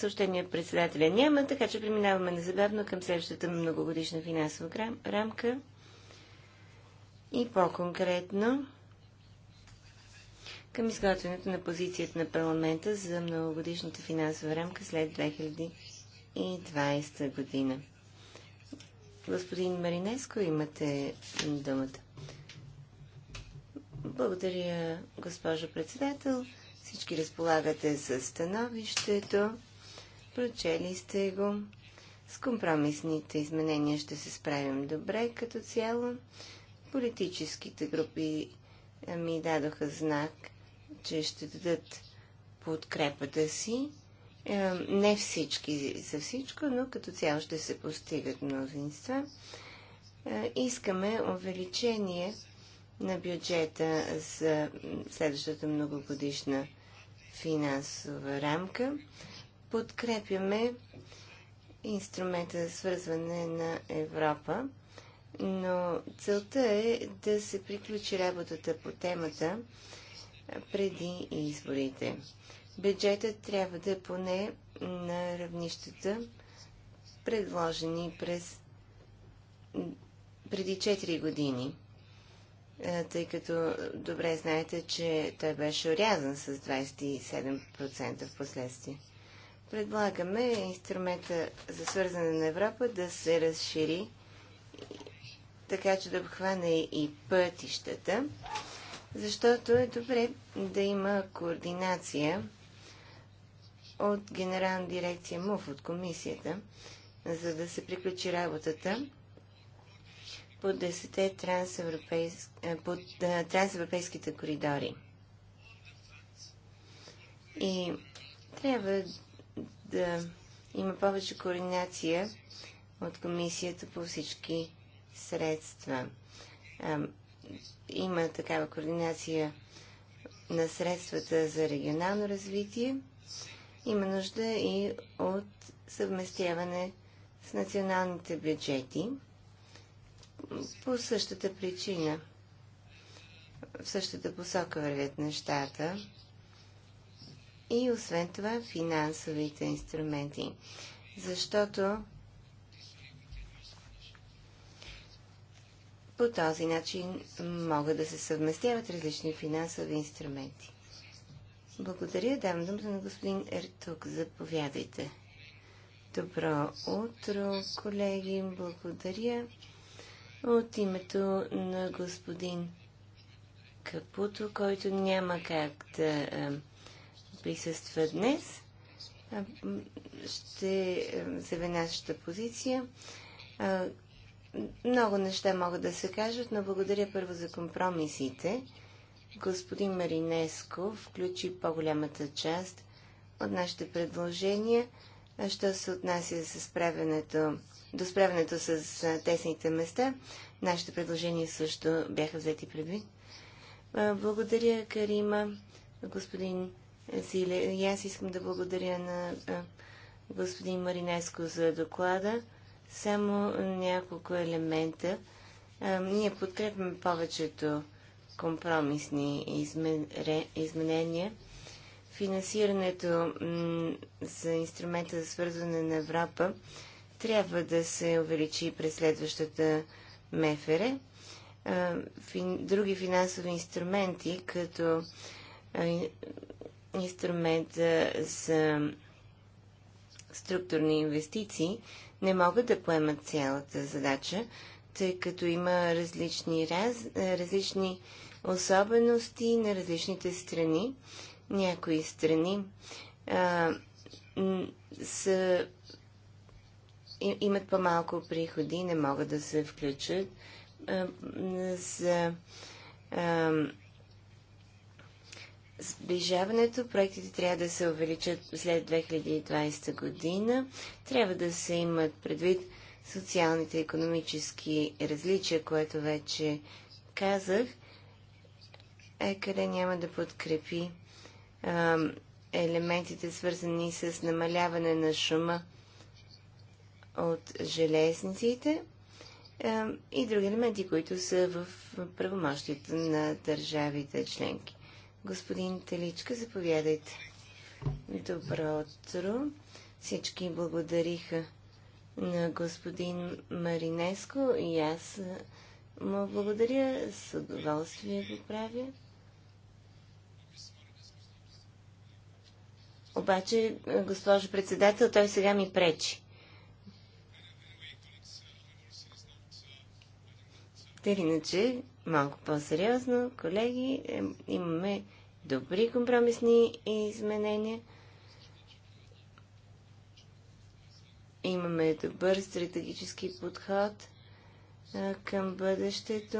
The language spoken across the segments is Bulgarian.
Съобщения председателя няма, така че преминаваме незабавно към следващата многогодишна финансова рамка. И по-конкретно към изготвянето на позицията на парламента за многогодишната финансова рамка след 2020 година. Господин Маринеско, имате думата. Благодаря, госпожо председател. Всички разполагате с становището. Прочели сте го. С компромисните изменения ще се справим добре като цяло. Политическите групи ми дадоха знак, че ще дадат подкрепата си. Е, не всички за всичко, но като цяло ще се постигат мнозинства. Е, искаме увеличение на бюджета за следващата многогодишна финансова рамка подкрепяме инструмента за свързване на Европа, но целта е да се приключи работата по темата преди изборите. Бюджетът трябва да е поне на равнищата, предложени през преди 4 години, тъй като добре знаете, че той беше орязан с 27% в последствие предлагаме инструмента за свързане на Европа да се разшири така, че да обхване и пътищата, защото е добре да има координация от генерална дирекция МУФ, от комисията, за да се приключи работата по 10 е, по е, трансевропейските коридори. И трябва да има повече координация от комисията по всички средства. Има такава координация на средствата за регионално развитие. Има нужда и от съвместяване с националните бюджети по същата причина. В същата посока вървят нещата и освен това финансовите инструменти. Защото по този начин могат да се съвместяват различни финансови инструменти. Благодаря. Давам думата на господин Ертук. Заповядайте. Добро утро, колеги. Благодаря. От името на господин Капуто, който няма как да присъства днес. Ще заве нашата позиция. Много неща могат да се кажат, но благодаря първо за компромисите. Господин Маринеско включи по-голямата част от нашите предложения, що се отнася за справянето, до справянето с тесните места. Нашите предложения също бяха взети предвид. Благодаря, Карима, господин Зиле. И аз искам да благодаря на господин Маринеско за доклада. Само няколко елемента. Ние подкрепяме повечето компромисни изменения. Финансирането за инструмента за свързване на Европа трябва да се увеличи през следващата МЕФЕРЕ. Други финансови инструменти, като инструмента за структурни инвестиции не могат да поемат цялата задача, тъй като има различни, раз, различни особености на различните страни. Някои страни а, са, имат по-малко приходи не могат да се включат а, за а, сближаването. Проектите трябва да се увеличат след 2020 година. Трябва да се имат предвид социалните и економически различия, което вече казах. Е, къде няма да подкрепи а, елементите, свързани с намаляване на шума от железниците и други елементи, които са в правомощите на държавите членки. Господин Теличка, заповядайте. Добро утро. Всички благодариха на господин Маринеско и аз му благодаря. С удоволствие го правя. Обаче, госпожо председател, той сега ми пречи. Те иначе, малко по-сериозно, колеги, е, имаме добри компромисни изменения. Имаме добър стратегически подход е, към бъдещето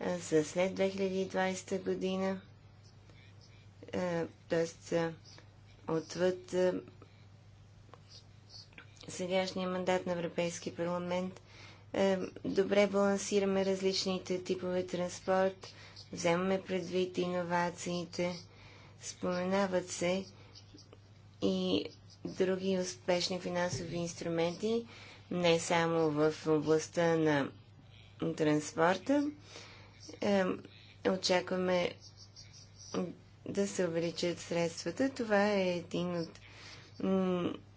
е, за след 2020 година, т.е. отвъд сегашния мандат на Европейски парламент – е, добре балансираме различните типове транспорт, вземаме предвид иновациите, споменават се и други успешни финансови инструменти, не само в областта на транспорта. Е, очакваме да се увеличат средствата. Това е един от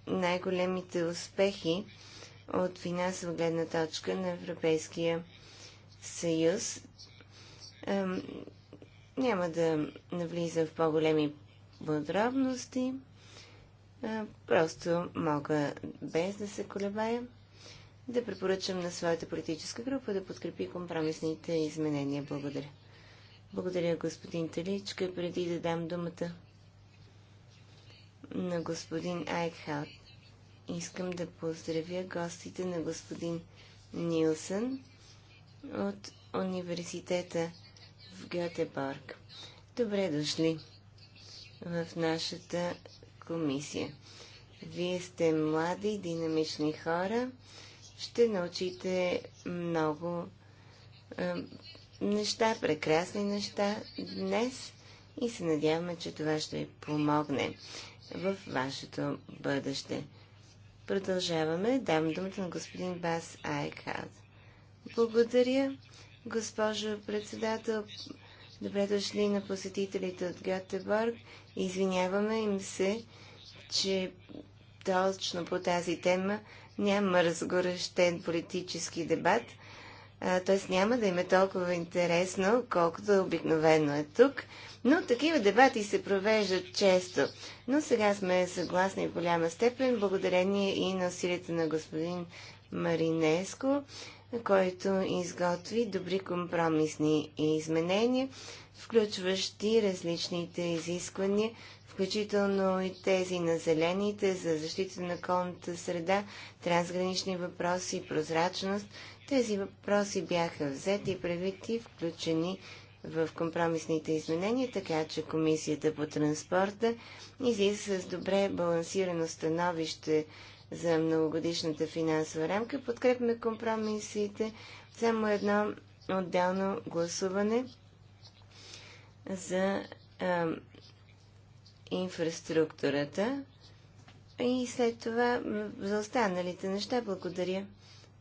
най-големите успехи от финансова гледна точка на Европейския съюз. няма да навлизам в по-големи подробности. просто мога, без да се колебая, да препоръчам на своята политическа група да подкрепи компромисните изменения. Благодаря. Благодаря, господин Таличка. Преди да дам думата на господин Айкхаут, искам да поздравя гостите на господин Нилсън от университета в Гетеборг. Добре дошли в нашата комисия. Вие сте млади, динамични хора. Ще научите много е, неща, прекрасни неща днес и се надяваме, че това ще ви помогне в вашето бъдеще. Продължаваме. Дам думата на господин Бас Айкад. Благодаря, госпожо председател. Добре дошли на посетителите от Гетеборг. Извиняваме им се, че точно по тази тема няма разгорещен политически дебат – т.е. няма да им е толкова интересно, колкото обикновено е тук. Но такива дебати се провеждат често. Но сега сме съгласни в голяма степен, благодарение и на усилията на господин Маринеско, който изготви добри компромисни изменения, включващи различните изисквания, включително и тези на зелените за защита на околната среда, трансгранични въпроси, прозрачност – тези въпроси бяха взети и и включени в компромисните изменения, така че Комисията по транспорта излиза с добре балансирано становище за многогодишната финансова рамка. Подкрепяме компромисите. Само едно отделно гласуване за а, инфраструктурата. И след това за останалите неща благодаря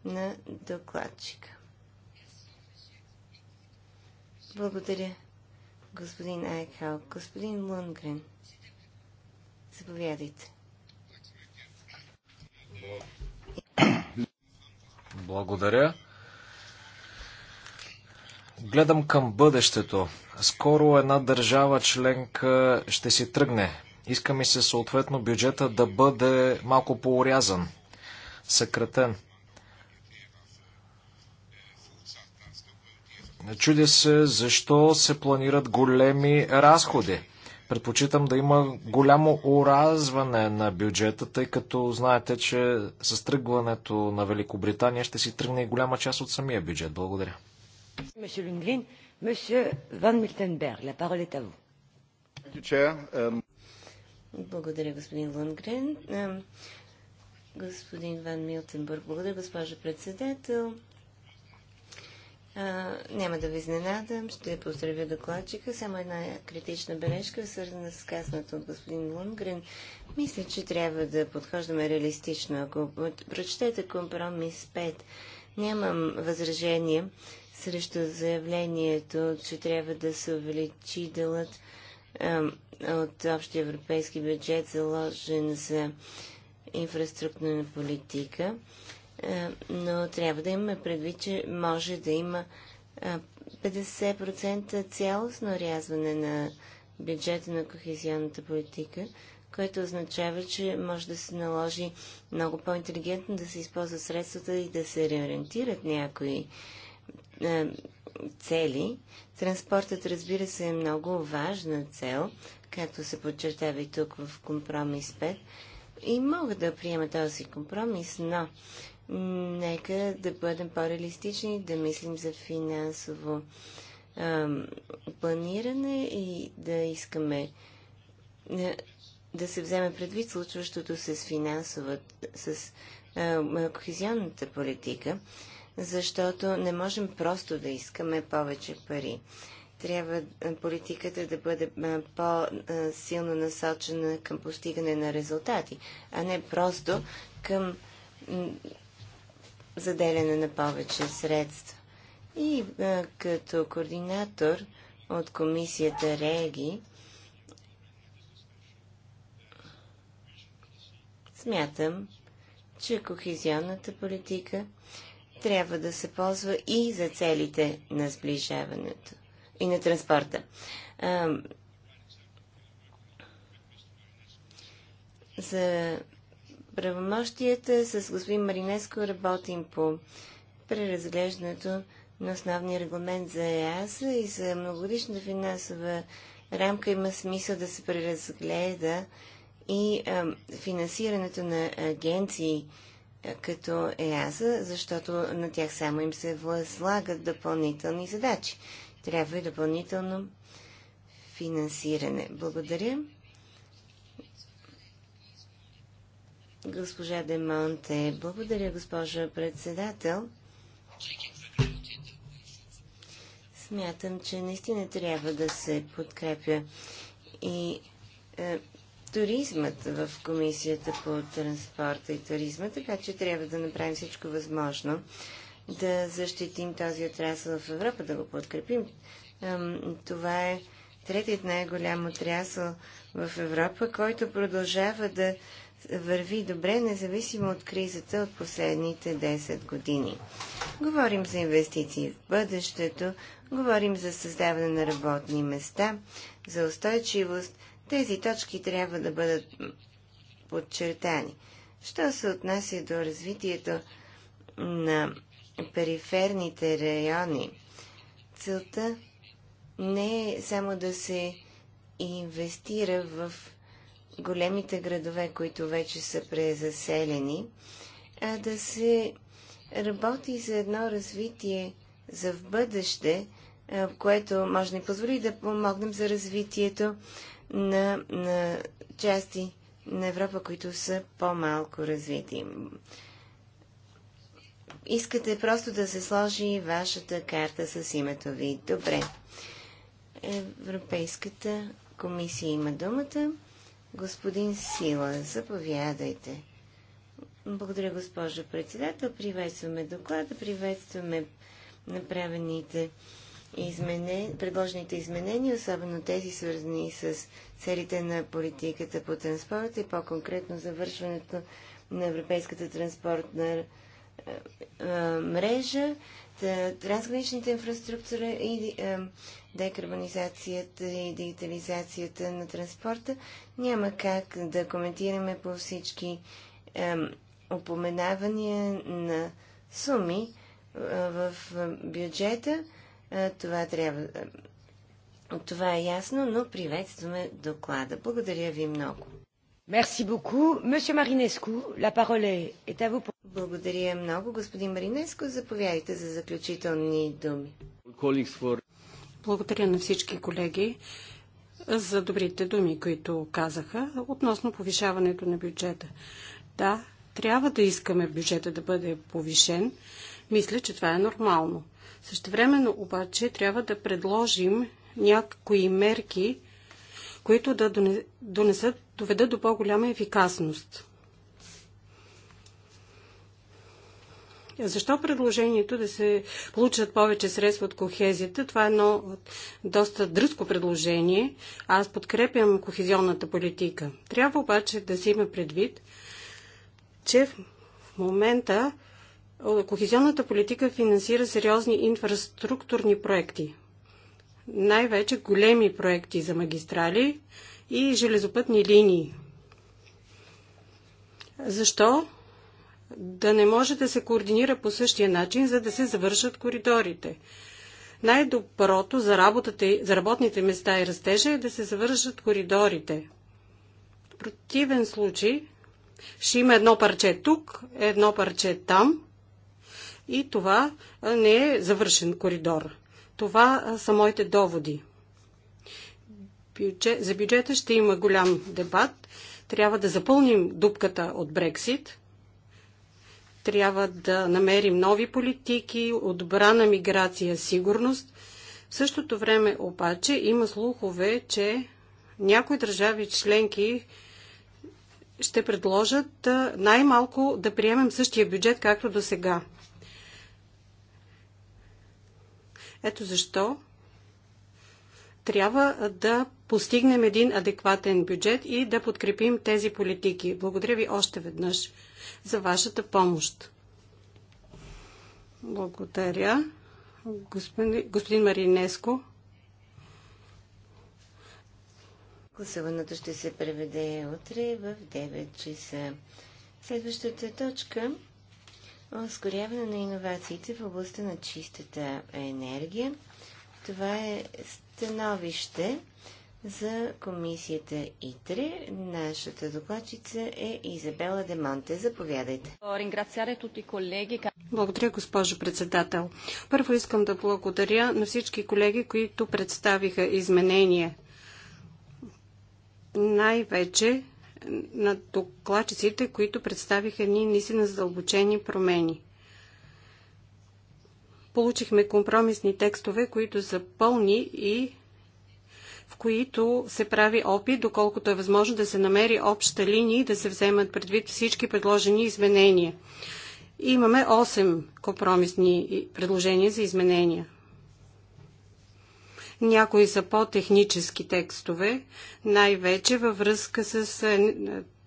на докладчика. Благодаря, господин Айкал. Господин Лунгрен, заповядайте. Благодаря. Гледам към бъдещето. Скоро една държава членка ще си тръгне. Искаме се съответно бюджета да бъде малко поорязан, съкратен. Чудя се защо се планират големи разходи. Предпочитам да има голямо уразване на бюджета, тъй като знаете, че с тръгването на Великобритания ще си тръгне и голяма част от самия бюджет. Благодаря. Um, благодаря, господин Лангрен. Господин Ван Милтенбърг, благодаря, госпожа председател. А, няма да ви изненадам, ще поздравя докладчика. Само една критична бележка, свързана с казаната от господин Лунгрен. Мисля, че трябва да подхождаме реалистично. Ако прочетете компромис 5, нямам възражение срещу заявлението, че трябва да се увеличи делът а, от общия европейски бюджет, заложен за инфраструктурна политика. Е, но трябва да имаме предвид, че може да има 50% е, цялостно рязване на бюджета на кохезионната политика, което означава, че може да се наложи много по-интелигентно да се използват средствата и да се реориентират някои е, цели. Транспортът, разбира се, е много важна цел, както се подчертава и тук в компромис 5. И мога да приема този компромис, но нека да бъдем по-реалистични, да мислим за финансово ам, планиране и да искаме е, да се вземе предвид случващото с финансовата, с а, е, е, кохезионната политика, защото не можем просто да искаме повече пари. Трябва политиката да бъде по-силно насочена към постигане на резултати, а не просто към заделяне на повече средства. И а, като координатор от комисията Реги, смятам, че кохезионната политика трябва да се ползва и за целите на сближаването и на транспорта. А, за правомощията. С господин Маринеско работим по преразглеждането на основния регламент за ЕАС и за многогодишната финансова рамка има смисъл да се преразгледа и а, финансирането на агенции като ЕАСА, защото на тях само им се възлагат допълнителни задачи. Трябва и допълнително финансиране. Благодаря. Госпожа Демонте, благодаря, госпожа председател. Смятам, че наистина трябва да се подкрепя и е, туризмът в Комисията по транспорта и туризма, така че трябва да направим всичко възможно да защитим този отрасъл в Европа, да го подкрепим. Е, това е третият най-голям отрасъл в Европа, който продължава да върви добре, независимо от кризата от последните 10 години. Говорим за инвестиции в бъдещето, говорим за създаване на работни места, за устойчивост. Тези точки трябва да бъдат подчертани. Що се отнася до развитието на периферните райони, целта не е само да се инвестира в големите градове, които вече са презаселени, а да се работи за едно развитие за в бъдеще, което може да ни позволи да помогнем за развитието на, на части на Европа, които са по-малко развити. Искате просто да се сложи вашата карта с името ви. Добре. Европейската комисия има думата. Господин Сила, заповядайте. Благодаря, госпожо председател. Приветстваме доклада, приветстваме направените измене... предложените изменения, особено тези свързани с целите на политиката по транспорта и по-конкретно завършването на европейската транспортна е, е, мрежа, трансграничната инфраструктура и е, декарбонизацията и дигитализацията на транспорта. Няма как да коментираме по всички ем, упоменавания на суми е, в бюджета. Е, това трябва. Е, това е ясно, но приветстваме доклада. Благодаря ви много. Merci beaucoup. Monsieur Marinescu, la parole est à vous. Благодаря много, господин Маринеско. Заповядайте за заключителни думи. For... Благодаря на всички колеги за добрите думи, които казаха относно повишаването на бюджета. Да, трябва да искаме бюджета да бъде повишен. Мисля, че това е нормално. времено обаче трябва да предложим някои мерки, които да донесат, доведат до по-голяма ефикасност. Защо предложението да се получат повече средства от кохезията? Това е едно доста дръзко предложение. Аз подкрепям кохезионната политика. Трябва обаче да се има предвид, че в момента кохезионната политика финансира сериозни инфраструктурни проекти. Най-вече големи проекти за магистрали и железопътни линии. Защо да не може да се координира по същия начин, за да се завършат коридорите. Най-доброто за, работата, за работните места и растежа е да се завършат коридорите. В противен случай ще има едно парче тук, едно парче там и това не е завършен коридор. Това са моите доводи. За бюджета ще има голям дебат. Трябва да запълним дупката от Брексит – трябва да намерим нови политики, отбрана, миграция, сигурност. В същото време обаче има слухове, че някои държави членки ще предложат най-малко да приемем същия бюджет, както до сега. Ето защо трябва да постигнем един адекватен бюджет и да подкрепим тези политики. Благодаря ви още веднъж за вашата помощ. Благодаря. Господин, господин Маринеско. Гласуването ще се преведе утре в 9 часа. Следващата точка ускоряване на иновациите в областта на чистата енергия. Това е становище за комисията ИТРЕ. Нашата докладчица е Изабела Демонте. Заповядайте. Благодаря, госпожо председател. Първо искам да благодаря на всички колеги, които представиха изменения. Най-вече на докладчиците, които представиха ни наистина задълбочени промени. Получихме компромисни текстове, които са пълни и които се прави опит, доколкото е възможно да се намери обща линия и да се вземат предвид всички предложени изменения. Имаме 8 компромисни предложения за изменения. Някои са по-технически текстове, най-вече във връзка с е,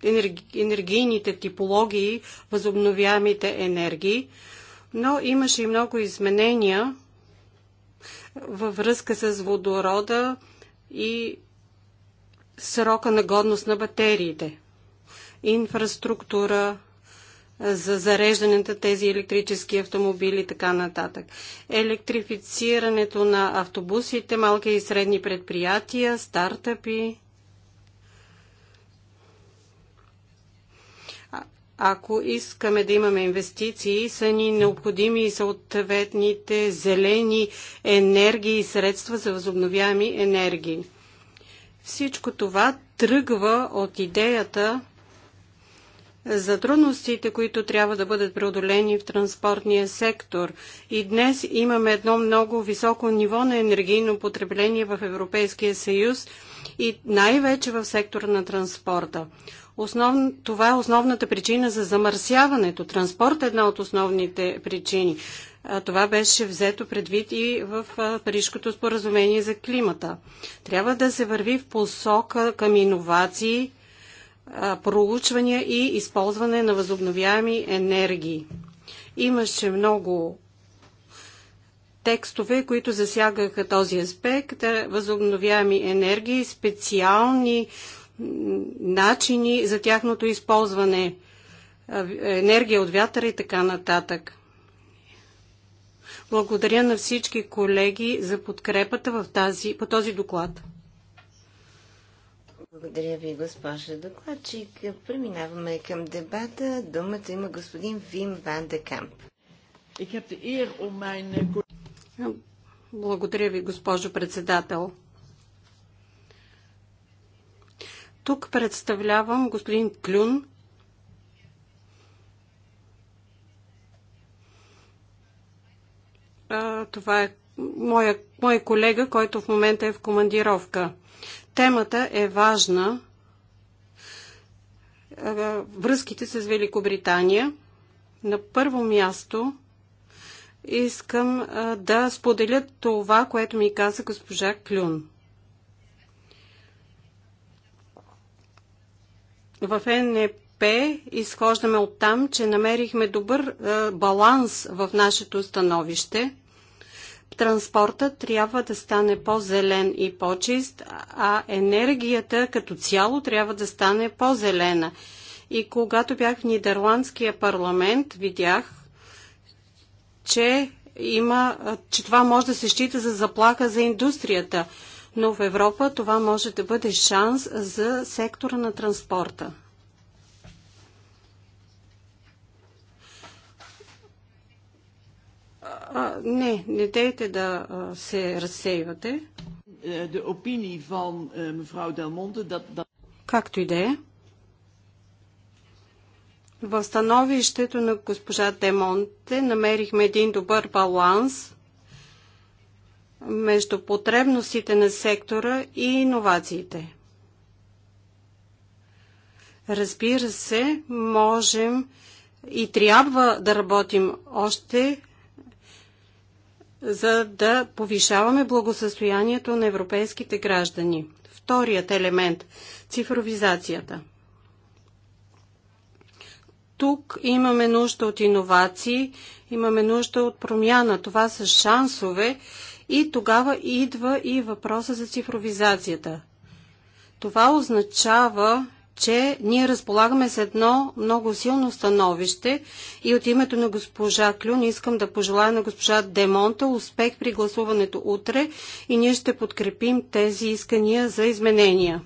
е, енергийните типологии, възобновяемите енергии, но имаше и много изменения във връзка с водорода, и срока на годност на батериите, инфраструктура за зареждане на тези електрически автомобили и така нататък. Електрифицирането на автобусите, малки и средни предприятия, стартъпи, Ако искаме да имаме инвестиции, са ни необходими съответните зелени енергии и средства за възобновяеми енергии. Всичко това тръгва от идеята за трудностите, които трябва да бъдат преодолени в транспортния сектор. И днес имаме едно много високо ниво на енергийно потребление в Европейския съюз и най-вече в сектора на транспорта. Основ... Това е основната причина за замърсяването. Транспорт е една от основните причини. Това беше взето предвид и в Парижкото споразумение за климата. Трябва да се върви в посока към иновации, проучвания и използване на възобновяеми енергии. Имаше много текстове, които засягаха този аспект, възобновяеми енергии, специални начини за тяхното използване, енергия от вятъра и така нататък. Благодаря на всички колеги за подкрепата в тази, по този доклад. Благодаря ви, госпожа докладчик. Преминаваме към дебата. Думата има господин Вим Ван де Камп. Благодаря ви, госпожо председател. Тук представлявам господин Клюн. Това е моя, мой колега, който в момента е в командировка. Темата е важна. Връзките с Великобритания. На първо място искам да споделя това, което ми каза госпожа Клюн. в НЕП изхождаме от там, че намерихме добър е, баланс в нашето становище. Транспорта трябва да стане по-зелен и по-чист, а енергията като цяло трябва да стане по-зелена. И когато бях в Нидерландския парламент, видях, че, има, че това може да се счита за заплаха за индустрията но в Европа това може да бъде шанс за сектора на транспорта. А, не, не дейте да а, се разсейвате. De opinie van mevrouw dat, dat... Както и да е. В становището на госпожа Демонте намерихме един добър баланс между потребностите на сектора и иновациите. Разбира се, можем и трябва да работим още, за да повишаваме благосъстоянието на европейските граждани. Вторият елемент – цифровизацията. Тук имаме нужда от иновации, имаме нужда от промяна. Това са шансове, и тогава идва и въпроса за цифровизацията. Това означава, че ние разполагаме с едно много силно становище и от името на госпожа Клюн искам да пожелая на госпожа Демонта успех при гласуването утре и ние ще подкрепим тези искания за изменения.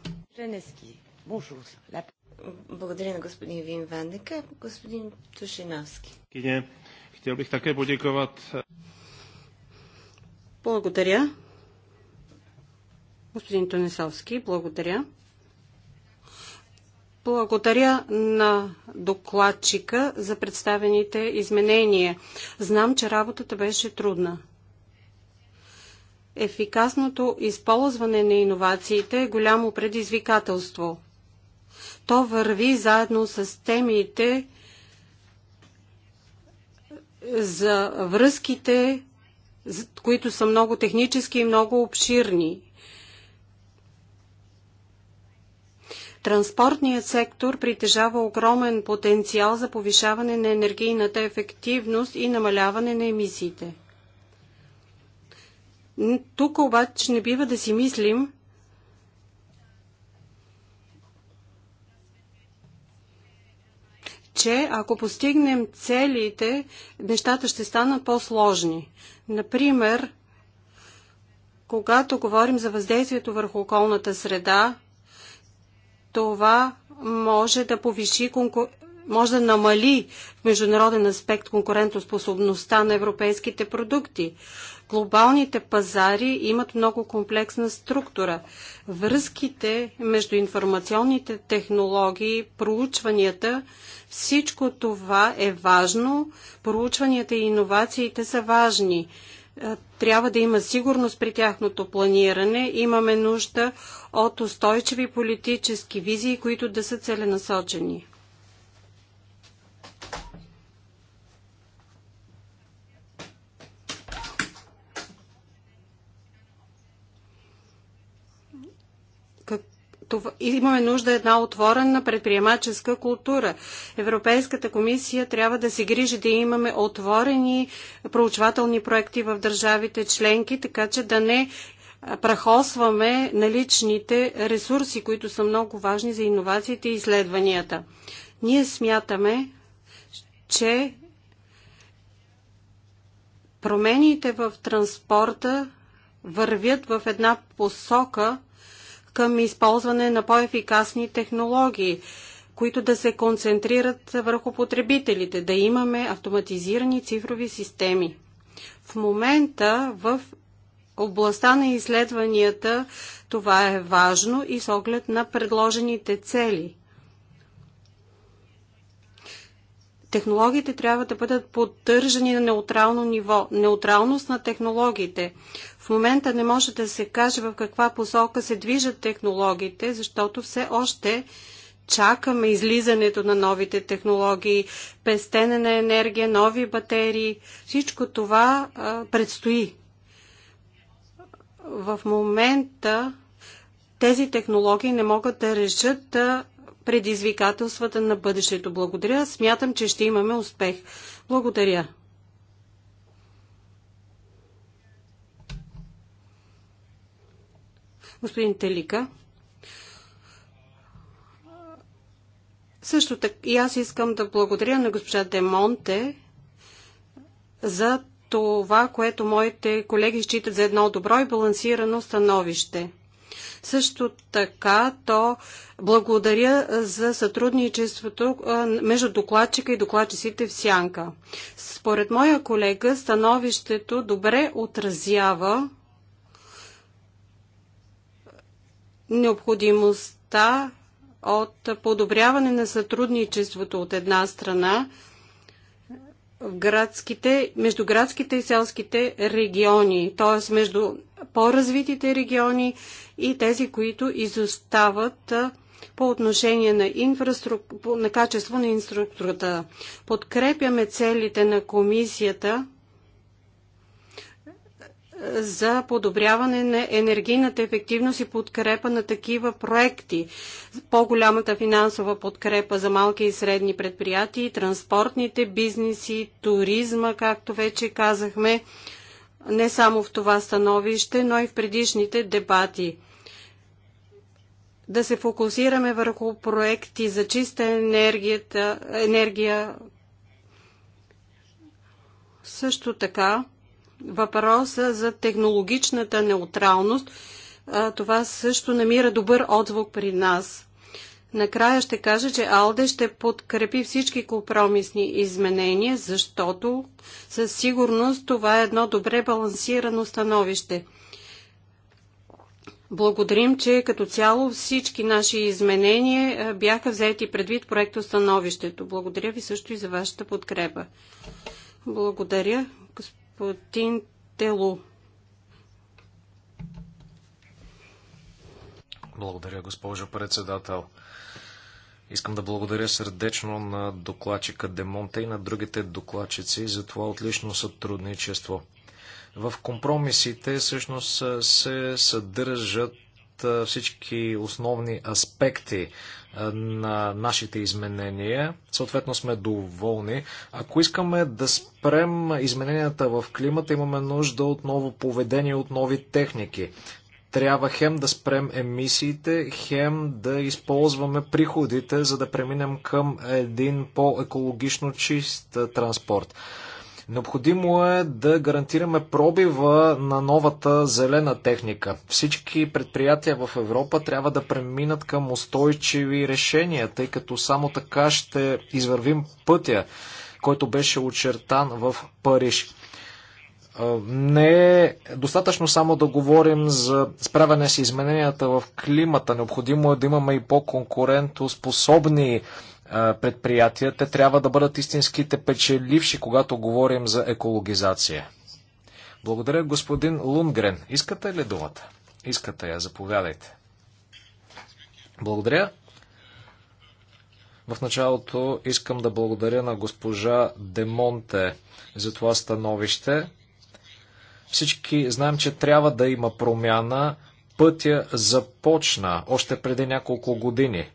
Благодаря на господин Вин Вандека. Господин Тушиновски. Хотел бих така подяковат. Благодаря. Господин Тонесовски, благодаря. Благодаря на докладчика за представените изменения. Знам, че работата беше трудна. Ефикасното използване на иновациите е голямо предизвикателство. То върви заедно с темите за връзките които са много технически и много обширни. Транспортният сектор притежава огромен потенциал за повишаване на енергийната ефективност и намаляване на емисиите. Тук обаче не бива да си мислим, че ако постигнем целите, нещата ще станат по-сложни. Например, когато говорим за въздействието върху околната среда, това може да повиши може да намали в международен аспект конкурентоспособността на европейските продукти. Глобалните пазари имат много комплексна структура. Връзките между информационните технологии, проучванията, всичко това е важно. Проучванията и иновациите са важни. Е, трябва да има сигурност при тяхното планиране. Имаме нужда от устойчиви политически визии, които да са целенасочени. това, имаме нужда една отворена предприемаческа култура. Европейската комисия трябва да се грижи да имаме отворени проучвателни проекти в държавите членки, така че да не прахосваме наличните ресурси, които са много важни за иновациите и изследванията. Ние смятаме, че промените в транспорта вървят в една посока, към използване на по-ефикасни технологии, които да се концентрират върху потребителите, да имаме автоматизирани цифрови системи. В момента в областта на изследванията това е важно и с оглед на предложените цели. Технологиите трябва да бъдат поддържани на неутрално ниво. Неутралност на технологиите. В момента не може да се каже в каква посока се движат технологиите, защото все още чакаме излизането на новите технологии, пестене на енергия, нови батерии. Всичко това а, предстои. В момента тези технологии не могат да решат а, предизвикателствата на бъдещето. Благодаря. Смятам, че ще имаме успех. Благодаря. Господин Телика. Също така и аз искам да благодаря на госпожа Демонте за това, което моите колеги считат за едно добро и балансирано становище. Също така, то благодаря за сътрудничеството между докладчика и докладчиците в Сянка. Според моя колега, становището добре отразява необходимостта от подобряване на сътрудничеството от една страна в градските, между градските и селските региони, т.е. между по-развитите региони и тези, които изостават по отношение на, инфраструк... на качество на инструктурата. Подкрепяме целите на комисията за подобряване на енергийната ефективност и подкрепа на такива проекти. По-голямата финансова подкрепа за малки и средни предприятия, транспортните бизнеси, туризма, както вече казахме, не само в това становище, но и в предишните дебати. Да се фокусираме върху проекти за чиста енергията, енергия. Също така, въпроса за технологичната неутралност, това също намира добър отзвук при нас. Накрая ще кажа, че Алде ще подкрепи всички компромисни изменения, защото със сигурност това е едно добре балансирано становище. Благодарим, че като цяло всички наши изменения е, бяха взети предвид проекто становището. Благодаря ви също и за вашата подкрепа. Благодаря, господин Телу. Благодаря, госпожо председател. Искам да благодаря сърдечно на докладчика Демонте и на другите докладчици за това отлично сътрудничество. В компромисите всъщност се съдържат всички основни аспекти на нашите изменения. Съответно сме доволни. Ако искаме да спрем измененията в климата, имаме нужда от ново поведение, от нови техники. Трябва хем да спрем емисиите, хем да използваме приходите, за да преминем към един по-екологично чист транспорт. Необходимо е да гарантираме пробива на новата зелена техника. Всички предприятия в Европа трябва да преминат към устойчиви решения, тъй като само така ще извървим пътя, който беше очертан в Париж не е достатъчно само да говорим за справяне с измененията в климата. Необходимо е да имаме и по-конкурентоспособни предприятия. Те трябва да бъдат истинските печеливши, когато говорим за екологизация. Благодаря, господин Лунгрен. Искате ли думата? Искате я, заповядайте. Благодаря. В началото искам да благодаря на госпожа Демонте за това становище. Всички знаем, че трябва да има промяна. Пътя започна още преди няколко години.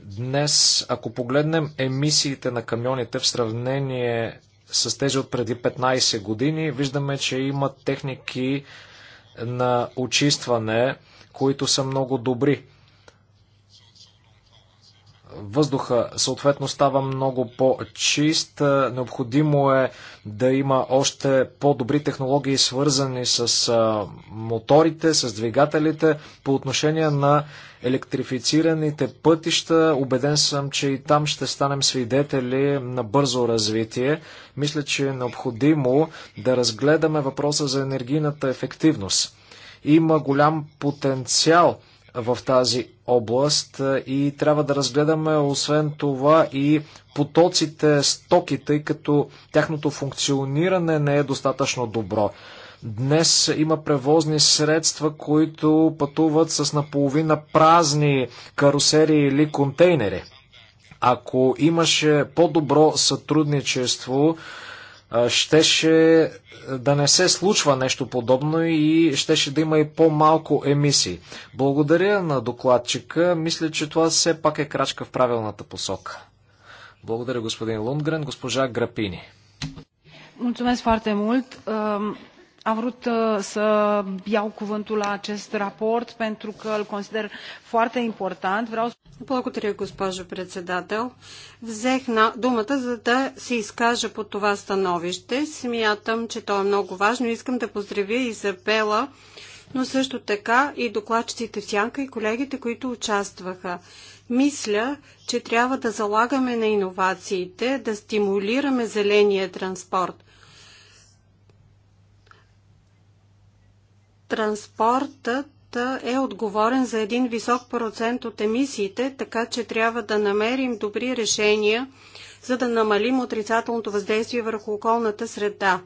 Днес, ако погледнем емисиите на камионите в сравнение с тези от преди 15 години, виждаме, че има техники на очистване, които са много добри въздуха съответно става много по-чист. Е, необходимо е да има още по-добри технологии, свързани с е, моторите, с двигателите. По отношение на електрифицираните пътища, убеден съм, че и там ще станем свидетели на бързо развитие. Мисля, че е необходимо да разгледаме въпроса за енергийната ефективност. Има голям потенциал в тази област е, и трябва да разгледаме освен това и потоците, стоки, тъй като тяхното функциониране не е достатъчно добро. Днес има превозни средства, които пътуват с наполовина празни карусери или контейнери. Ако имаше по-добро сътрудничество, щеше да не се случва нещо подобно и щеше да има и по-малко емисии. Благодаря на докладчика. Мисля, че това все пак е крачка в правилната посока. Благодаря господин Лундгрен, госпожа Грапини. Mulțumesc foarte mult. Am vrut uh, să iau cuvântul la acest raport pentru că îl consider foarte important. Vreau... Благодаря, госпожо председател. Взех на думата, за да се изкажа по това становище. Смятам, че то е много важно. Искам да поздравя Изабела, но също така и докладчиците в Сянка и колегите, които участваха. Мисля, че трябва да залагаме на иновациите, да стимулираме зеления транспорт. транспортът е отговорен за един висок процент от емисиите, така че трябва да намерим добри решения, за да намалим отрицателното въздействие върху околната среда.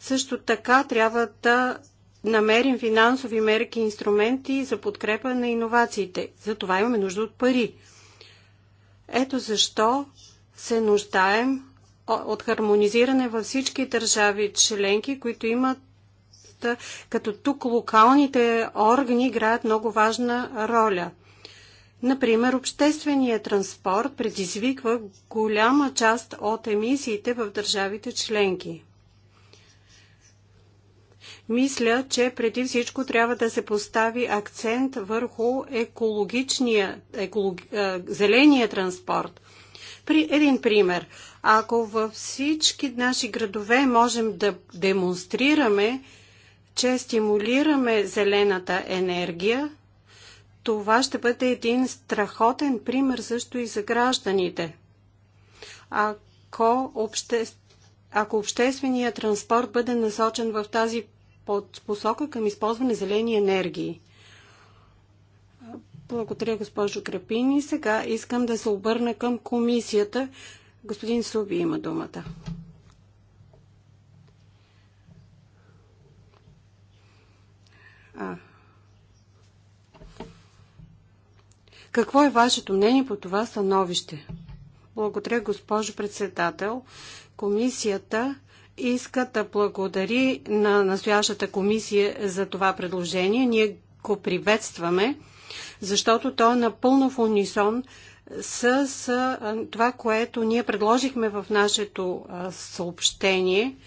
Също така трябва да намерим финансови мерки и инструменти за подкрепа на иновациите. За това имаме нужда от пари. Ето защо се нуждаем от хармонизиране във всички държави членки, които имат дейност, като тук локалните органи играят много важна роля. Например, общественият транспорт предизвиква голяма част от емисиите в държавите членки. Мисля, че преди всичко трябва да се постави акцент върху екологичния, еколог, зеления транспорт. При един пример, ако във всички наши градове можем да демонстрираме че стимулираме зелената енергия, това ще бъде един страхотен пример също и за гражданите. Ако, обще... Ако общественият транспорт бъде насочен в тази посока към използване зелени енергии. Благодаря, госпожо Крапини. Сега искам да се обърна към комисията. Господин Суби има думата. А. Какво е вашето мнение по това становище? Благодаря, госпожо председател. Комисията иска да благодари на настоящата комисия за това предложение. Ние го приветстваме, защото то е напълно в унисон с това, което ние предложихме в нашето съобщение –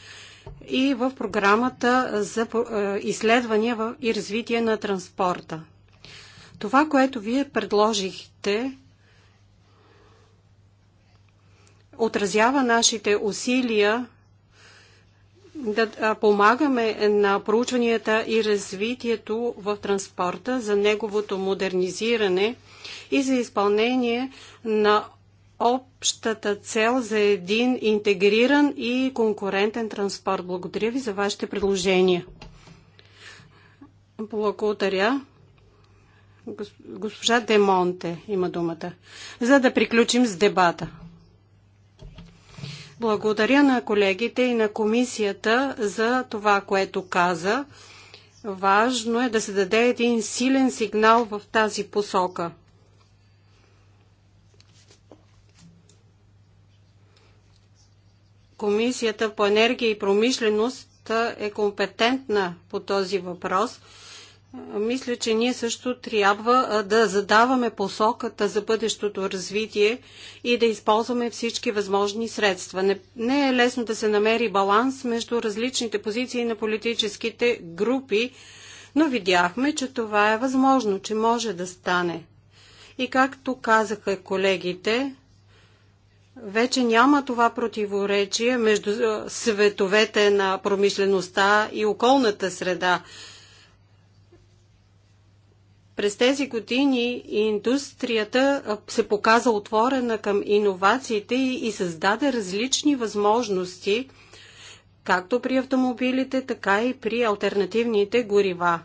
и в програмата за е, изследвания и развитие на транспорта. Това, което вие предложихте, отразява нашите усилия да помагаме на проучванията и развитието в транспорта за неговото модернизиране и за изпълнение на общата цел за един интегриран и конкурентен транспорт. Благодаря ви за вашите предложения. Благодаря. Госпожа Демонте има думата, за да приключим с дебата. Благодаря на колегите и на комисията за това, което каза. Важно е да се даде един силен сигнал в тази посока – Комисията по енергия и промишленост е компетентна по този въпрос. Мисля, че ние също трябва да задаваме посоката за бъдещото развитие и да използваме всички възможни средства. Не, не е лесно да се намери баланс между различните позиции на политическите групи, но видяхме, че това е възможно, че може да стане. И както казаха колегите, вече няма това противоречие между световете на промишлеността и околната среда. През тези години индустрията се показа отворена към иновациите и създаде различни възможности, както при автомобилите, така и при альтернативните горива.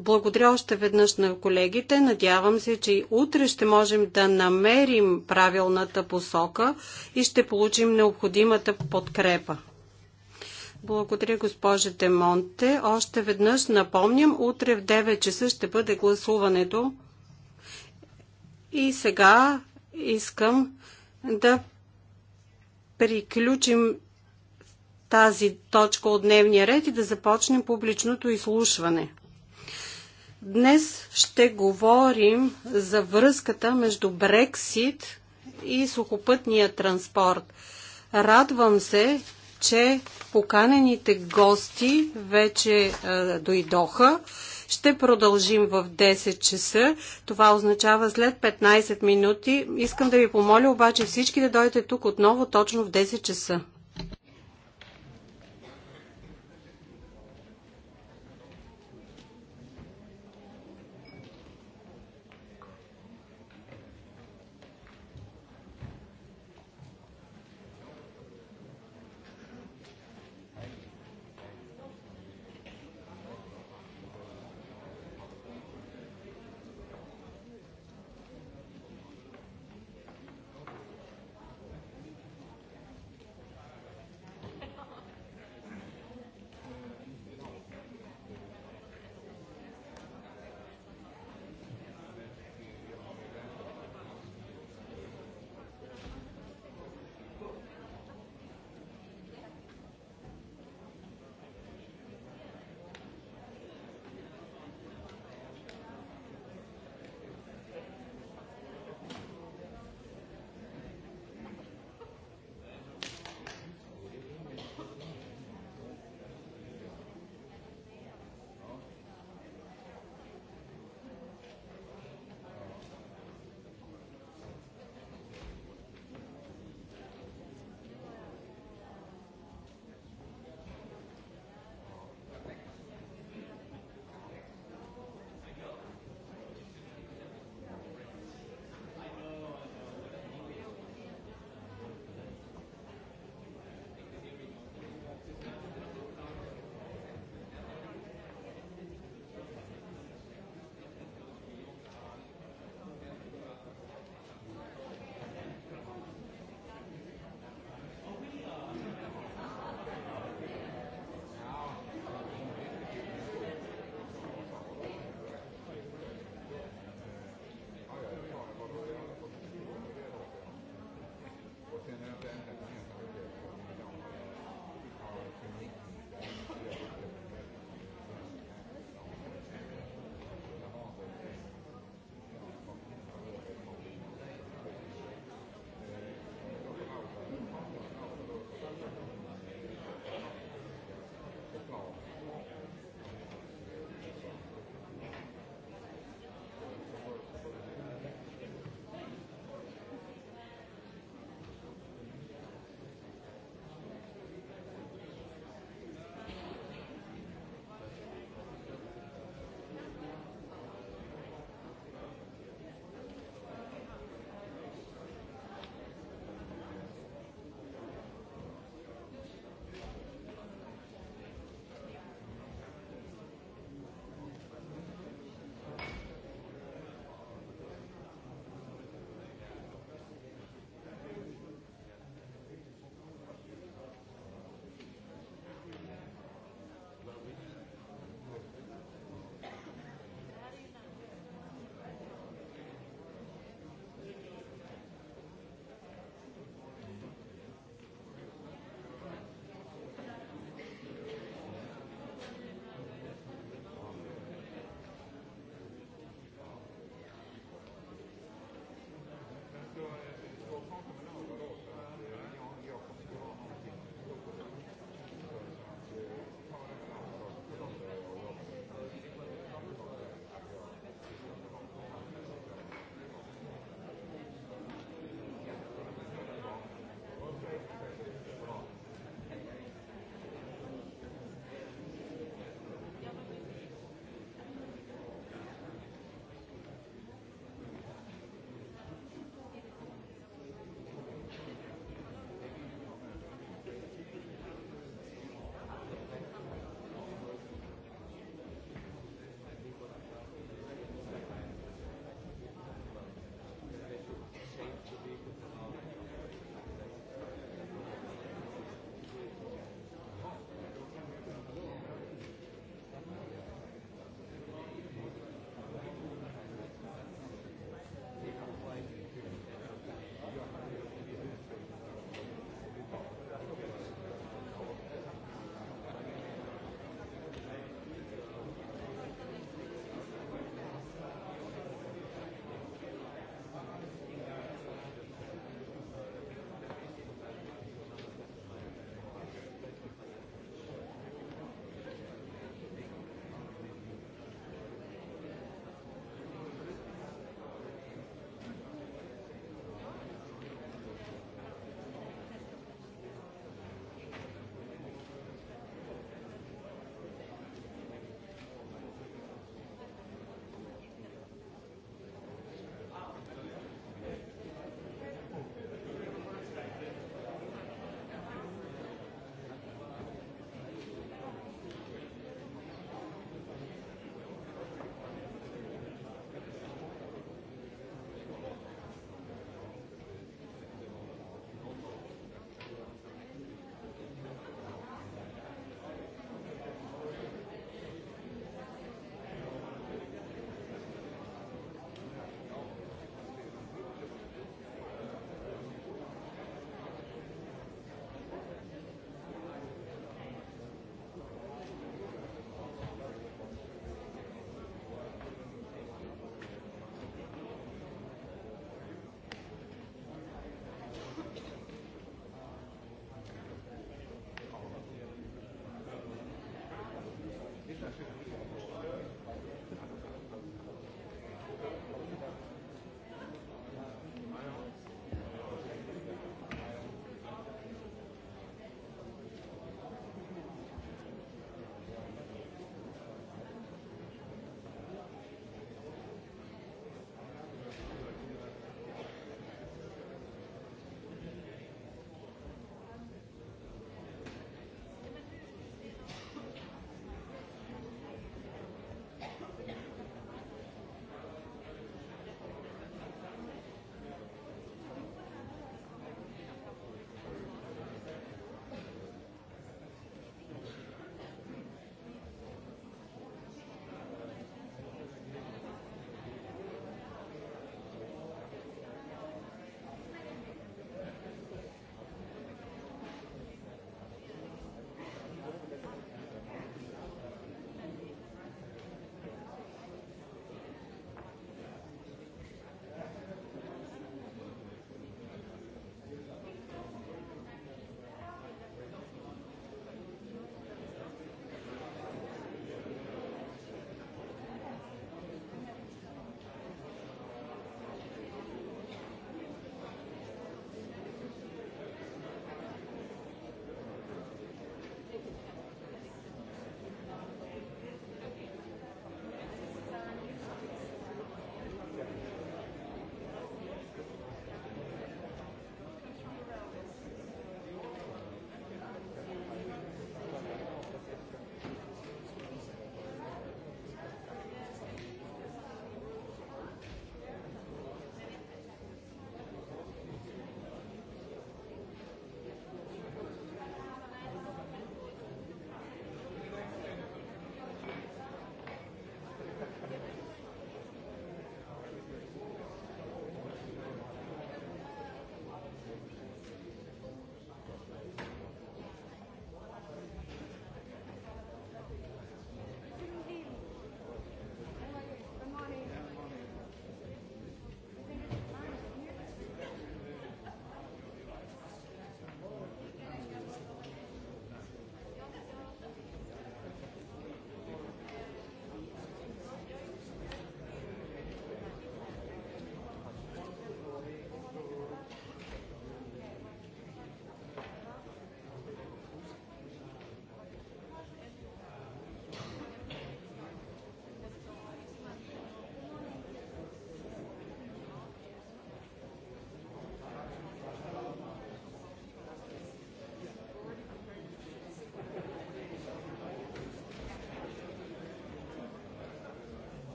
Благодаря още веднъж на колегите. Надявам се, че и утре ще можем да намерим правилната посока и ще получим необходимата подкрепа. Благодаря, госпожа Демонте. Още веднъж напомням, утре в 9 часа ще бъде гласуването. И сега искам да приключим тази точка от дневния ред и да започнем публичното изслушване. Днес ще говорим за връзката между Брексит и сухопътния транспорт. Радвам се, че поканените гости вече е, дойдоха. Ще продължим в 10 часа. Това означава след 15 минути. Искам да ви помоля обаче всички да дойдете тук отново точно в 10 часа.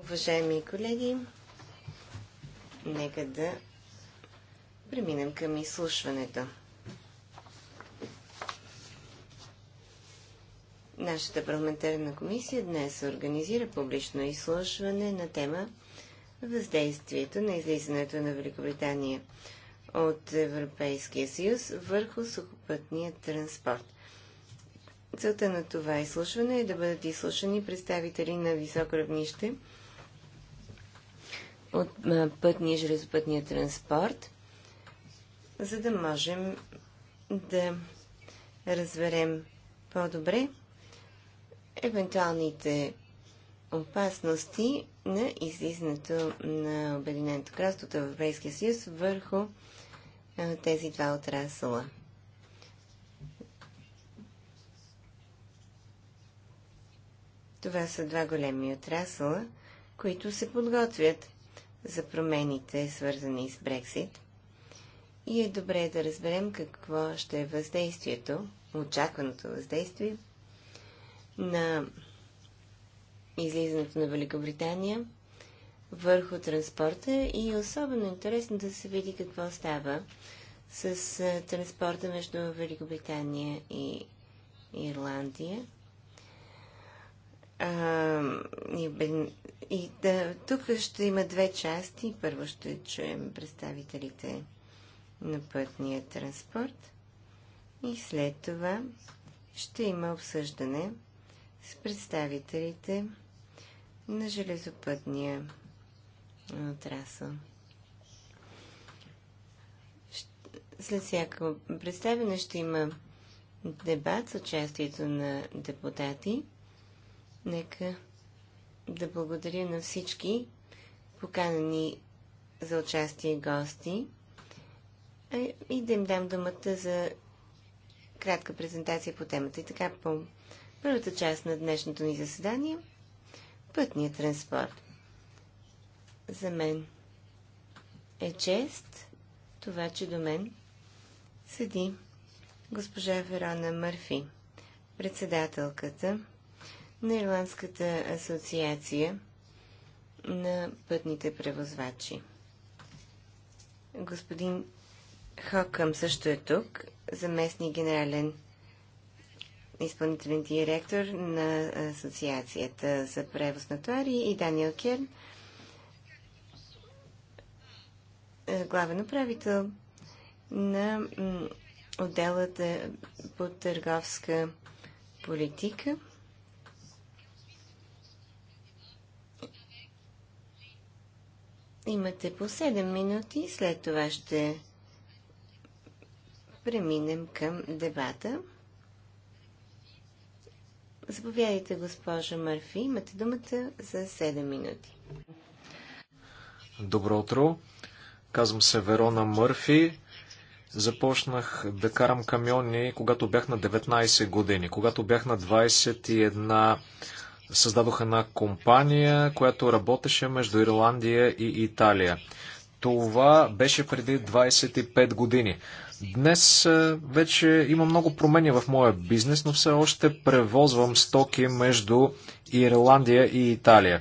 Уважаеми колеги, нека да преминем към изслушването. Нашата парламентарна комисия днес организира публично изслушване на тема въздействието на излизането на Великобритания от Европейския съюз върху сухопътния транспорт. Целта на това изслушване е да бъдат изслушани представители на високо равнище от пътния и железопътния транспорт, за да можем да разберем по-добре евентуалните опасности на излизането на Обединеното кралство от Европейския съюз върху тези два отрасъла. Това са два големи отрасъла, които се подготвят за промените, свързани с Брексит. И е добре да разберем какво ще е въздействието, очакваното въздействие на излизането на Великобритания върху транспорта и е особено интересно да се види какво става с транспорта между Великобритания и Ирландия и, и да, тук ще има две части. Първо ще чуем представителите на пътния транспорт и след това ще има обсъждане с представителите на железопътния отрасъл. След всяко представяне ще има дебат с участието на депутати. Нека да благодаря на всички поканени за участие гости и да им дам думата за кратка презентация по темата. И така, по първата част на днешното ни заседание – пътният транспорт. За мен е чест това, че до мен седи госпожа Верона Мърфи, председателката на Ирландската асоциация на пътните превозвачи. Господин Хокъм също е тук, заместник генерален изпълнителен директор на Асоциацията за превоз на товари и Даниел Керн, е, главен управител на отделата по търговска политика Имате по 7 минути, след това ще преминем към дебата. Заповядайте, госпожа Марфи, имате думата за 7 минути. Добро утро. Казвам се Верона Мърфи. Започнах да карам камиони, когато бях на 19 години. Когато бях на 21 Създадоха една компания, която работеше между Ирландия и Италия. Това беше преди 25 години. Днес е, вече има много промени в моя бизнес, но все още превозвам стоки между Ирландия и Италия.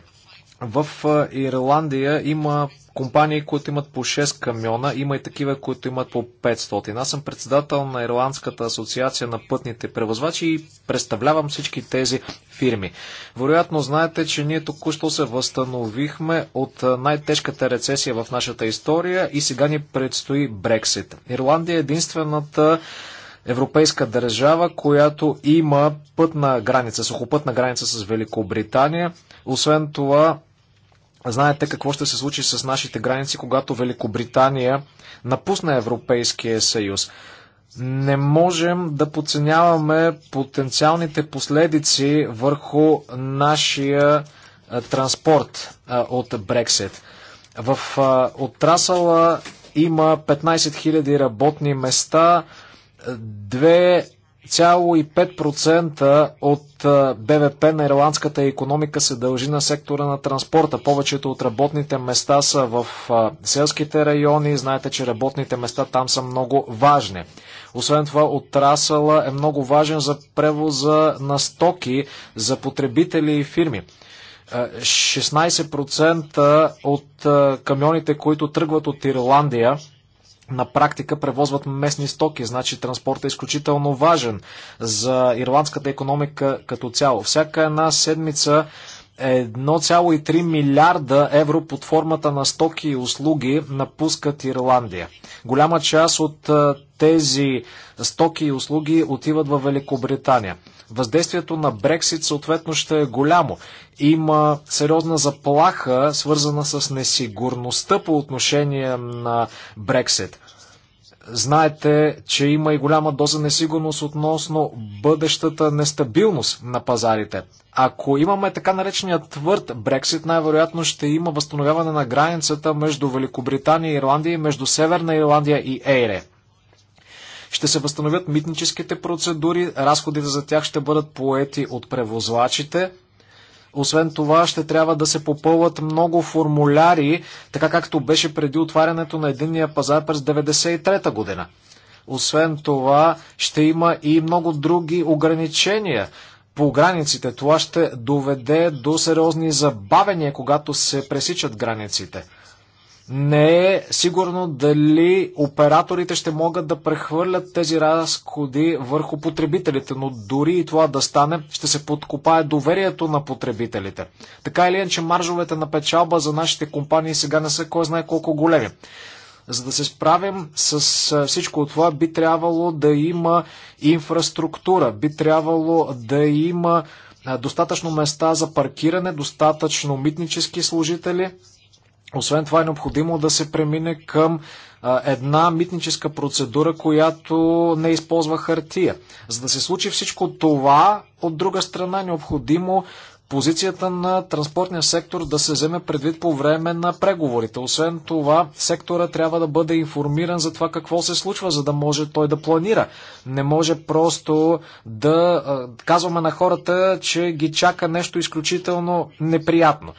В е, Ирландия има компании, които имат по 6 камиона, има и такива, които имат по 500. Аз съм председател на Ирландската асоциация на пътните превозвачи и представлявам всички тези фирми. Вероятно знаете, че ние току-що се възстановихме от най-тежката рецесия в нашата история и сега ни предстои Брексит. Ирландия е единствената европейска държава, която има пътна граница, сухопътна граница с Великобритания. Освен това, Знаете какво ще се случи с нашите граници, когато Великобритания напусне Европейския съюз. Не можем да подценяваме потенциалните последици върху нашия транспорт от Брексит. В отрасъла има 15 000 работни места, 1,5% от БВП на ирландската економика се дължи на сектора на транспорта. Повечето от работните места са в селските райони. Знаете, че работните места там са много важни. Освен това, отрасъла е много важен за превоза на стоки за потребители и фирми. 16% от камионите, които тръгват от Ирландия, на практика превозват местни стоки, значи транспортът е изключително важен за ирландската економика като цяло. Всяка една седмица 1,3 милиарда евро под формата на стоки и услуги напускат Ирландия. Голяма част от тези стоки и услуги отиват в Великобритания. Въздействието на Брексит съответно ще е голямо. Има сериозна заплаха, свързана с несигурността по отношение на Брексит. Знаете, че има и голяма доза несигурност относно бъдещата нестабилност на пазарите. Ако имаме така наречения твърд Брексит, най-вероятно ще има възстановяване на границата между Великобритания и Ирландия и между Северна Ирландия и Ейре. Ще се възстановят митническите процедури, разходите за тях ще бъдат поети от превозвачите. Освен това, ще трябва да се попълват много формуляри, така както беше преди отварянето на единния пазар през 1993 година. Освен това, ще има и много други ограничения по границите. Това ще доведе до сериозни забавения, когато се пресичат границите. Не е сигурно дали операторите ще могат да прехвърлят тези разходи върху потребителите, но дори и това да стане, ще се подкопае доверието на потребителите. Така или иначе, маржовете на печалба за нашите компании сега не са кой знае колко големи. За да се справим с всичко това, би трябвало да има инфраструктура, би трябвало да има достатъчно места за паркиране, достатъчно митнически служители, освен това е необходимо да се премине към една митническа процедура, която не използва хартия. За да се случи всичко това, от друга страна, е необходимо позицията на транспортния сектор да се вземе предвид по време на преговорите. Освен това, сектора трябва да бъде информиран за това какво се случва, за да може той да планира. Не може просто да казваме на хората, че ги чака нещо изключително неприятно.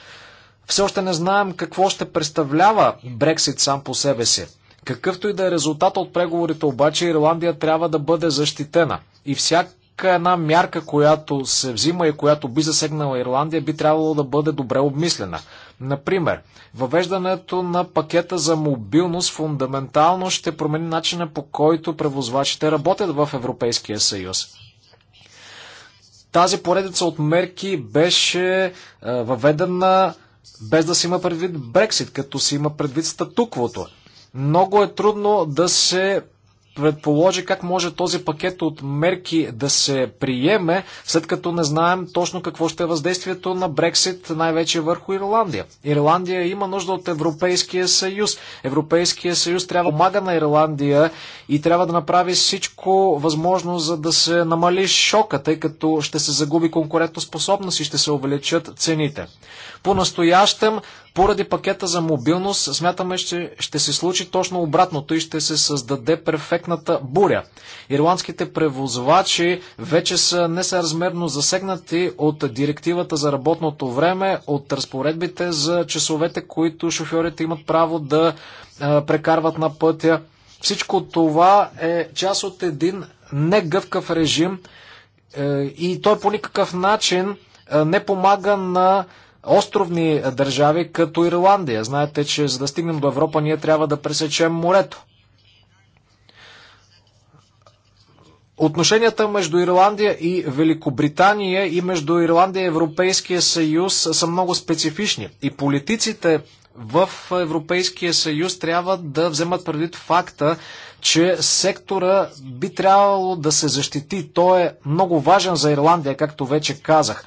Все още не знаем какво ще представлява Брексит сам по себе си. Какъвто и да е резултат от преговорите, обаче Ирландия трябва да бъде защитена. И всяка една мярка, която се взима и която би засегнала Ирландия, би трябвало да бъде добре обмислена. Например, въвеждането на пакета за мобилност фундаментално ще промени начина по който превозвачите работят в Европейския съюз. Тази поредица от мерки беше е, въведена без да се има предвид Брексит, като се има предвид статуквото. Много е трудно да се предположи как може този пакет от мерки да се приеме, след като не знаем точно какво ще е въздействието на Брексит, най-вече върху Ирландия. Ирландия има нужда от Европейския съюз. Европейския съюз трябва да помага на Ирландия и трябва да направи всичко възможно, за да се намали шока, тъй като ще се загуби конкурентоспособност и ще се увеличат цените. По-настоящем, поради пакета за мобилност, смятаме, че ще се случи точно обратното и ще се създаде перфектната буря. Ирландските превозвачи вече са несъразмерно засегнати от директивата за работното време, от разпоредбите за часовете, които шофьорите имат право да прекарват на пътя. Всичко това е част от един негъвкав режим е, и той по никакъв начин е, не помага на островни е, държави като Ирландия. Знаете, че за да стигнем до Европа, ние трябва да пресечем морето. Отношенията между Ирландия и Великобритания и между Ирландия и Европейския съюз са много специфични. И политиците в Европейския съюз трябва да вземат предвид факта, че сектора би трябвало да се защити. Той е много важен за Ирландия, както вече казах.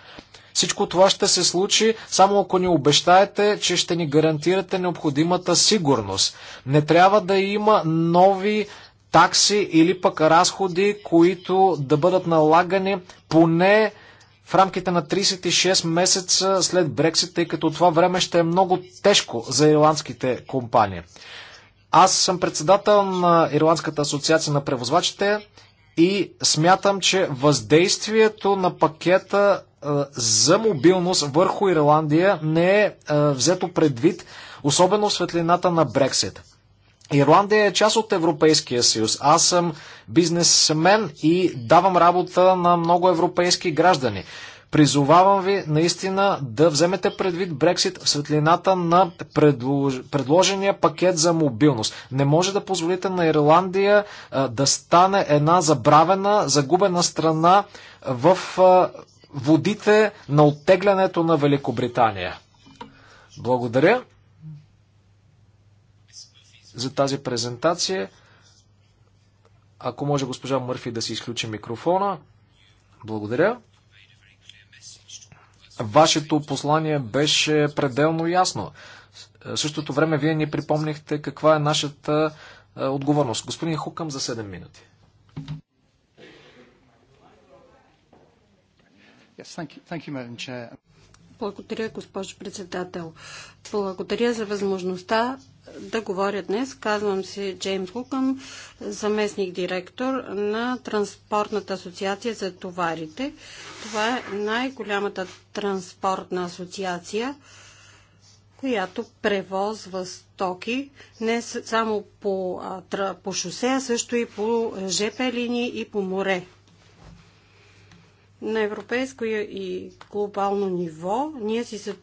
Всичко това ще се случи само ако ни обещаете, че ще ни гарантирате необходимата сигурност. Не трябва да има нови такси или пък разходи, които да бъдат налагани поне в рамките на 36 месеца след Брексит, тъй като това време ще е много тежко за ирландските компании. Аз съм председател на Ирландската асоциация на превозвачите и смятам, че въздействието на пакета за мобилност върху Ирландия не е взето предвид, особено в светлината на Брексит. Ирландия е част от Европейския съюз. Аз съм бизнесмен и давам работа на много европейски граждани. Призовавам ви наистина да вземете предвид Брексит в светлината на предлож... предложения пакет за мобилност. Не може да позволите на Ирландия а, да стане една забравена, загубена страна в а, водите на оттеглянето на Великобритания. Благодаря за тази презентация. Ако може госпожа Мърфи да си изключи микрофона. Благодаря. Вашето послание беше пределно ясно. В същото време вие ни припомнихте каква е нашата отговорност. Господин Хукъм за 7 минути. Yes, thank you, thank you, Madam Chair. Благодаря, госпожо председател. Благодаря за възможността да говоря днес. Казвам се Джеймс Лукъм, заместник директор на Транспортната асоциация за товарите. Това е най-голямата транспортна асоциация, която превозва стоки не само по, по шосе, а също и по ЖП линии и по море. На европейско и глобално ниво ние си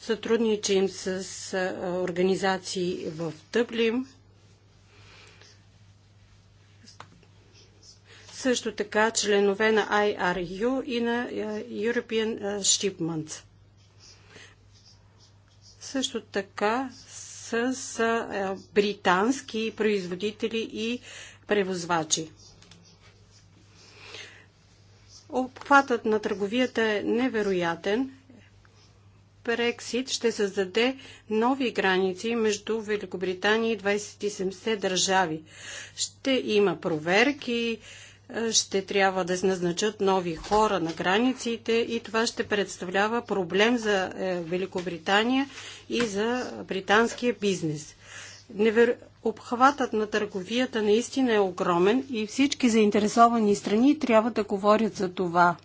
сътрудничим с организации в Тъблим, също така членове на IRU и на European Shipment. Също така с британски производители и превозвачи. Обхватът на търговията е невероятен. Брексит ще създаде нови граници между Великобритания и 27 държави. Ще има проверки, ще трябва да се назначат нови хора на границите и това ще представлява проблем за е, Великобритания и за британския бизнес. Невер обхватът на търговията наистина е огромен и всички заинтересовани страни трябва да говорят за това.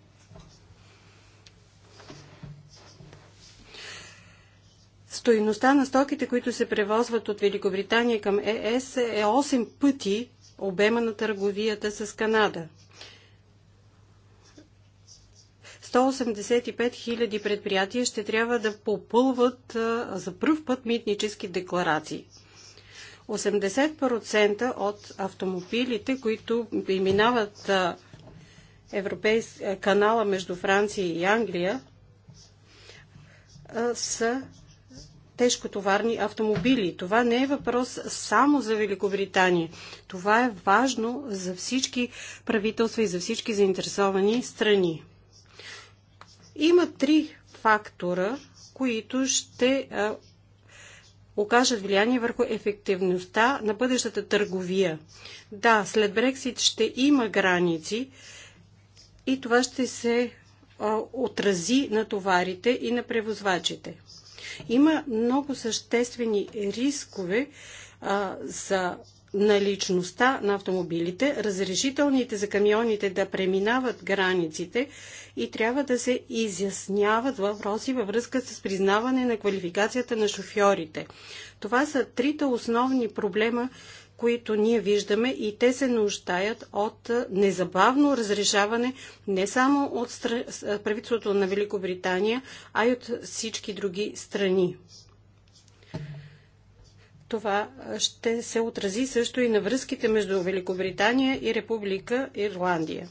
Стоиността на стоките, които се превозват от Великобритания към ЕС е 8 пъти обема на търговията с Канада. 185 хиляди предприятия ще трябва да попълват за първ път митнически декларации. 80% от автомобилите, които минават европейс... Е, канала между Франция и Англия, са тежкотоварни автомобили. Това не е въпрос само за Великобритания. Това е важно за всички правителства и за всички заинтересовани страни. Има три фактора, които ще окажат влияние върху ефективността на бъдещата търговия. Да, след Брексит ще има граници и това ще се отрази на товарите и на превозвачите. Има много съществени рискове а, за наличността на автомобилите, разрешителните за камионите да преминават границите и трябва да се изясняват въпроси във връзка с признаване на квалификацията на шофьорите. Това са трите основни проблема, които ние виждаме и те се нуждаят от незабавно разрешаване не само от правителството на Великобритания, а и от всички други страни. Това ще се отрази също и на връзките между Великобритания и Република Ирландия.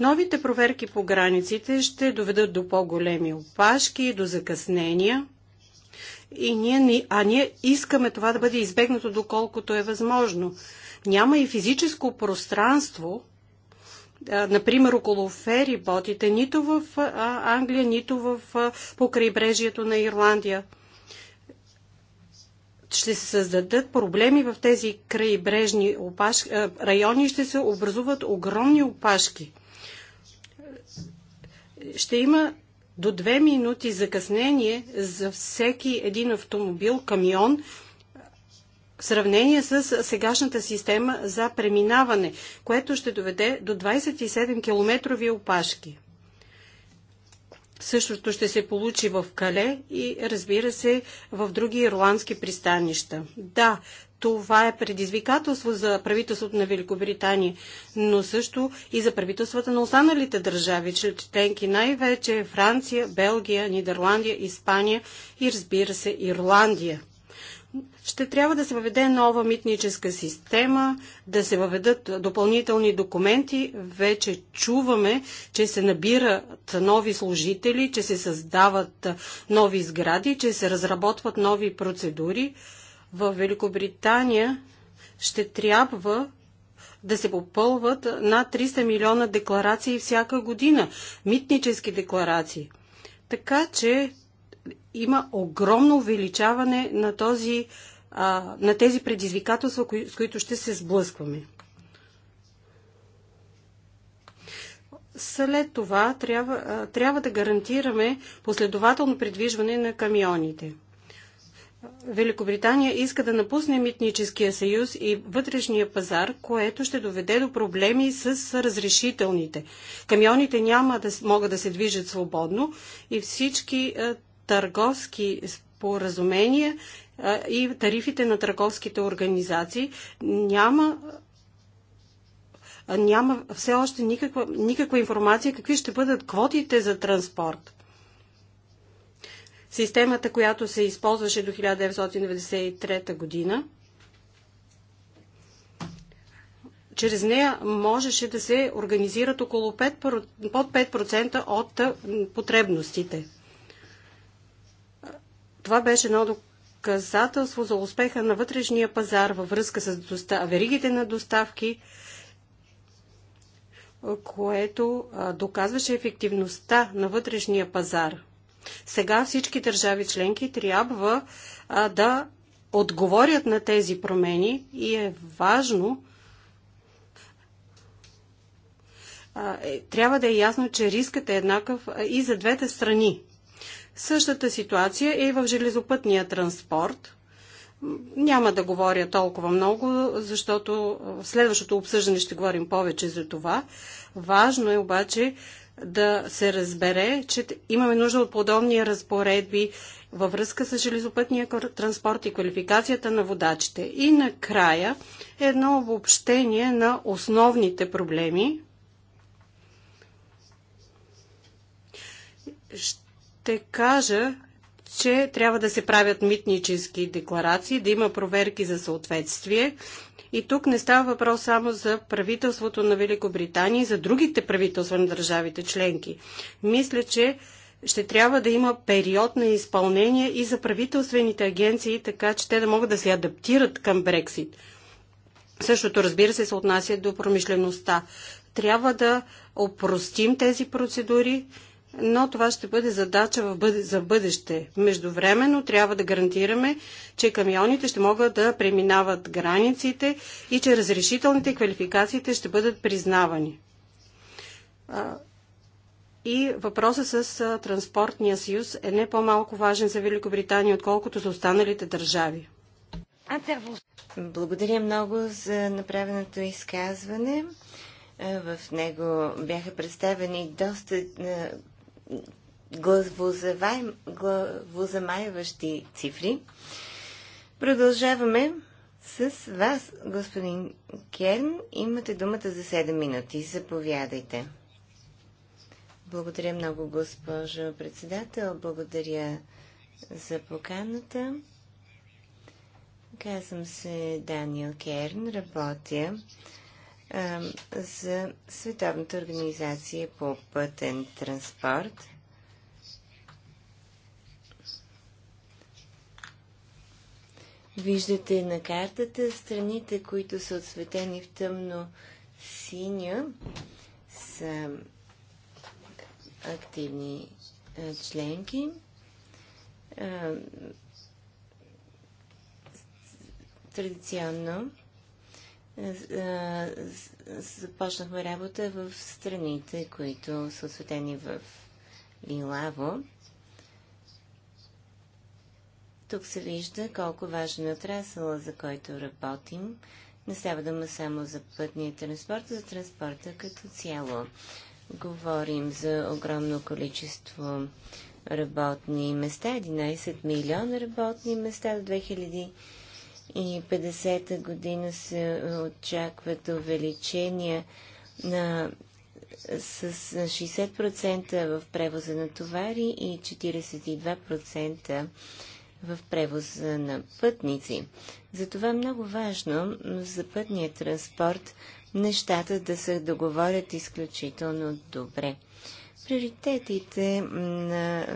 Новите проверки по границите ще доведат до по-големи опашки и до закъснения. И ние, а ние искаме това да бъде избегнато доколкото е възможно. Няма и физическо пространство, например около фериботите, нито в Англия, нито в покрайбрежието на Ирландия ще се създадат проблеми в тези крайбрежни е, райони и ще се образуват огромни опашки. Ще има до две минути закъснение за всеки един автомобил, камион, в сравнение с сегашната система за преминаване, което ще доведе до 27 километрови опашки. Същото ще се получи в Кале и разбира се в други ирландски пристанища. Да, това е предизвикателство за правителството на Великобритания, но също и за правителствата на останалите държави, членки най-вече Франция, Белгия, Нидерландия, Испания и разбира се Ирландия ще трябва да се въведе нова митническа система, да се въведат допълнителни документи. Вече чуваме, че се набират нови служители, че се създават нови сгради, че се разработват нови процедури. В Великобритания ще трябва да се попълват над 300 милиона декларации всяка година, митнически декларации. Така че има огромно увеличаване на, този, а, на тези предизвикателства, кои, с които ще се сблъскваме. След това трябва, а, трябва да гарантираме последователно придвижване на камионите. Великобритания иска да напусне митническия съюз и вътрешния пазар, което ще доведе до проблеми с разрешителните. Камионите няма да могат да се движат свободно и всички търговски споразумения и тарифите на търговските организации. Няма няма все още никаква, никаква информация какви ще бъдат квотите за транспорт. Системата, която се използваше до 1993 година, чрез нея можеше да се организират около 5, под 5% от потребностите. Това беше едно доказателство за успеха на вътрешния пазар във връзка с доста... веригите на доставки, което доказваше ефективността на вътрешния пазар. Сега всички държави членки трябва а, да отговорят на тези промени и е важно а, е, трябва да е ясно, че рискът е еднакъв и за двете страни. Същата ситуация е и в железопътния транспорт. Няма да говоря толкова много, защото в следващото обсъждане ще говорим повече за това. Важно е обаче да се разбере, че имаме нужда от подобни разпоредби във връзка с железопътния транспорт и квалификацията на водачите. И накрая едно обобщение на основните проблеми. Ще ще кажа, че трябва да се правят митнически декларации, да има проверки за съответствие. И тук не става въпрос само за правителството на Великобритания и за другите правителства на държавите членки. Мисля, че ще трябва да има период на изпълнение и за правителствените агенции, така че те да могат да се адаптират към Брексит. Същото, разбира се, се отнася до промишлеността. Трябва да опростим тези процедури но това ще бъде задача в бъде, за бъдеще. Междувременно трябва да гарантираме, че камионите ще могат да преминават границите и че разрешителните квалификациите ще бъдат признавани. И въпросът с транспортния съюз е не по-малко важен за Великобритания, отколкото за останалите държави. Благодаря много за направеното изказване. В него бяха представени доста главозамайващи цифри. Продължаваме с вас, господин Керн. Имате думата за 7 минути. Заповядайте. Благодаря много, госпожо председател. Благодаря за поканата. Казвам се Даниел Керн. Работя за Световната организация по пътен транспорт. Виждате на картата страните, които са отсветени в тъмно синя, са активни членки. Традиционно е, започнахме работа в страните, които са осветени в Лилаво. Тук се вижда колко важен е отрасъла, за който работим. Не става дума само за пътния транспорт, за транспорта като цяло. Говорим за огромно количество работни места, 11 милиона работни места до 2000 и 50-та година се очакват увеличения на, с 60% в превоза на товари и 42% в превоза на пътници. Затова е много важно за пътния транспорт нещата да се договорят изключително добре. Приоритетите на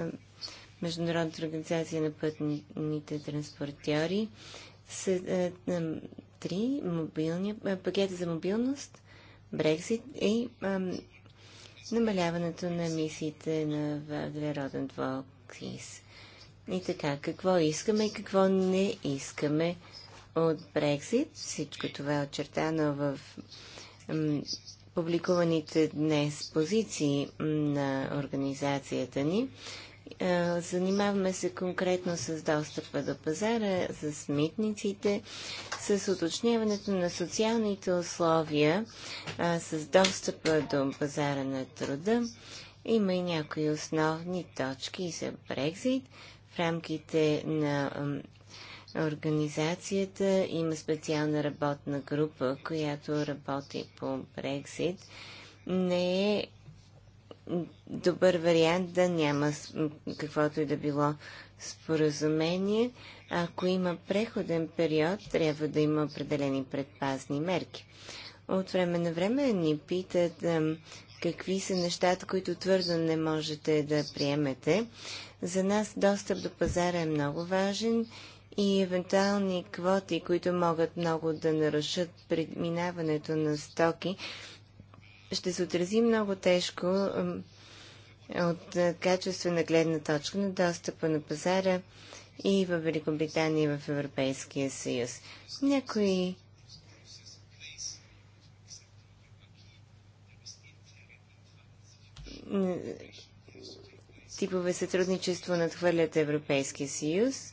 Международната организация на пътните транспортьори са е, е, три мобилния, е, пакета за мобилност, Брекзит и намаляването на емисиите на въглероден двуокис. И така, какво искаме и какво не искаме от Брекзит, Всичко това е очертано в публикуваните днес позиции на организацията ни. Е, занимаваме се конкретно с достъпа до пазара, с митниците, с уточняването на социалните условия, с достъпа до пазара на труда. Има и някои основни точки за Брекзит. В рамките на организацията има специална работна група, която работи по Брекзит. Не е добър вариант да няма каквото и да било споразумение. Ако има преходен период, трябва да има определени предпазни мерки. От време на време ни питат какви са нещата, които твърдо не можете да приемете. За нас достъп до пазара е много важен и евентуални квоти, които могат много да нарушат преминаването на стоки, ще се отрази много тежко от качествена гледна точка на достъпа на пазара и в Великобритания, и в Европейския съюз. Някои типове сътрудничество надхвърлят Европейския съюз.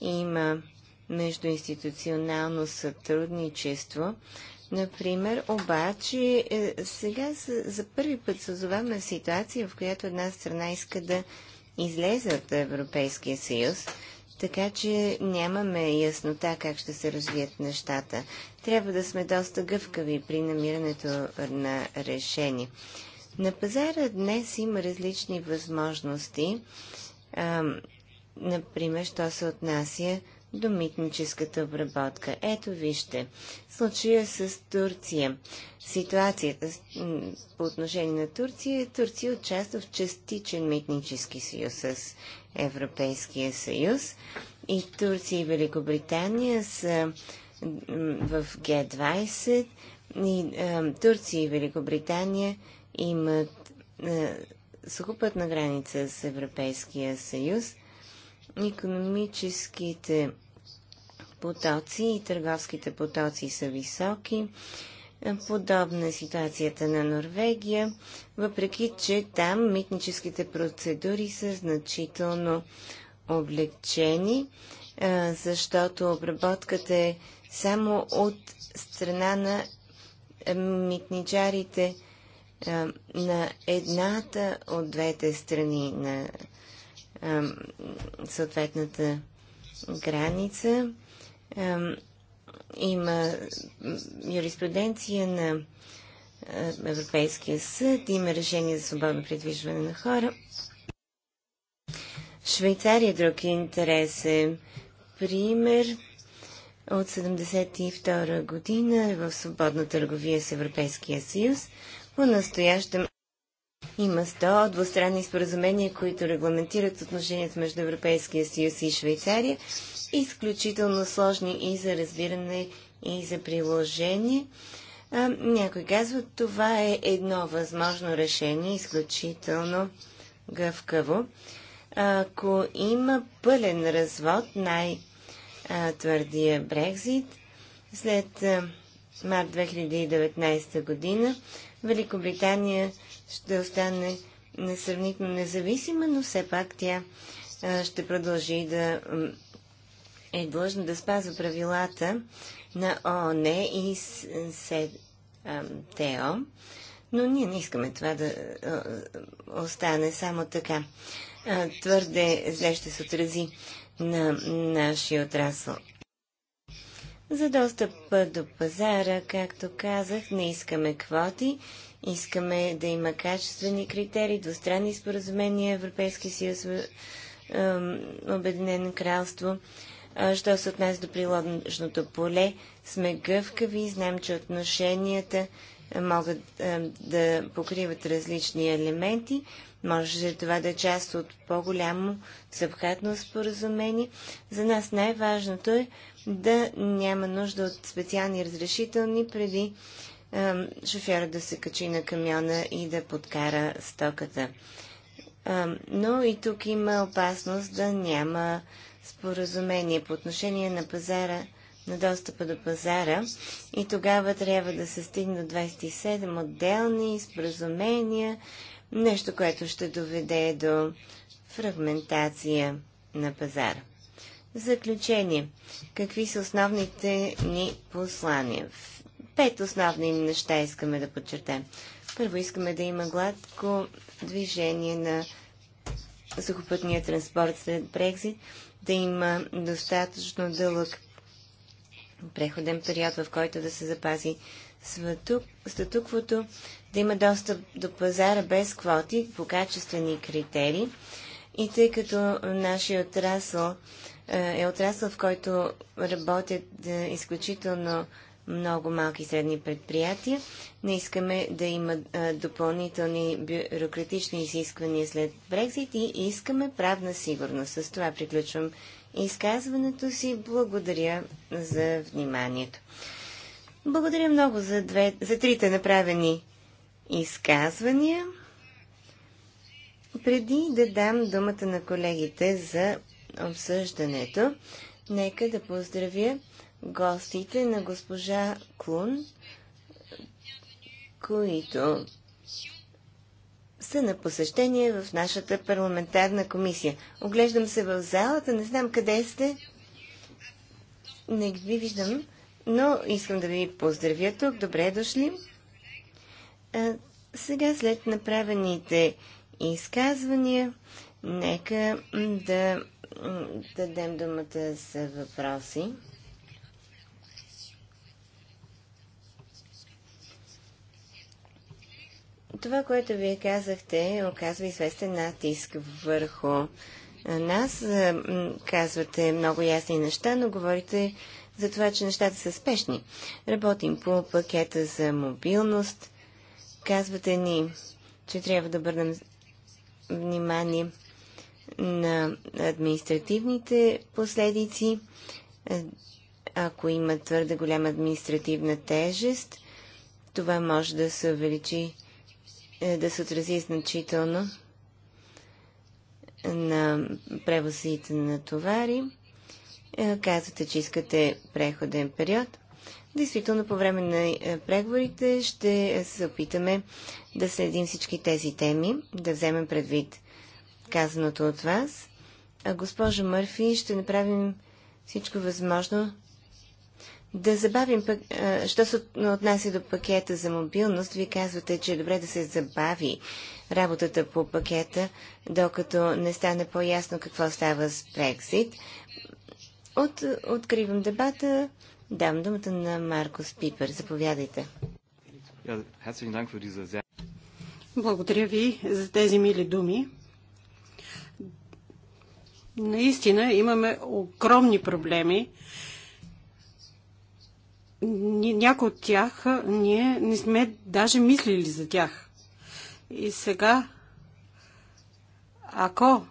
Има междуинституционално сътрудничество Например, обаче е, сега за, за първи път се озоваваме в ситуация, в която една страна иска да излезе от Европейския съюз, така че нямаме яснота как ще се развият нещата. Трябва да сме доста гъвкави при намирането на решение. На пазара днес има различни възможности, а, например, що се отнася до митническата обработка. Ето вижте, случая с Турция. Ситуацията по отношение на Турция е Турция участва в частичен митнически съюз с Европейския съюз и Турция и Великобритания са в Г-20 и е, Турция и Великобритания имат а, е, сухопътна граница с Европейския съюз Економическите потоци и търговските потоци са високи. Подобна е ситуацията на Норвегия, въпреки че там митническите процедури са значително облегчени, защото обработката е само от страна на митничарите на едната от двете страни на съответната граница. има юриспруденция на Европейския съд, има решение за свободно придвижване на хора. Швейцария друг е интересен. пример от 1972 година е в свободна търговия с Европейския съюз. По-настоящем има 100 двустранни споразумения, които регламентират отношенията между Европейския съюз и Швейцария. Изключително сложни и за разбиране, и за приложение. А, някой казва, това е едно възможно решение, изключително гъвкаво. Ако има пълен развод, най-твърдия Брекзит, след март 2019 година, Великобритания ще остане несравнително независима, но все пак тя ще продължи да е длъжна да спазва правилата на ООН и СТО, но ние не искаме това да остане само така. Твърде зле ще се отрази на нашия отрасъл. За достъп до пазара, както казах, не искаме квоти, Искаме да има качествени критерии, двустранни споразумения Европейски съюз, е, Обединено кралство. Що се отнася до приложното поле, сме гъвкави, знаем, че отношенията е, могат е, да покриват различни елементи. Може това да е част от по-голямо събхатно споразумение. За нас най-важното е да няма нужда от специални разрешителни преди шофьора да се качи на камиона и да подкара стоката. Но и тук има опасност да няма споразумение по отношение на пазара, на достъпа до пазара и тогава трябва да се стигне до 27 отделни споразумения, нещо, което ще доведе до фрагментация на пазара. В заключение, какви са основните ни послания? Пет основни неща искаме да подчертаем. Първо искаме да има гладко движение на сухопътния транспорт след Брекзит, да има достатъчно дълъг преходен период, в който да се запази статуквото, да има достъп до пазара без квоти по качествени критерии. И тъй като нашия отрасъл е, е отрасъл, в който работят е, изключително много малки и средни предприятия. Не искаме да има допълнителни бюрократични изисквания след Брекзит и искаме правна сигурност. С това приключвам изказването си. Благодаря за вниманието. Благодаря много за, две, за трите направени изказвания. Преди да дам думата на колегите за обсъждането, нека да поздравя гостите на госпожа Клун, които са на посещение в нашата парламентарна комисия. Оглеждам се в залата, не знам къде сте. Не ви виждам, но искам да ви поздравя тук. Добре дошли. А, сега след направените изказвания, нека да дадем думата за въпроси. Това, което вие казахте, оказва известен натиск върху нас. Е, казвате много ясни неща, но говорите за това, че нещата са спешни. Работим по пакета за мобилност. Казвате ни, че трябва да обърнем внимание на административните последици. Е, ако има твърде голяма административна тежест, това може да се увеличи е да се отрази значително на превозите на товари. Е, казвате, че искате преходен период. Действително, по време на е, преговорите ще се опитаме да следим всички тези теми, да вземем предвид казаното от вас. А госпожа Мърфи, ще направим всичко възможно да забавим, пък, що се отнася до пакета за мобилност, вие казвате, че е добре да се забави работата по пакета, докато не стане по-ясно какво става с Брексит. От, откривам дебата. Дам думата на Маркос Пипер. Заповядайте. Благодаря ви за тези мили думи. Наистина имаме огромни проблеми някои от тях ние не сме даже мислили за тях. И сега, ако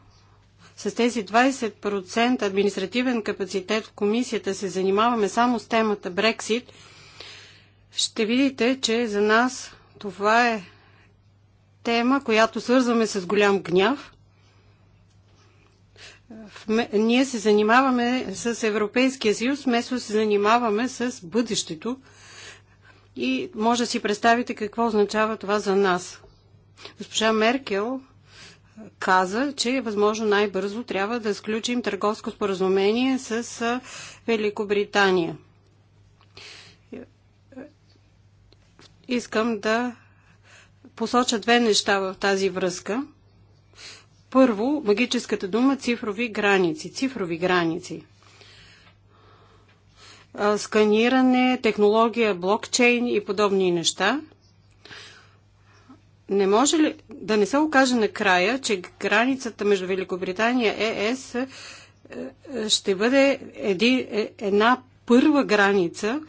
с тези 20% административен капацитет в комисията се занимаваме само с темата Брексит, ще видите, че за нас това е тема, която свързваме с голям гняв ние се занимаваме с Европейския съюз, вместо се занимаваме с бъдещето. И може да си представите какво означава това за нас. Госпожа Меркел каза, че възможно най-бързо трябва да сключим търговско споразумение с Великобритания. Искам да посоча две неща в тази връзка – първо, магическата дума цифрови граници. Цифрови граници. Сканиране, технология, блокчейн и подобни неща. Не може ли да не се окаже накрая, че границата между Великобритания и ЕС е, е, ще бъде еди, е, една първа граница,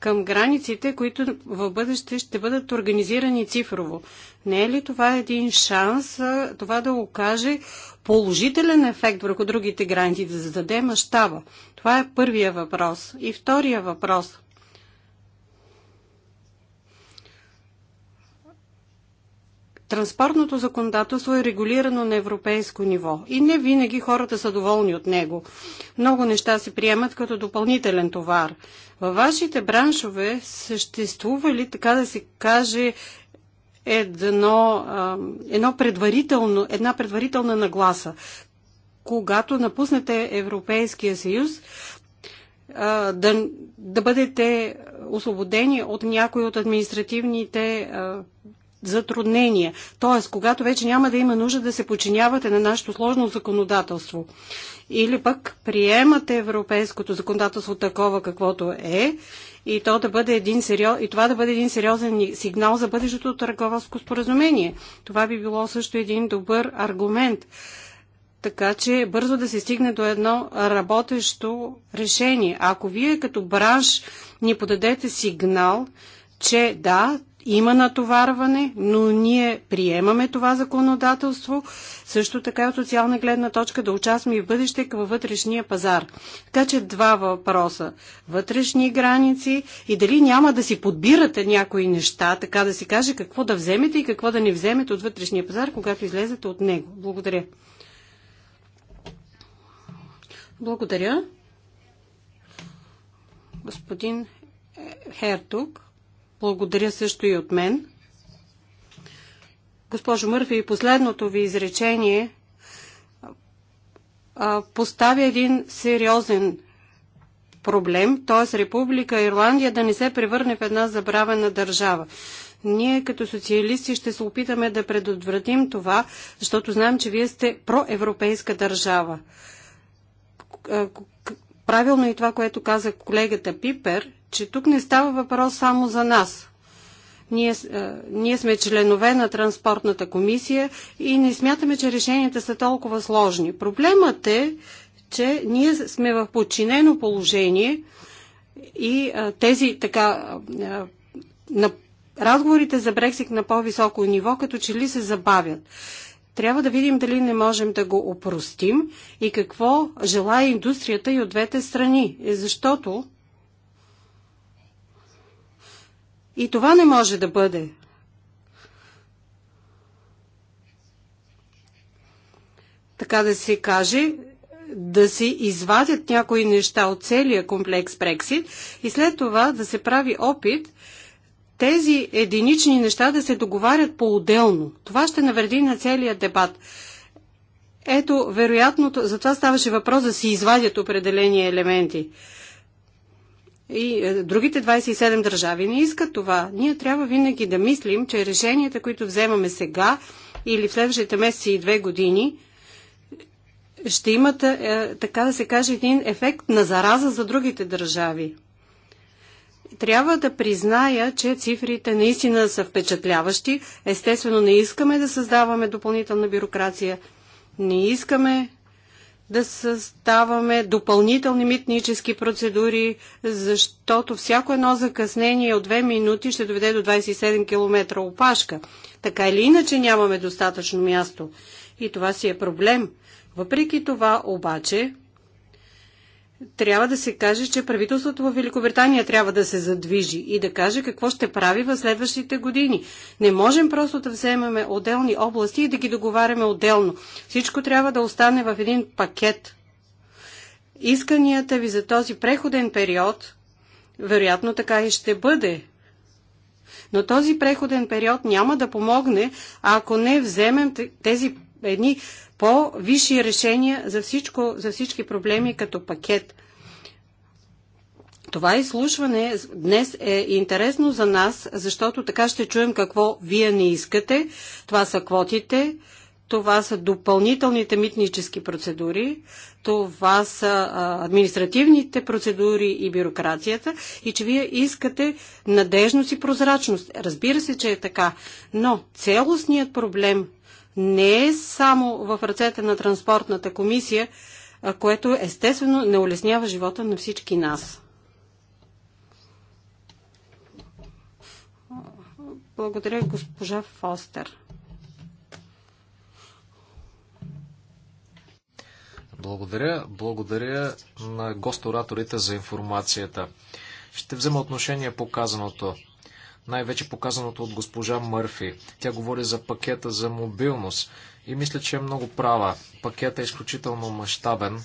към границите, които в бъдеще ще бъдат организирани цифрово. Не е ли това един шанс това да окаже положителен ефект върху другите граници, да зададе мащаба? Това е първия въпрос. И втория въпрос. Транспортното законодателство е регулирано на европейско ниво и не винаги хората са доволни от него. Много неща се приемат като допълнителен товар. Във вашите браншове съществува ли, така да се каже, едно, едно предварително, една предварителна нагласа? Когато напуснете Европейския съюз, да, да бъдете освободени от някои от административните затруднения. Тоест, когато вече няма да има нужда да се подчинявате на нашето сложно законодателство. Или пък приемате европейското законодателство такова каквото е и, то да бъде един сериоз... и това да бъде един сериозен сигнал за бъдещото търговско споразумение. Това би било също един добър аргумент така че бързо да се стигне до едно работещо решение. Ако вие като бранш ни подадете сигнал, че да, има натоварване, но ние приемаме това законодателство, също така и от социална гледна точка да участваме и в бъдеще към вътрешния пазар. Така че два въпроса. Вътрешни граници и дали няма да си подбирате някои неща, така да си каже какво да вземете и какво да не вземете от вътрешния пазар, когато излезете от него. Благодаря. Благодаря. Господин Хертук. Благодаря също и от мен. Госпожо Мърфи, последното ви изречение поставя един сериозен проблем, т.е. Република Ирландия да не се превърне в една забравена държава. Ние като социалисти ще се опитаме да предотвратим това, защото знаем, че вие сте проевропейска държава. Правилно е и това, което каза колегата Пипер, че тук не става въпрос само за нас. Ние, а, е, ние сме членове на Транспортната комисия и не смятаме, че решенията са толкова сложни. Проблемът е, че ние сме в подчинено положение и а, е, тези така а, е, на разговорите за Брексит на по-високо ниво като че ли се забавят. Трябва да видим дали не можем да го опростим и какво желая индустрията и от двете страни. Защото И това не може да бъде. Така да се каже, да се извадят някои неща от целия комплекс Брексит и след това да се прави опит тези единични неща да се договарят по-отделно. Това ще навреди на целия дебат. Ето, вероятно, за това ставаше въпрос да се извадят определени елементи. И е, другите 27 държави не искат това. Ние трябва винаги да мислим, че решенията, които вземаме сега или в следващите месеци и две години, ще имат, е, така да се каже, един ефект на зараза за другите държави. Трябва да призная, че цифрите наистина са впечатляващи. Естествено, не искаме да създаваме допълнителна бюрокрация. Не искаме да съставаме допълнителни митнически процедури, защото всяко едно закъснение от 2 минути ще доведе до 27 км опашка. Така или иначе нямаме достатъчно място. И това си е проблем. Въпреки това обаче трябва да се каже, че правителството в Великобритания трябва да се задвижи и да каже какво ще прави в следващите години. Не можем просто да вземеме отделни области и да ги договаряме отделно. Всичко трябва да остане в един пакет. Исканията ви за този преходен период, вероятно така и ще бъде. Но този преходен период няма да помогне, ако не вземем тези едни по-висши решения за, всичко, за всички проблеми като пакет. Това изслушване днес е интересно за нас, защото така ще чуем какво вие не искате. Това са квотите, това са допълнителните митнически процедури, това са административните процедури и бюрокрацията и че вие искате надежност и прозрачност. Разбира се, че е така, но целостният проблем не е само в ръцете на транспортната комисия, което естествено не улеснява живота на всички нас. Благодаря, госпожа Фостер. Благодаря. Благодаря на гостораторите за информацията. Ще взема отношение по казаното най-вече показаното от госпожа Мърфи. Тя говори за пакета за мобилност и мисля, че е много права. Пакетът е изключително мащабен.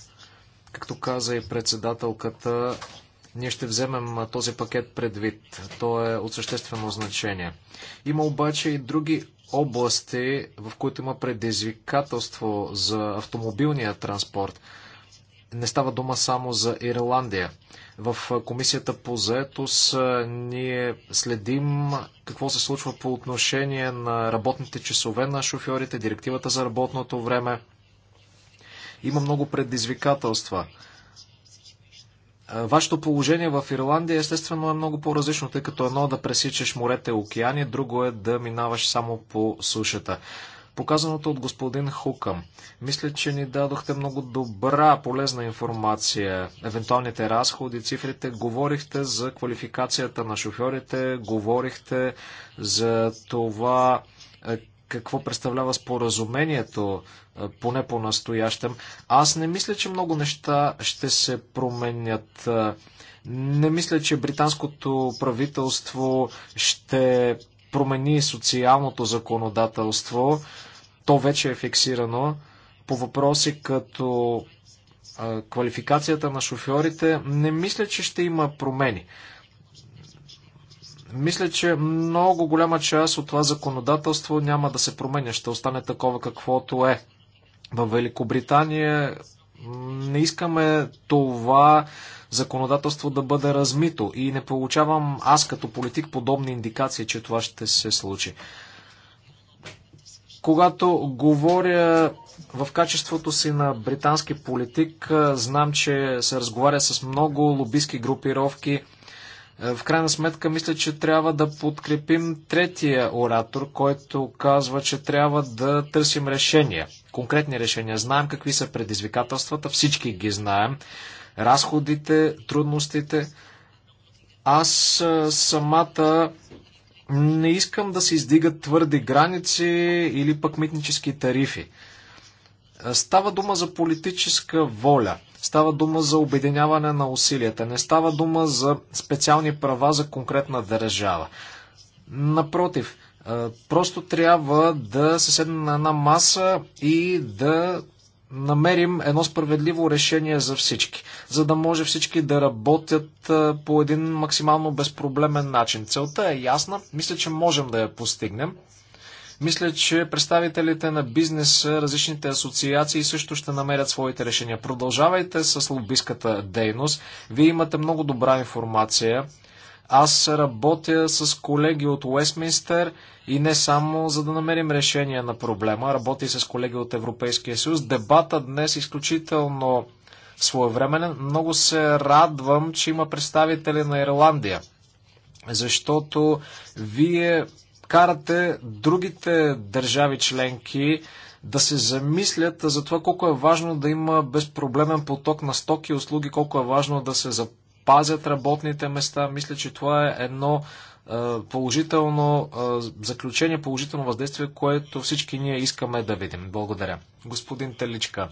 Както каза и председателката, ние ще вземем този пакет предвид. То е от съществено значение. Има обаче и други области, в които има предизвикателство за автомобилния транспорт. Не става дума само за Ирландия. В Комисията по заетост ние следим какво се случва по отношение на работните часове на шофьорите, директивата за работното време. Има много предизвикателства. Вашето положение в Ирландия естествено е много по-различно, тъй като едно е да пресичаш морете и океани, друго е да минаваш само по сушата показаното от господин Хукъм. Мисля, че ни дадохте много добра, полезна информация. Евентуалните разходи, цифрите, говорихте за квалификацията на шофьорите, говорихте за това е, какво представлява споразумението, е, поне по-настоящем. Аз не мисля, че много неща ще се променят. Е, не мисля, че британското правителство ще промени социалното законодателство. То вече е фиксирано по въпроси като квалификацията на шофьорите. Не мисля, че ще има промени. Мисля, че много голяма част от това законодателство няма да се променя. Ще остане такова каквото е. В Великобритания не искаме това законодателство да бъде размито и не получавам аз като политик подобни индикации, че това ще се случи. Когато говоря в качеството си на британски политик, знам, че се разговаря с много лобистки групировки. В крайна сметка, мисля, че трябва да подкрепим третия оратор, който казва, че трябва да търсим решения, конкретни решения. Знаем какви са предизвикателствата, всички ги знаем разходите, трудностите. Аз самата не искам да се издигат твърди граници или пък митнически тарифи. Става дума за политическа воля. Става дума за обединяване на усилията. Не става дума за специални права за конкретна държава. Напротив, просто трябва да се седне на една маса и да намерим едно справедливо решение за всички, за да може всички да работят по един максимално безпроблемен начин. Целта е ясна, мисля, че можем да я постигнем. Мисля, че представителите на бизнес, различните асоциации също ще намерят своите решения. Продължавайте с лобистката дейност. Вие имате много добра информация. Аз работя с колеги от Уестминстър и не само за да намерим решение на проблема, работя и с колеги от Европейския съюз. Дебата днес е изключително своевременен. Много се радвам, че има представители на Ирландия, защото вие карате другите държави членки да се замислят за това колко е важно да има безпроблемен поток на стоки и услуги, колко е важно да се запази Пазят работните места. Мисля, че това е едно е, положително е, заключение, положително въздействие, което всички ние искаме да видим. Благодаря. Господин Теличка,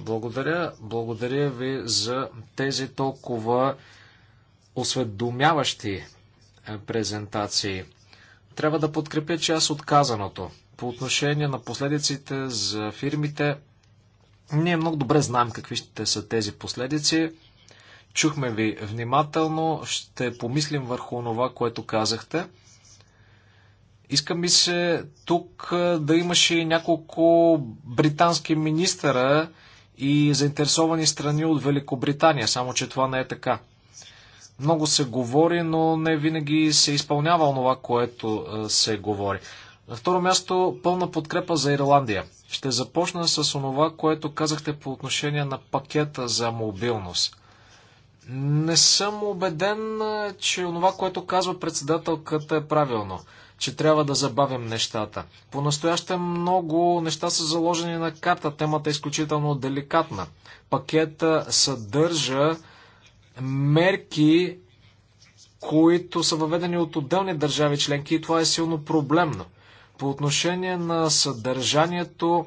благодаря. Благодаря ви за тези толкова осведомяващи е, презентации. Трябва да подкрепя част от казаното по отношение на последиците за фирмите. Ние много добре знаем какви ще са тези последици. Чухме ви внимателно, ще помислим върху това, което казахте. Иска ми се тук да имаше няколко британски министъра и заинтересовани страни от Великобритания, само че това не е така. Много се говори, но не винаги се изпълнява това, което се говори. На второ място, пълна подкрепа за Ирландия. Ще започна с онова, което казахте по отношение на пакета за мобилност. Не съм убеден, че това, което казва председателката е правилно, че трябва да забавим нещата. По-настояще много неща са заложени на карта, темата е изключително деликатна. Пакета съдържа мерки, които са въведени от отделни държави членки и това е силно проблемно. По отношение на съдържанието,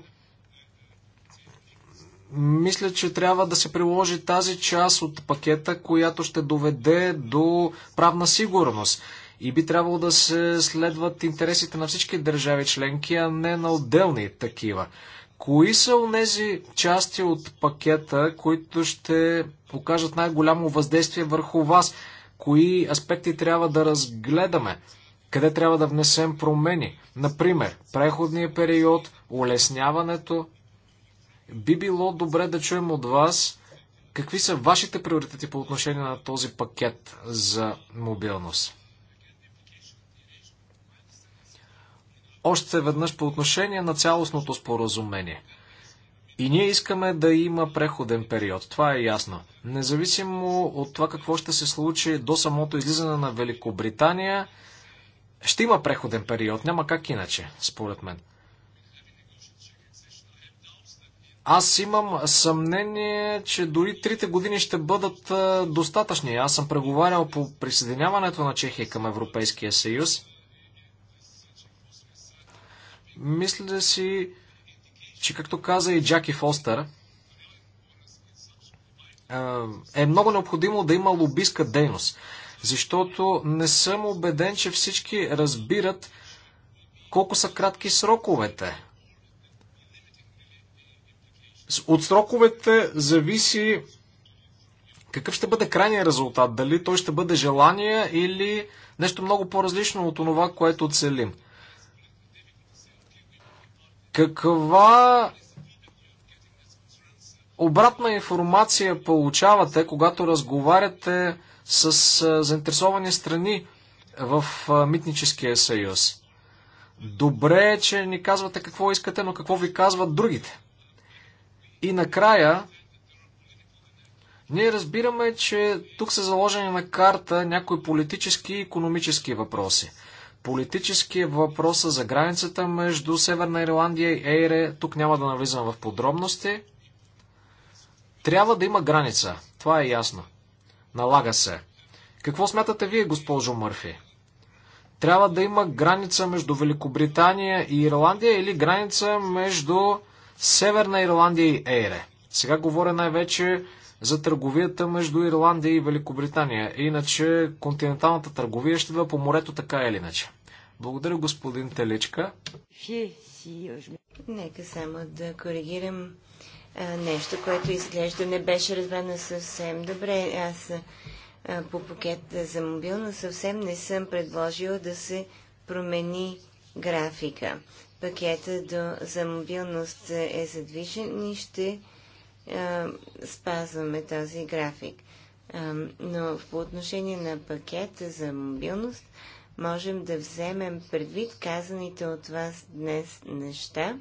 мисля, че трябва да се приложи тази част от пакета, която ще доведе до правна сигурност. И би трябвало да се следват интересите на всички държави членки, а не на отделни такива. Кои са онези части от пакета, които ще покажат най-голямо въздействие върху вас? Кои аспекти трябва да разгледаме? Къде трябва да внесем промени? Например, преходния период, улесняването би било добре да чуем от вас какви са вашите приоритети по отношение на този пакет за мобилност. Още веднъж по отношение на цялостното споразумение. И ние искаме да има преходен период. Това е ясно. Независимо от това какво ще се случи до самото излизане на Великобритания, ще има преходен период. Няма как иначе, според мен. Аз имам съмнение, че дори трите години ще бъдат достатъчни. Аз съм преговарял по присъединяването на Чехия към Европейския съюз. Мисля си, че както каза и Джаки Фостер, е много необходимо да има лобистка дейност. Защото не съм убеден, че всички разбират колко са кратки сроковете от сроковете зависи какъв ще бъде крайният резултат. Дали той ще бъде желание или нещо много по-различно от това, което целим. Каква обратна информация получавате, когато разговаряте с заинтересовани страни в Митническия съюз? Добре е, че ни казвате какво искате, но какво ви казват другите? И накрая, ние разбираме, че тук са заложени на карта някои политически и економически въпроси. Политически е въпроса за границата между Северна Ирландия и Ейре, тук няма да навлизам в подробности. Трябва да има граница, това е ясно. Налага се. Какво смятате вие, госпожо Мърфи? Трябва да има граница между Великобритания и Ирландия или граница между Северна Ирландия и Ейре. Сега говоря най-вече за търговията между Ирландия и Великобритания. Иначе континенталната търговия ще бъде по морето така или иначе. Благодаря, господин Теличка. Нека само да коригирам а, нещо, което изглежда не беше разбрано съвсем добре. Аз а, по пакет за мобилно съвсем не съм предложила да се промени графика пакета до, за мобилност е задвижен и ще а, спазваме този график. А, но по отношение на пакета за мобилност можем да вземем предвид казаните от вас днес неща,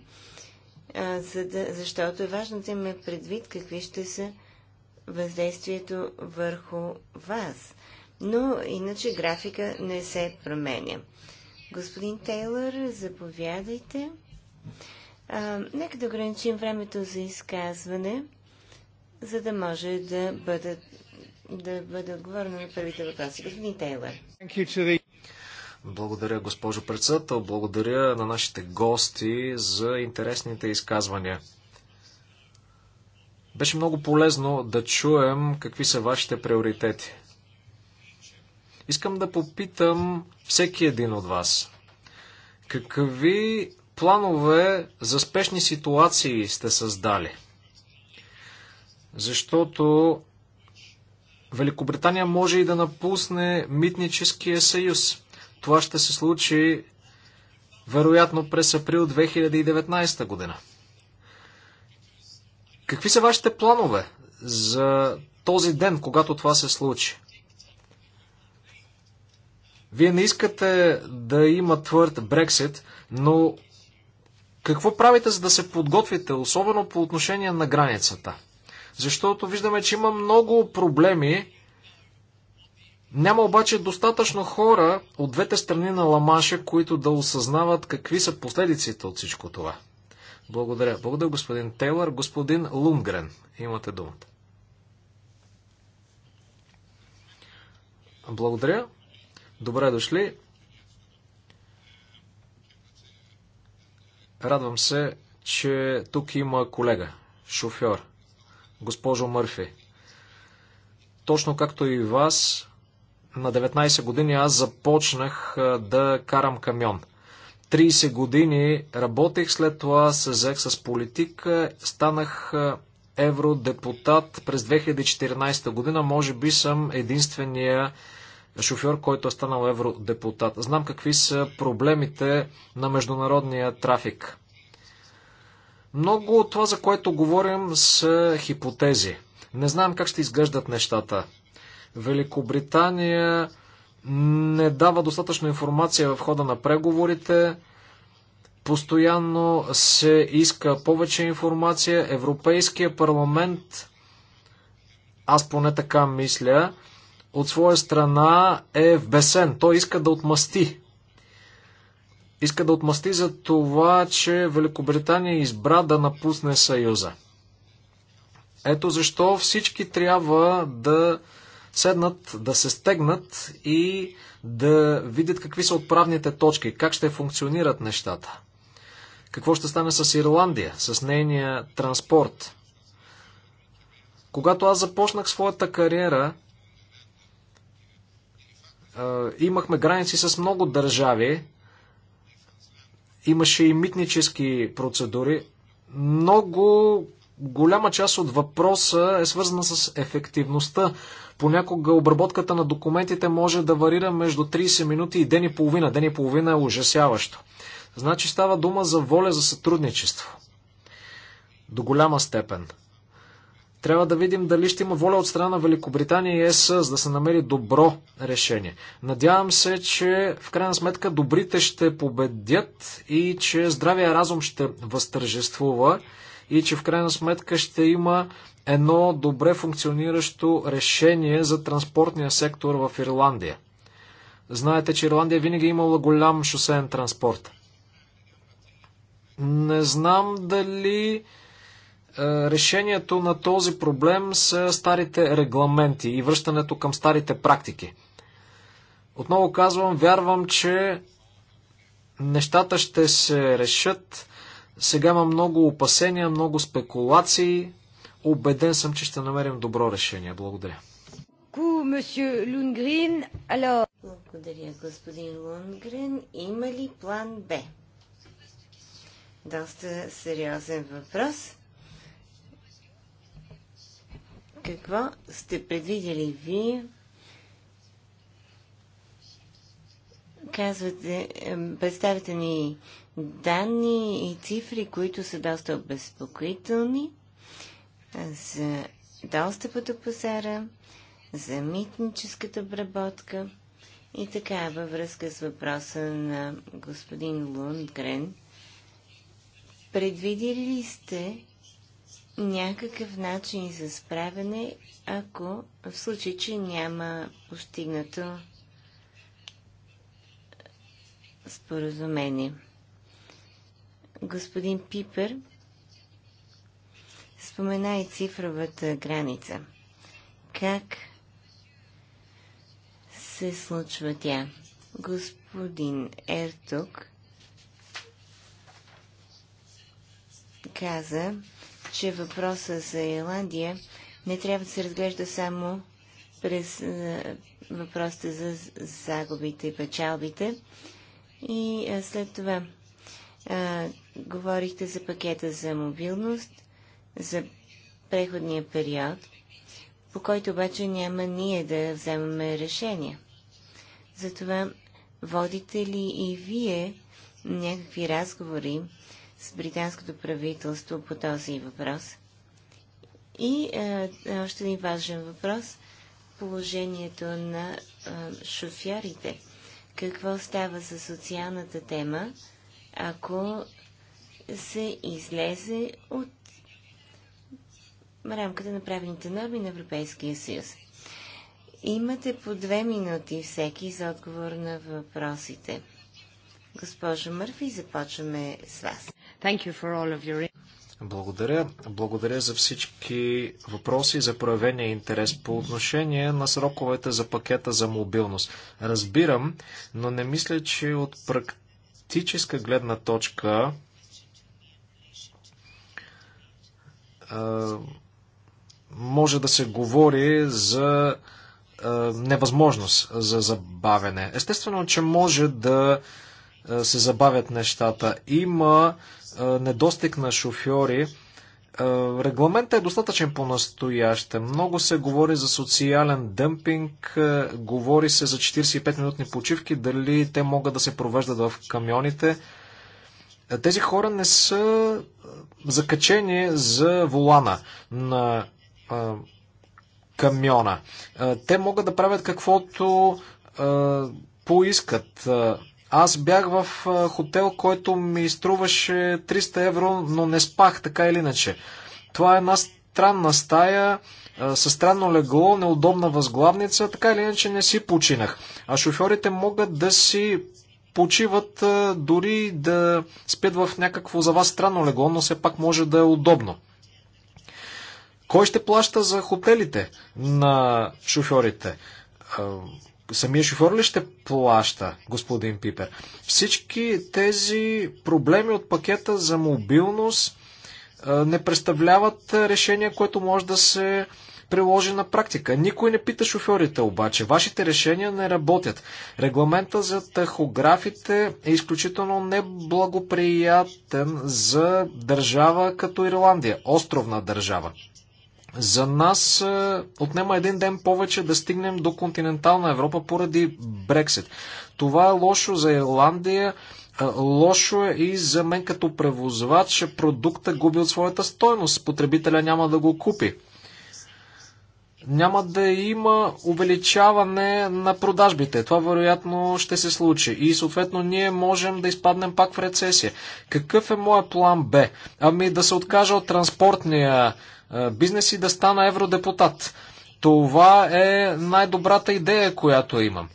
а, за да, защото е важно да имаме предвид какви ще са въздействието върху вас. Но иначе графика не се променя. Господин Тейлър, заповядайте. А, нека да ограничим времето за изказване, за да може да бъде да бъде отговорено на първите въпроси. Господин Тейлър. Благодаря, госпожо председател. Благодаря на нашите гости за интересните изказвания. Беше много полезно да чуем какви са вашите приоритети. Искам да попитам всеки един от вас. Какви планове за спешни ситуации сте създали? Защото Великобритания може и да напусне митническия съюз. Това ще се случи вероятно през април 2019 година. Какви са вашите планове за този ден, когато това се случи? Вие не искате да има твърд Брексит, но какво правите за да се подготвите, особено по отношение на границата? Защото виждаме, че има много проблеми. Няма обаче достатъчно хора от двете страни на Ламаша, които да осъзнават какви са последиците от всичко това. Благодаря. Благодаря, господин Тейлър. Господин Лунгрен, имате думата. Благодаря. Добре дошли. Радвам се, че тук има колега, шофьор, госпожо Мърфи. Точно както и вас, на 19 години аз започнах да карам камион. 30 години работех, след това се взех с политика, станах евродепутат през 2014 година. Може би съм единствения шофьор, който е станал евродепутат. Знам какви са проблемите на международния трафик. Много от това, за което говорим, са хипотези. Не знам как ще изглеждат нещата. Великобритания не дава достатъчно информация в хода на преговорите. Постоянно се иска повече информация. Европейския парламент, аз поне така мисля, от своя страна е в бесен. Той иска да отмъсти. Иска да отмъсти за това, че Великобритания избра да напусне Съюза. Ето защо всички трябва да седнат, да се стегнат и да видят какви са отправните точки, как ще функционират нещата. Какво ще стане с Ирландия, с нейния транспорт? Когато аз започнах своята кариера, имахме граници с много държави, имаше и митнически процедури. Много голяма част от въпроса е свързана с ефективността. Понякога обработката на документите може да варира между 30 минути и ден и половина. Ден и половина е ужасяващо. Значи става дума за воля за сътрудничество. До голяма степен. Трябва да видим дали ще има воля от страна на Великобритания и ЕС, за да се намери добро решение. Надявам се, че в крайна сметка добрите ще победят и че здравия разум ще възтържествува и че в крайна сметка ще има едно добре функциониращо решение за транспортния сектор в Ирландия. Знаете, че Ирландия винаги е имала голям шосеен транспорт. Не знам дали е, решението на този проблем са старите регламенти и връщането към старите практики. Отново казвам, вярвам, че нещата ще се решат. Сега има много опасения, много спекулации. Обеден съм, че ще намерим добро решение. Благодаря. Благодаря, господин Лунгрин. Има ли план Б? Доста сериозен въпрос. Какво сте предвидели вие? Казвате, е, представите ни данни и цифри, които са доста обезпокоителни за достъпа до пазара, за митническата обработка и така във връзка с въпроса на господин Лундгрен. Предвидили ли сте някакъв начин за справяне, ако в случай, че няма постигнато споразумение. Господин Пипер спомена и цифровата граница. Как се случва тя? Господин Ертук каза, че въпроса за Ирландия не трябва да се разглежда само през е, въпросите за загубите и печалбите. И е, след това а, е, говорихте за пакета за мобилност, за преходния период, по който обаче няма ние да вземаме решение. Затова водите ли и вие някакви разговори с британското правителство по този въпрос. И е, е още един важен въпрос положението на е, шофьорите. Какво става за социалната тема, ако се излезе от рамката на правените норми на Европейския съюз? Имате по две минути всеки за отговор на въпросите. Госпожо Мърфи, започваме с вас. Thank you for all of your... Благодаря. Благодаря за всички въпроси за проявения интерес по отношение на сроковете за пакета за мобилност. Разбирам, но не мисля, че от практическа гледна точка може да се говори за невъзможност за забавене. Естествено, че може да се забавят нещата. Има недостиг на шофьори. Регламентът е достатъчен по-настояще. Много се говори за социален дъмпинг, говори се за 45-минутни почивки, дали те могат да се провеждат в камионите. Тези хора не са закачени за волана на камиона. Те могат да правят каквото поискат. Аз бях в хотел, който ми струваше 300 евро, но не спах, така или иначе. Това е една странна стая, със странно легло, неудобна възглавница, така или иначе не си починах. А шофьорите могат да си почиват, дори да спят в някакво за вас странно легло, но все пак може да е удобно. Кой ще плаща за хотелите на шофьорите? самия шофьор ли ще плаща, господин Пипер? Всички тези проблеми от пакета за мобилност не представляват решение, което може да се приложи на практика. Никой не пита шофьорите обаче. Вашите решения не работят. Регламента за тахографите е изключително неблагоприятен за държава като Ирландия, островна държава. За нас е, отнема един ден повече да стигнем до континентална Европа поради Брексит. Това е лошо за Ирландия, е, лошо е и за мен като превозвач. Продукта губи от своята стойност. Потребителя няма да го купи. Няма да има увеличаване на продажбите. Това вероятно ще се случи. И съответно ние можем да изпаднем пак в рецесия. Какъв е моят план Б? Ами да се откажа от транспортния бизнес и да стана евродепутат. Това е най-добрата идея, която имам.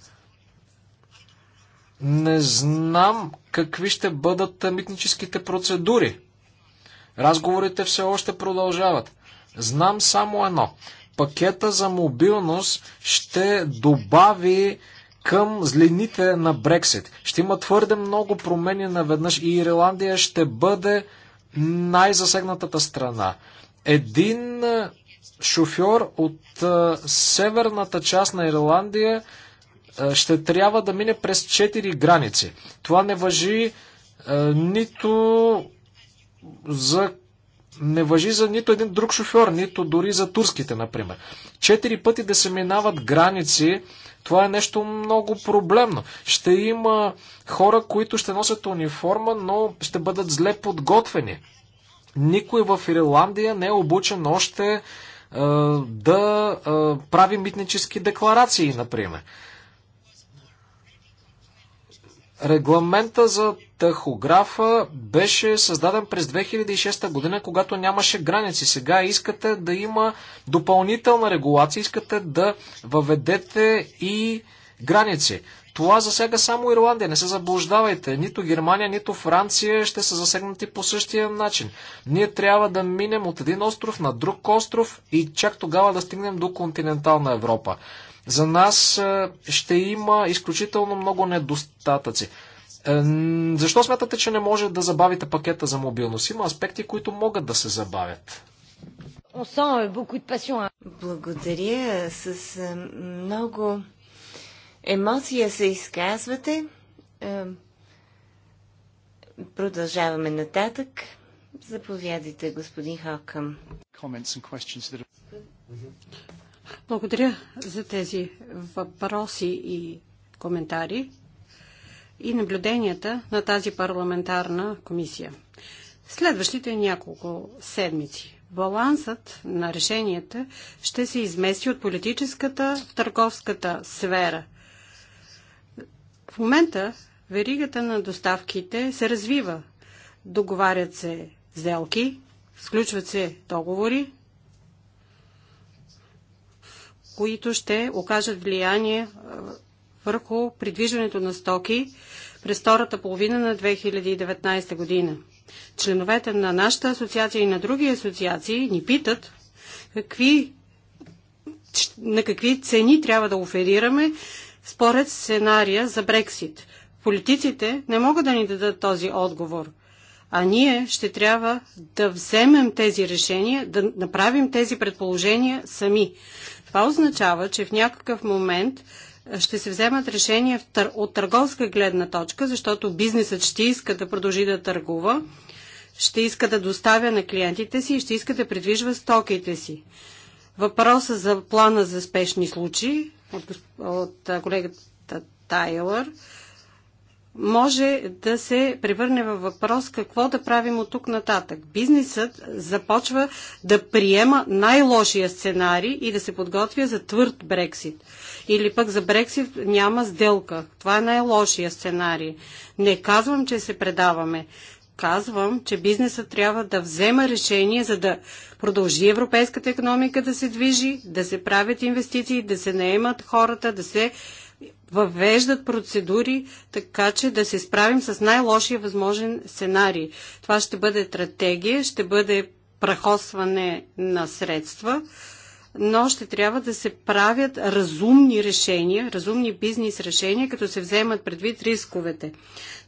Не знам какви ще бъдат митническите процедури. Разговорите все още продължават. Знам само едно. Пакета за мобилност ще добави към злините на Брексит. Ще има твърде много промени наведнъж и Ирландия ще бъде най-засегнатата страна. Един шофьор от северната част на Ирландия ще трябва да мине през 4 граници. Това не въжи нито за не въжи за нито един друг шофьор, нито дори за турските, например. Четири пъти да се минават граници, това е нещо много проблемно. Ще има хора, които ще носят униформа, но ще бъдат зле подготвени. Никой в Ирландия не е обучен още е, да е, прави митнически декларации, например. Регламента за тахографа беше създаден през 2006 година, когато нямаше граници. Сега искате да има допълнителна регулация, искате да въведете и граници. Това засяга само Ирландия, не се заблуждавайте. Нито Германия, нито Франция ще са засегнати по същия начин. Ние трябва да минем от един остров на друг остров и чак тогава да стигнем до континентална Европа. За нас е, ще има изключително много недостатъци. Е, защо смятате, че не може да забавите пакета за мобилност? Има аспекти, които могат да се забавят. Euh, Благодаря с е, много емоция се изказвате. Е, продължаваме нататък. Заповядайте, господин Хокъм. Благодаря за тези въпроси и коментари и наблюденията на тази парламентарна комисия. Следващите няколко седмици балансът на решенията ще се измести от политическата в търговската сфера. В момента веригата на доставките се развива. Договарят се сделки, сключват се договори, които ще окажат влияние върху придвижването на стоки през втората половина на 2019 година. Членовете на нашата асоциация и на други асоциации ни питат какви, на какви цени трябва да оферираме, според сценария за Брексит. Политиците не могат да ни дадат този отговор. А ние ще трябва да вземем тези решения, да направим тези предположения сами. Това означава, че в някакъв момент ще се вземат решения от търговска гледна точка, защото бизнесът ще иска да продължи да търгува, ще иска да доставя на клиентите си и ще иска да придвижва стоките си. Въпросът за плана за спешни случаи от, от колегата Тайлър, може да се превърне във въпрос какво да правим от тук нататък. Бизнесът започва да приема най-лошия сценарий и да се подготвя за твърд Брексит. Или пък за Брексит няма сделка. Това е най-лошия сценарий. Не казвам, че се предаваме, казвам, че бизнесът трябва да взема решение, за да продължи европейската економика да се движи, да се правят инвестиции, да се наемат хората, да се въвеждат процедури, така че да се справим с най-лошия възможен сценарий. Това ще бъде стратегия, ще бъде прахосване на средства, но ще трябва да се правят разумни решения, разумни бизнес решения, като се вземат предвид рисковете.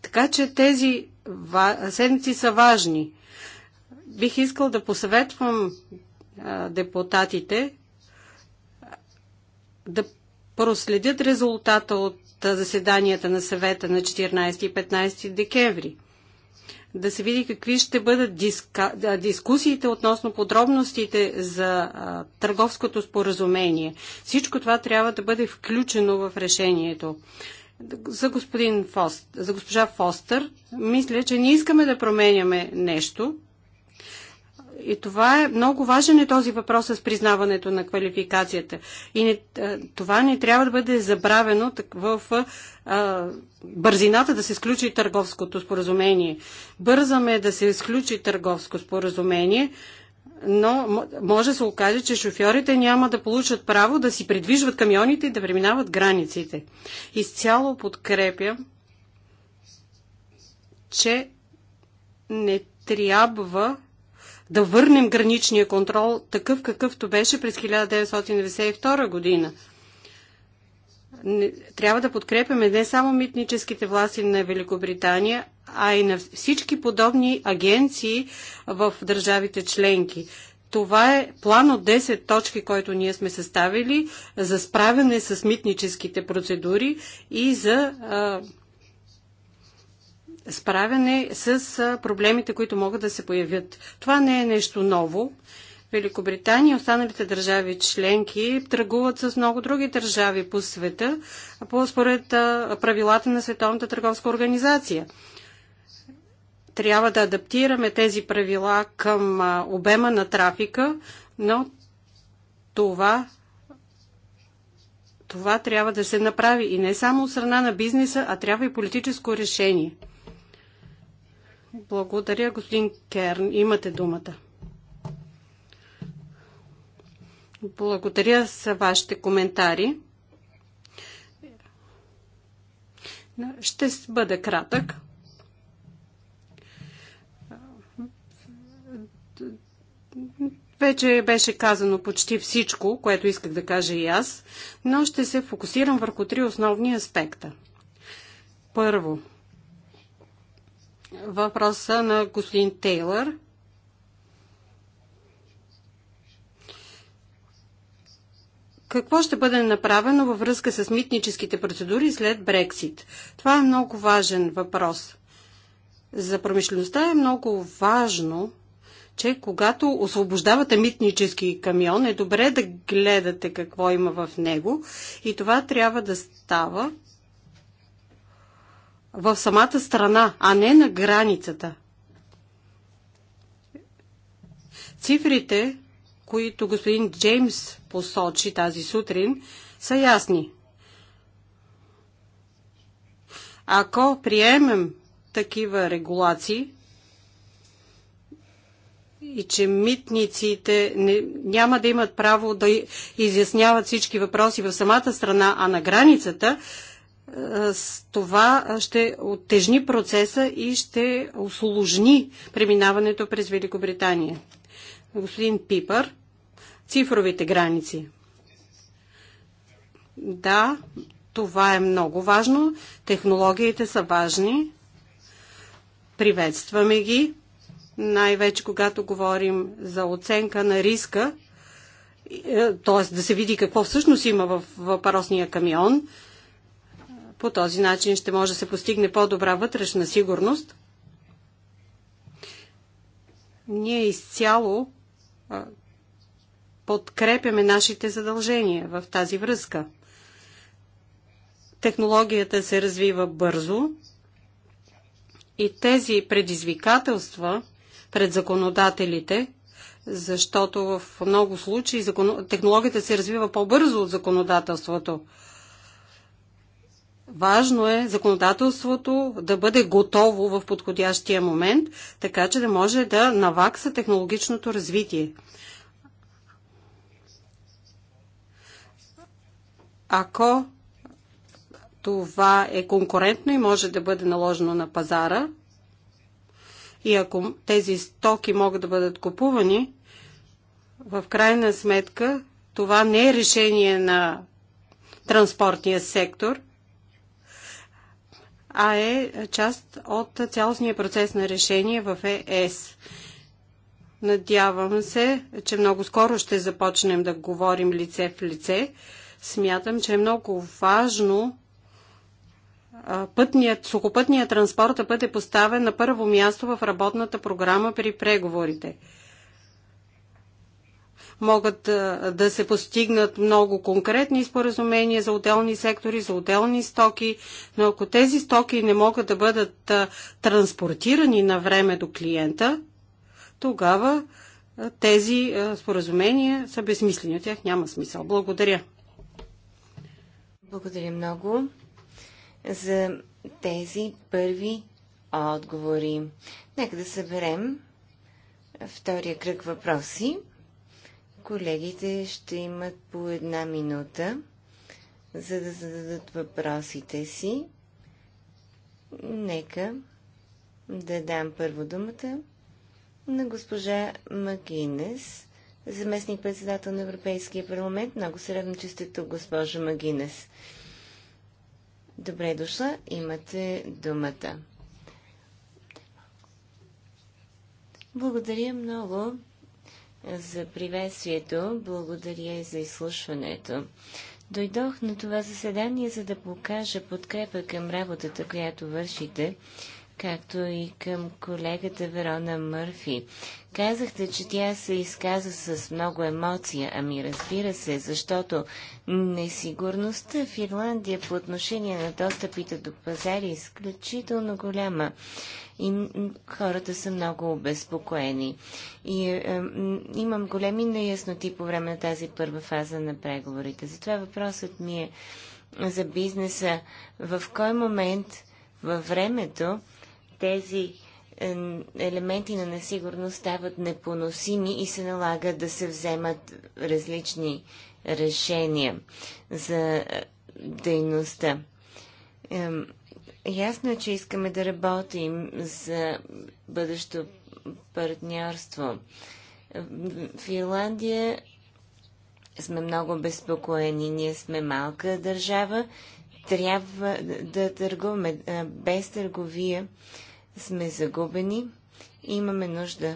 Така че тези седмици са важни. Бих искал да посъветвам депутатите да проследят резултата от заседанията на съвета на 14 и 15 декември да се види какви ще бъдат диска, дискусиите относно подробностите за а, търговското споразумение. Всичко това трябва да бъде включено в решението. За, господин Фост, за госпожа Фостър, мисля, че не искаме да променяме нещо, и това е много важен е този въпрос с признаването на квалификацията. И не, е, това не трябва да бъде забравено в е, а, бързината да се сключи търговското споразумение. Бързаме да се изключи търговско споразумение, но може да се окаже, че шофьорите няма да получат право да си придвижват камионите и да преминават границите. Изцяло подкрепя, че не трябва да върнем граничния контрол такъв какъвто беше през 1992 година. Трябва да подкрепяме не само митническите власти на Великобритания, а и на всички подобни агенции в държавите членки. Това е план от 10 точки, който ние сме съставили за справяне с митническите процедури и за а, справяне с проблемите, които могат да се появят. Това не е нещо ново. Великобритания и останалите държави членки търгуват с много други държави по света, по според правилата на Световната търговска организация. Трябва да адаптираме тези правила към обема на трафика, но това това трябва да се направи и не само от страна на бизнеса, а трябва и политическо решение. Благодаря, господин Керн. Имате думата. Благодаря за вашите коментари. Ще бъда кратък. Вече беше казано почти всичко, което исках да кажа и аз, но ще се фокусирам върху три основни аспекта. Първо – въпроса на господин Тейлър. Какво ще бъде направено във връзка с митническите процедури след Брексит? Това е много важен въпрос. За промишлеността е много важно, че когато освобождавате митнически камион, е добре да гледате какво има в него и това трябва да става в самата страна, а не на границата. Цифрите, които господин Джеймс посочи тази сутрин, са ясни. Ако приемем такива регулации и че митниците не, няма да имат право да изясняват всички въпроси в самата страна, а на границата, е, с това ще оттежни процеса и ще осложни преминаването през Великобритания. Господин Пипър, цифровите граници. Да, това е много важно. Технологиите са важни. Приветстваме ги, най-вече когато говорим за оценка на риска, е, т.е. да се види какво всъщност има в въпросния камион – по този начин ще може да се постигне по-добра вътрешна сигурност. Ние изцяло подкрепяме нашите задължения в тази връзка. Технологията се развива бързо и тези предизвикателства пред законодателите, защото в много случаи технологията се развива по-бързо от законодателството. Важно е законодателството да бъде готово в подходящия момент, така че да може да навакса технологичното развитие. Ако това е конкурентно и може да бъде наложено на пазара, и ако тези стоки могат да бъдат купувани, в крайна сметка това не е решение на транспортния сектор – а е част от цялостния процес на решение в ЕС. Надявам се, че много скоро ще започнем да говорим лице в лице. Смятам, че е много важно пътният, сухопътният транспорт да бъде поставен на първо място в работната програма при преговорите – могат да се постигнат много конкретни споразумения за отделни сектори, за отделни стоки, но ако тези стоки не могат да бъдат транспортирани на време до клиента, тогава тези споразумения са безсмислени. От тях няма смисъл. Благодаря. Благодаря много за тези първи отговори. Нека да съберем втория кръг въпроси. Колегите ще имат по една минута, за да зададат въпросите си. Нека да дам първо думата на госпожа Магинес, заместник председател на Европейския парламент. Много се радвам, че сте тук, госпожа Магинес. Добре дошла, имате думата. Благодаря много за приветствието. Благодаря и за изслушването. Дойдох на това заседание, за да покажа подкрепа към работата, която вършите както и към колегата Верона Мърфи. Казахте, че тя се изказа с много емоция. Ами разбира се, защото несигурността в Ирландия по отношение на достъпите до пазари е изключително голяма. И хората са много обезпокоени. И е, е, имам големи неясноти по време на тази първа фаза на преговорите. Затова въпросът ми е за бизнеса. В кой момент във времето тези елементи на несигурност стават непоносими и се налага да се вземат различни решения за е, дейността. Ясно е, че искаме да работим за бъдещо партньорство. В Финландия сме много безпокоени. Ние сме малка държава трябва да търгуваме. Без търговия сме загубени. Имаме нужда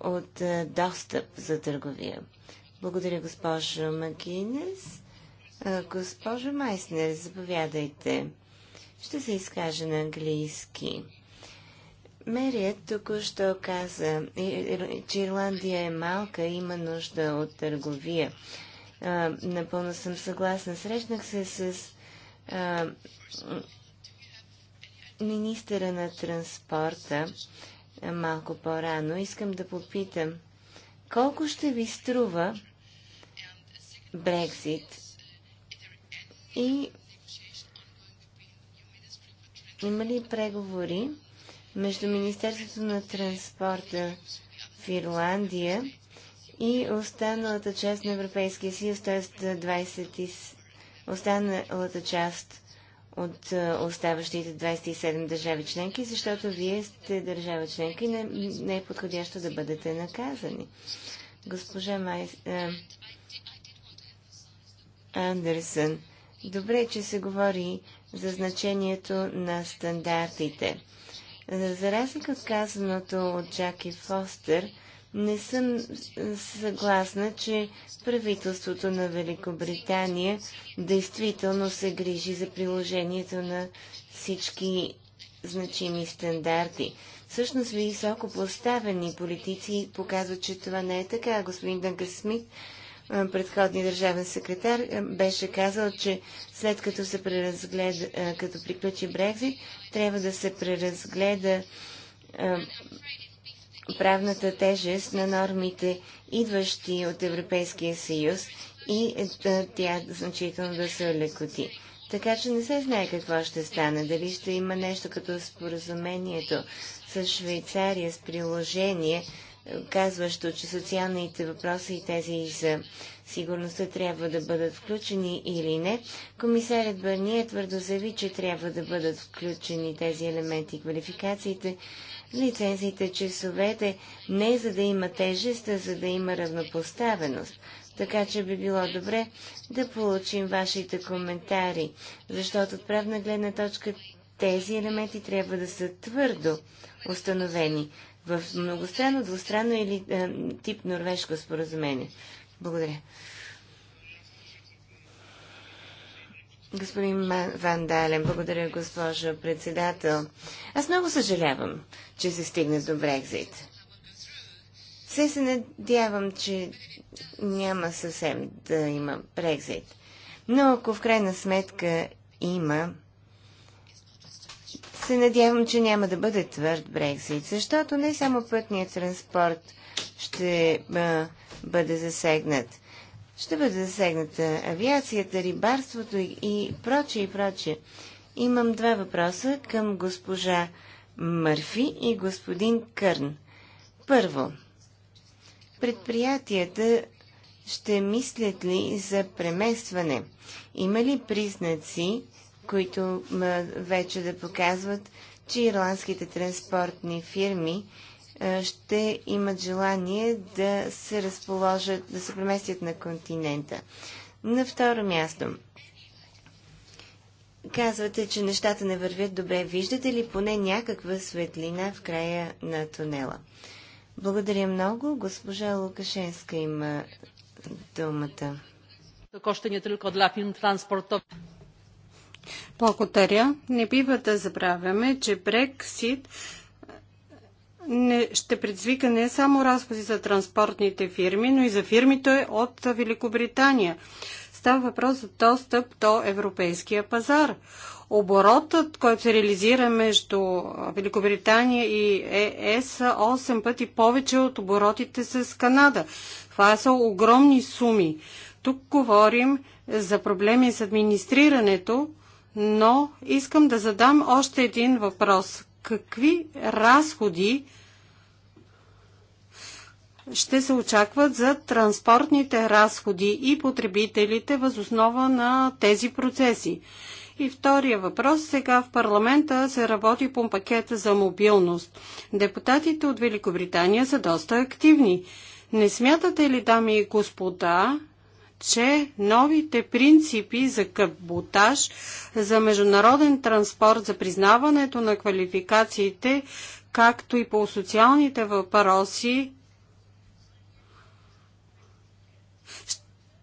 от достъп за търговия. Благодаря, госпожо Макинес. Госпожо Майснер, заповядайте. Ще се изкаже на английски. Мерият току-що каза, че Ирландия е малка и има нужда от търговия напълно съм съгласна. Срещнах се с а, министъра на транспорта малко по-рано. Искам да попитам, колко ще ви струва Брекзит и има ли преговори между Министерството на транспорта в Ирландия и останалата част на Европейския съюз, т.е. 20... останалата част от е, оставащите 27 държави членки, защото вие сте държава членка и не, не е подходящо да бъдете наказани. Госпожа Май... Е, Андерсън, добре, че се говори за значението на стандартите. За разлика от казаното от Джаки Фостер, не съм е, съгласна, че правителството на Великобритания действително се грижи за приложението на всички значими стандарти. Всъщност високо поставени политици показват, че това не е така. Господин Дънка Смит, е, предходния държавен секретар, е, беше казал, че след като се преразгледа, като приключи Брекзит, трябва да се преразгледа правната тежест на нормите, идващи от Европейския съюз и да, е, тя значително да се олекоти. Така че не се знае какво ще стане. Дали ще има нещо като споразумението с Швейцария с приложение, е, казващо, че социалните въпроси и тези за сигурността трябва да бъдат включени или не. Комисарят Бърния твърдо заяви, че трябва да бъдат включени тези елементи, квалификациите, лицензиите, часовете, не за да има тежест, а за да има равнопоставеност. Така че би било добре да получим вашите коментари, защото от правна гледна точка тези елементи трябва да са твърдо установени в многостранно, двустранно или е, тип норвежко споразумение. Благодаря. Господин Ван Дален, благодаря, госпожа председател. Аз много съжалявам, че се стигне до Брекзит. Все се надявам, че няма съвсем да има Брекзит. Но ако в крайна сметка има, се надявам, че няма да бъде твърд Брекзит, защото не само пътният транспорт ще а, бъде засегнат. Ще бъде засегната авиацията, рибарството и, прочее, и прочее. Имам два въпроса към госпожа Мърфи и господин Кърн. Първо, предприятията ще мислят ли за преместване? Има ли признаци, които вече да показват, че ирландските транспортни фирми е, ще имат желание да се разположат, да се преместят на континента. На второ място. Казвате, че нещата не вървят добре. Виждате ли поне някаква светлина в края на тунела? Благодаря много. Госпожа Лукашенска има думата. Е Благодаря. Не бива да забравяме, че Брексит не, ще предизвика не само разходи за транспортните фирми, но и за фирмите от Великобритания. Става въпрос за достъп до европейския пазар. Оборотът, който се реализира между Великобритания и ЕС, 8 пъти повече от оборотите с Канада. Това са огромни суми. Тук говорим за проблеми с администрирането, но искам да задам още един въпрос. Какви разходи ще се очакват за транспортните разходи и потребителите възоснова на тези процеси? И втория въпрос. Сега в парламента се работи по пакета за мобилност. Депутатите от Великобритания са доста активни. Не смятате ли, дами и господа, че новите принципи за каботаж, за международен транспорт, за признаването на квалификациите, както и по социалните въпроси,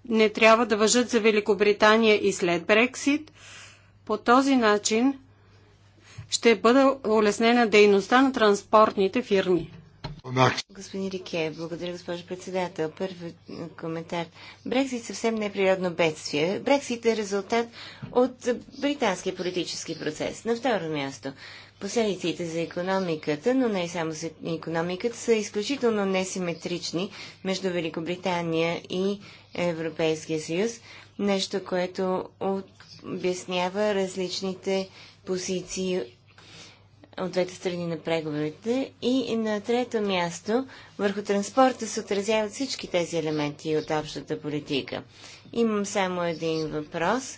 не трябва да въжат за Великобритания и след Брексит. По този начин ще бъде улеснена дейността на транспортните фирми. Господин Рике, благодаря, госпожо председател. Първи коментар. Брексит съвсем не е природно бедствие. Брексит е резултат от британския политически процес. На второ място, Последиците за економиката, но не само за економиката, са изключително несиметрични между Великобритания и Европейския съюз, нещо, което обяснява различните позиции от двете страни на преговорите. И на трето място, върху транспорта се отразяват всички тези елементи от общата политика. Имам само един въпрос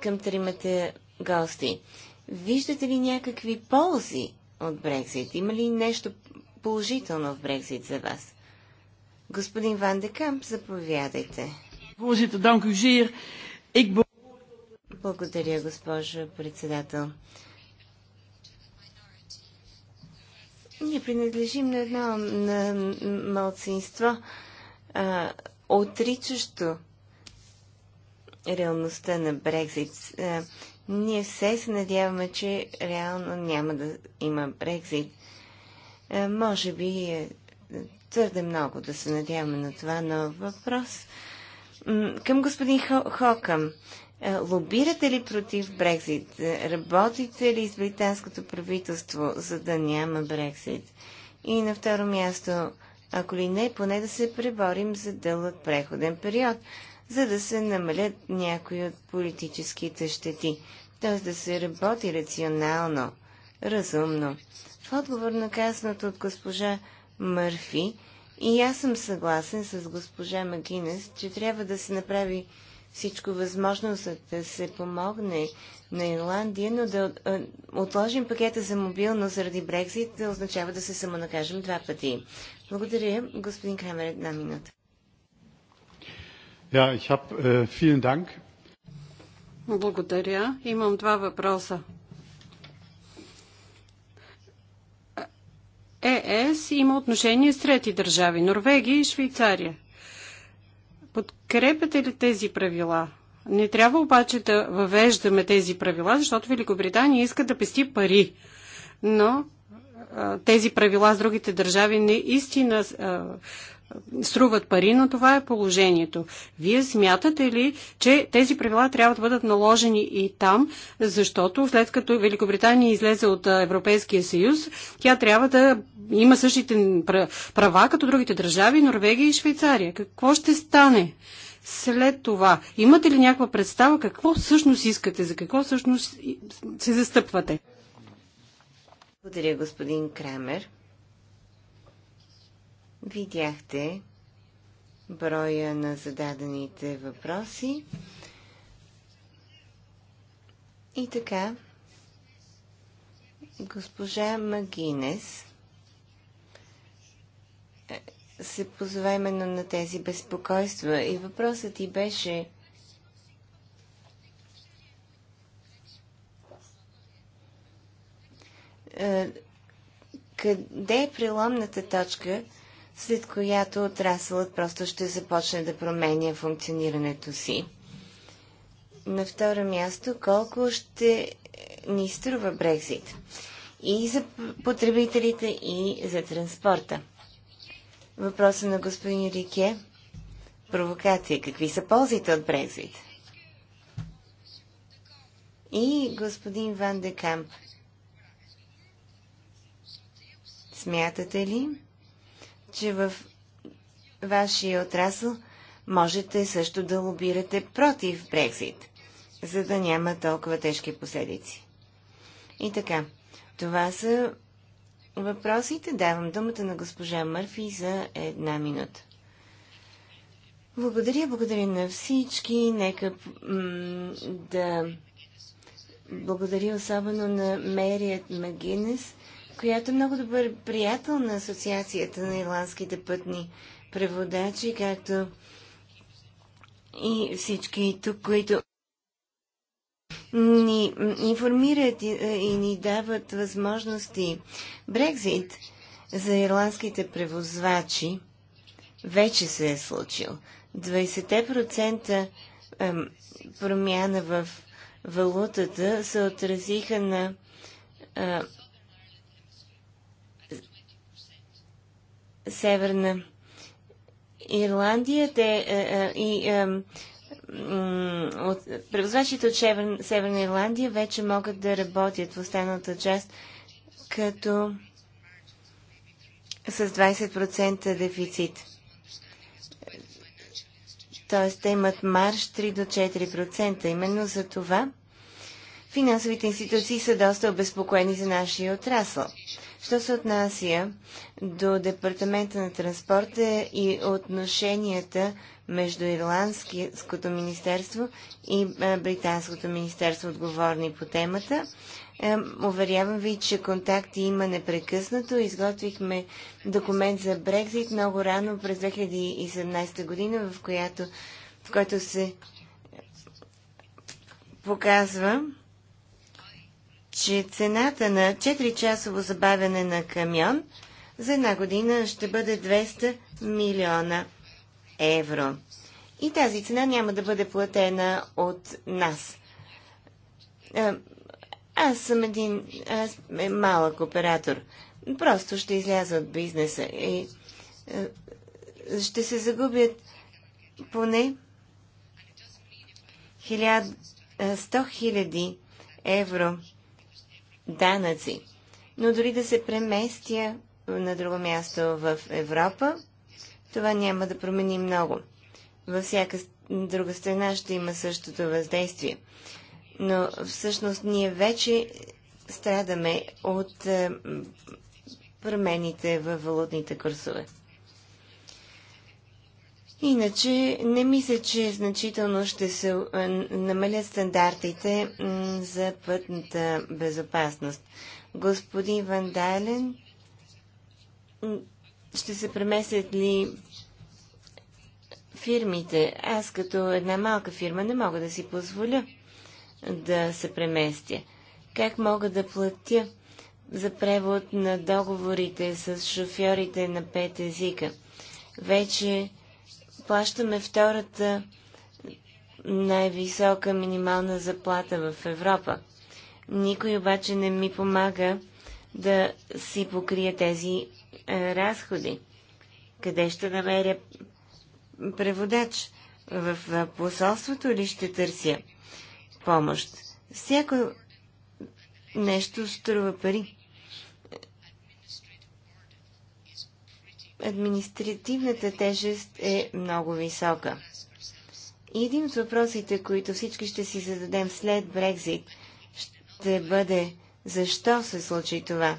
към тримата гости. Виждате ли някакви ползи от Брекзит? Има ли нещо положително в Брекзит за вас? Господин Ван де Камп, заповядайте. Благодаря, госпожо председател. Ние принадлежим на едно на малцинство, а, отричащо реалността на Брекзит. Е, ние все се надяваме, че реално няма да има Брекзит. Е, може би е твърде много да се надяваме на това, но въпрос към господин Хокъм. Е, лобирате ли против Брекзит? Работите ли с британското правителство, за да няма Брекзит? И на второ място, ако ли не, поне да се преборим за дълъг преходен период за да се намалят някои от политическите щети, т.е. да се работи рационално, разумно. В отговор на казаното от госпожа Мърфи, и аз съм съгласен с госпожа Магинес, че трябва да се направи всичко възможно, за да се помогне на Ирландия, но да отложим пакета за мобилно заради Брекзит да означава да се самонакажем два пъти. Благодаря, господин Крамер, една минута. Ja, ich hab, äh, vielen Dank. Благодаря. Имам два въпроса. Е, ЕС има отношение с трети държави Норвегия и Швейцария. Подкрепяте ли тези правила? Не трябва обаче да въвеждаме тези правила, защото Великобритания иска да пести пари. Но тези правила с другите държави наистина струват пари, но това е положението. Вие смятате ли, че тези правила трябва да бъдат наложени и там, защото след като Великобритания излезе от Европейския съюз, тя трябва да има същите права като другите държави, Норвегия и Швейцария. Какво ще стане? След това, имате ли някаква представа какво всъщност искате, за какво всъщност се застъпвате? Благодаря, господин Крамер видяхте броя на зададените въпроси. И така, госпожа Магинес се позова именно на тези безпокойства. И въпросът ти беше е, къде е преломната точка – след която отрасълът просто ще започне да променя функционирането си. На второ място, колко ще ни струва Брекзит? И за потребителите, и за транспорта. Въпроса на господин Рике. Провокация. Какви са ползите от Брекзит? И господин Ван де Камп. Смятате ли, че в вашия отрасъл можете също да лобирате против Брекзит, за да няма толкова тежки последици. И така, това са въпросите. Давам думата на госпожа Мърфи за една минута. Благодаря, благодаря на всички. Нека да благодаря особено на Мерият Магинес която е много добър приятел на Асоциацията на ирландските пътни преводачи, както и всички тук, които ни информират и, е, и ни дават възможности. Брекзит за ирландските превозвачи вече се е случил. 20% промяна в валутата се отразиха на е, Северна Ирландия. Те, е, е, и е, превозвачите от Северна Ирландия вече могат да работят в останалата част като с 20% дефицит. Тоест, те имат марш 3 до 4%. Именно за това финансовите институции са доста обезпокоени за нашия отрасъл. Що се отнася до Департамента на транспорта и отношенията между Ирландското министерство и е, Британското министерство, отговорни по темата, е, Уверявам ви, че контакти има непрекъснато. Изготвихме документ за Брекзит много рано през 2017 година, в, която, в който се показва че цената на 4-часово забавяне на камион за една година ще бъде 200 милиона евро. И тази цена няма да бъде платена от нас. Е, аз съм един аз малък оператор. Просто ще изляза от бизнеса и е, ще се загубят поне 100 000 е, евро данъци. Но дори да се преместя на друго място в Европа, това няма да промени много. Във всяка друга страна ще има същото въздействие. Но всъщност ние вече страдаме от промените във валутните курсове. Иначе не мисля, че значително ще се е, намалят стандартите за пътната безопасност. Господин Вандален, ще се преместят ли фирмите? Аз като една малка фирма не мога да си позволя да се преместя. Как мога да платя за превод на договорите с шофьорите на пет езика? Вече плащаме втората най-висока минимална заплата в Европа. Никой обаче не ми помага да си покрия тези е, разходи. Къде ще намеря преводач? В е, посолството ли ще търся помощ? Всяко нещо струва пари. административната тежест е много висока. И един от въпросите, които всички ще си зададем след Брекзит, ще бъде защо се случи това?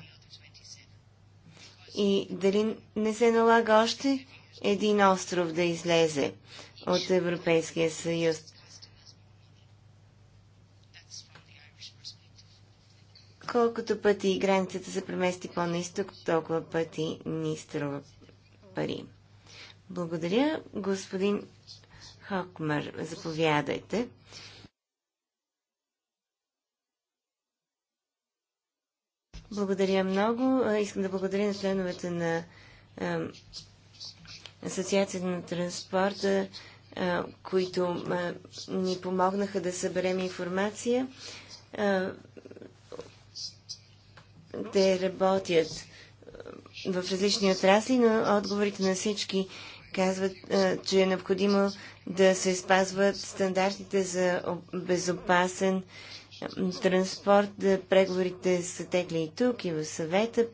И дали не се налага още един остров да излезе от Европейския съюз? Колкото пъти границата се премести по-на изток, толкова пъти ни струва пари. Благодаря, господин Хокмар. Заповядайте. Благодаря много. Искам да благодаря на членовете на Асоциацията на транспорта, които ни помогнаха да съберем информация. Те работят в различни отрасли, но отговорите на всички казват, че е необходимо да се спазват стандартите за безопасен транспорт. Преговорите са текли и тук, и в съвета,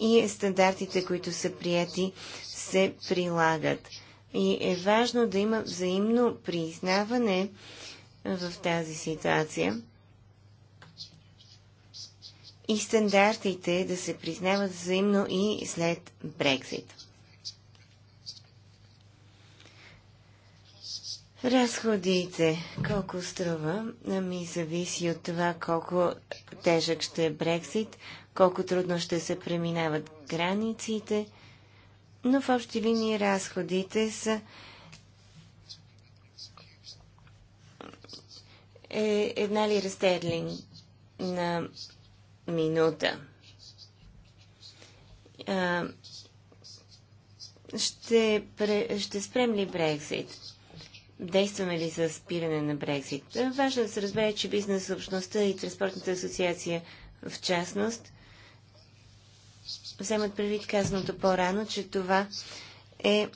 и стандартите, които са прияти, се прилагат. И е важно да има взаимно признаване в тази ситуация и стандартите да се признават взаимно и след Брекзит. Разходите, колко струва, ми зависи от това колко тежък ще е Брексит, колко трудно ще се преминават границите, но в общи линии разходите са е, една ли растерлин на минута. А, ще, пре, ще спрем ли Брекзит? Действаме ли за спиране на Брекзит? Важно е да се разбере, че бизнес общността и Транспортната асоциация в частност вземат предвид казаното по-рано, че това е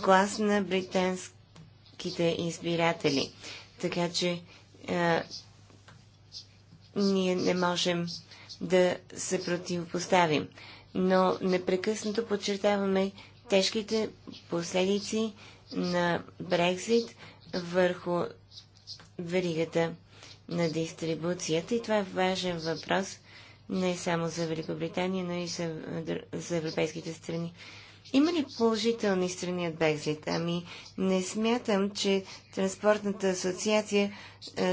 глас на британските избиратели. Така че а, ние не можем да се противопоставим. Но непрекъснато подчертаваме тежките последици на Брекзит върху веригата на дистрибуцията. И това е важен въпрос не само за Великобритания, но и за, европейските страни има ли положителни страни от Брекзит? Ами не смятам, че Транспортната асоциация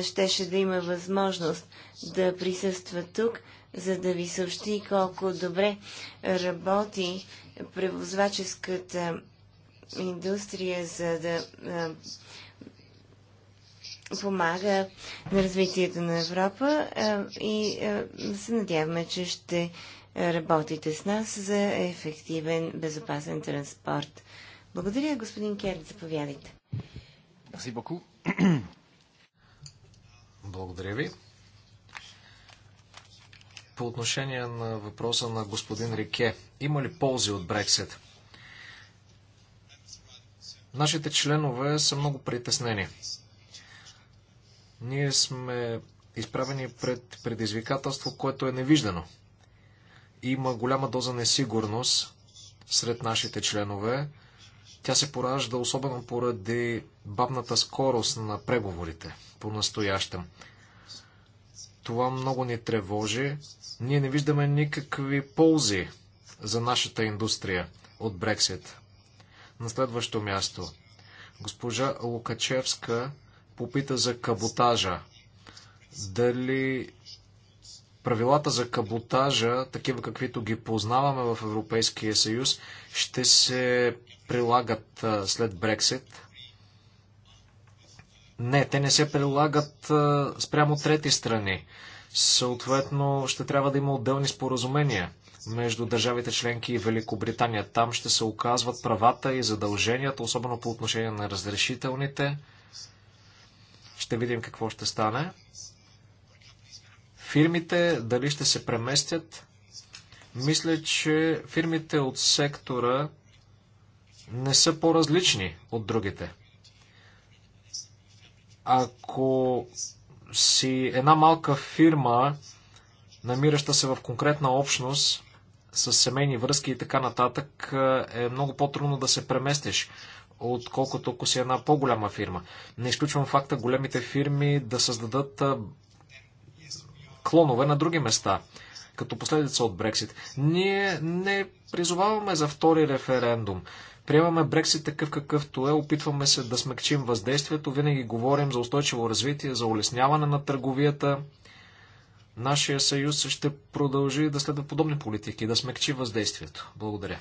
щеше да има възможност да присъства тук, за да ви съобщи колко добре работи превозваческата индустрия, за да помага на развитието на Европа и се надяваме, че ще работите с нас за ефективен, безопасен транспорт. Благодаря, господин Керт. Заповядайте. Благодаря ви. По отношение на въпроса на господин Рике, има ли ползи от Брексит? Нашите членове са много притеснени. Ние сме изправени пред предизвикателство, което е невиждано – има голяма доза несигурност сред нашите членове. Тя се поражда особено поради бавната скорост на преговорите по-настоящем. Това много ни тревожи. Ние не виждаме никакви ползи за нашата индустрия от Брексит. На следващо място. Госпожа Лукачевска попита за каботажа. Дали правилата за каботажа, такива каквито ги познаваме в Европейския съюз, ще се прилагат след Брексит? Не, те не се прилагат спрямо трети страни. Съответно, ще трябва да има отделни споразумения между държавите членки и Великобритания. Там ще се оказват правата и задълженията, особено по отношение на разрешителните. Ще видим какво ще стане фирмите, дали ще се преместят. Мисля, че фирмите от сектора не са по-различни от другите. Ако си една малка фирма, намираща се в конкретна общност, с семейни връзки и така нататък, е много по-трудно да се преместиш, отколкото ако си една по-голяма фирма. Не изключвам факта големите фирми да създадат клонове на други места, като последица от Брексит. Ние не призоваваме за втори референдум. Приемаме Брексит такъв какъвто е, опитваме се да смекчим въздействието, винаги говорим за устойчиво развитие, за улесняване на търговията. Нашия съюз ще продължи да следва подобни политики, да смекчи въздействието. Благодаря.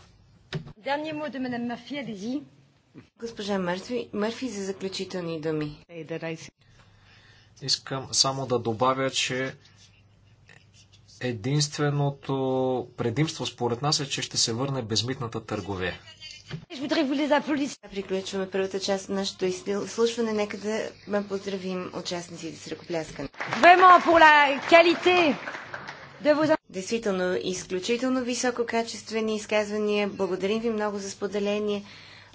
Госпожа Мърфи, Мърфи за заключителни думи. Искам само да добавя, че Единственото предимство според нас е, че ще се върне безмитната търговия. Приключваме първата част на нашето изслушване. Нека да ме поздравим участниците с ръкопляскане. Действително, изключително висококачествени изказвания. Благодарим ви много за споделение.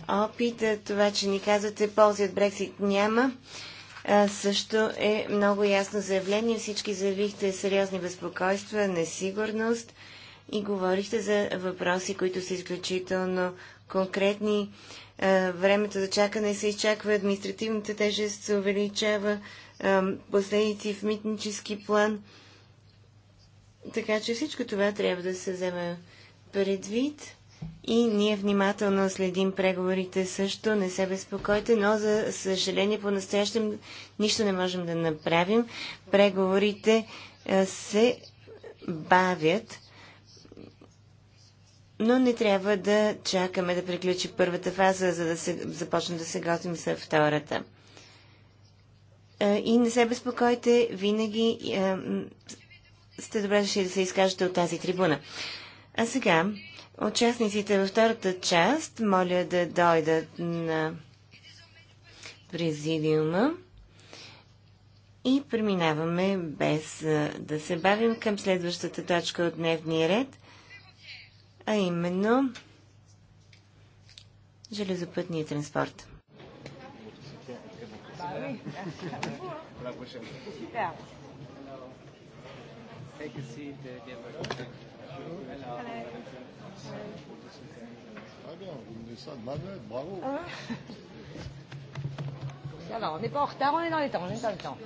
Опита това, че ни казвате ползи от Брексит няма също е много ясно заявление. Всички заявихте сериозни безпокойства, несигурност и говорихте за въпроси, които са изключително конкретни. Времето за чакане се изчаква, административната тежест се увеличава, последици в митнически план. Така че всичко това трябва да се вземе предвид. И ние внимателно следим преговорите също, не се безпокойте, но за съжаление по-настоящем нищо не можем да направим. Преговорите се бавят, но не трябва да чакаме да приключи първата фаза, за да се, започнем да се готвим за втората. И не се безпокойте, винаги сте добре да се изкажете от тази трибуна. А сега Участниците във втората част моля да дойдат на президиума и преминаваме без да се бавим към следващата точка от дневния ред, а именно железопътния транспорт. Take a seat, uh, Hello. Hello. Alors, on n'est pas en retard, on est dans les temps, on est dans le temps.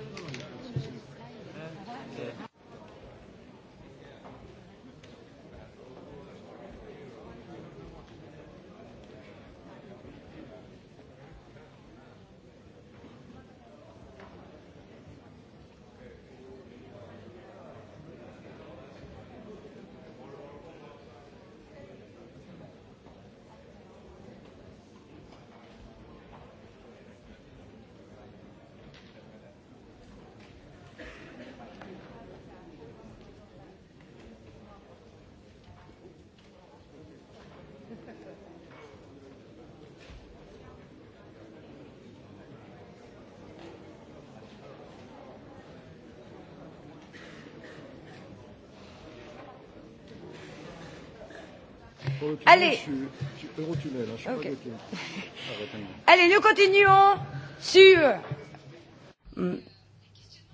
Allez. Allez, nous continuons sur.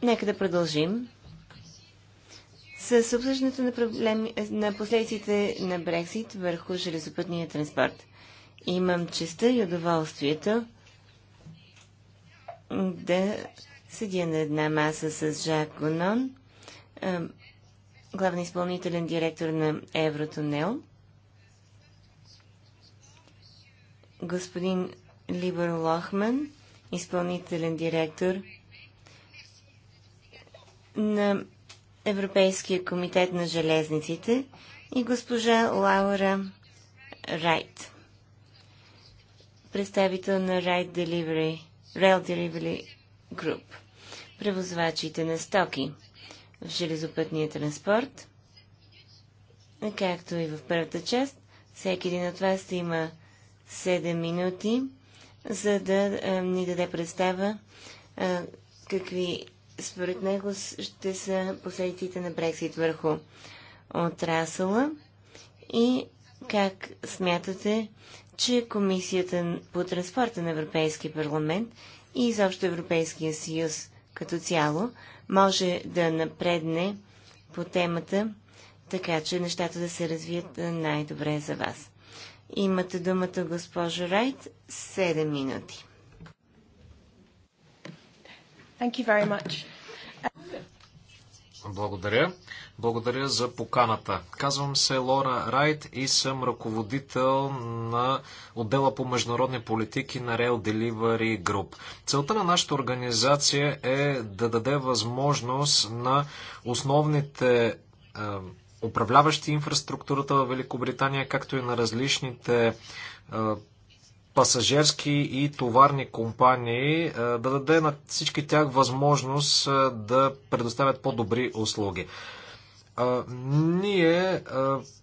Нека да продължим с обсъждането на, проблеми, е, на последиците на Брексит върху железопътния транспорт. Имам честа и удоволствието да седя на една маса с Жак Гонон, главен изпълнителен директор на Евротунел – господин Либер Лохман, изпълнителен директор на Европейския комитет на железниците и госпожа Лаура Райт, представител на Райт Delivery, Rail Delivery Group, превозвачите на стоки в железопътния транспорт, както и в първата част. Всеки един от вас има 7 минути, за да е, ни даде представа е, какви според него ще са последиците на Брексит върху отрасъла и как смятате, че Комисията по транспорта на Европейския парламент и изобщо Европейския съюз като цяло може да напредне по темата, така че нещата да се развият е, най-добре за вас. Имате думата, госпожа Райт, 7 минути. Thank you very much. Благодаря. Благодаря за поканата. Казвам се Лора Райт и съм ръководител на отдела по международни политики на Rail Delivery Group. Целта на нашата организация е да даде възможност на основните управляващи инфраструктурата в Великобритания, както и на различните е, пасажерски и товарни компании, е, да даде на всички тях възможност е, да предоставят по-добри услуги. Ние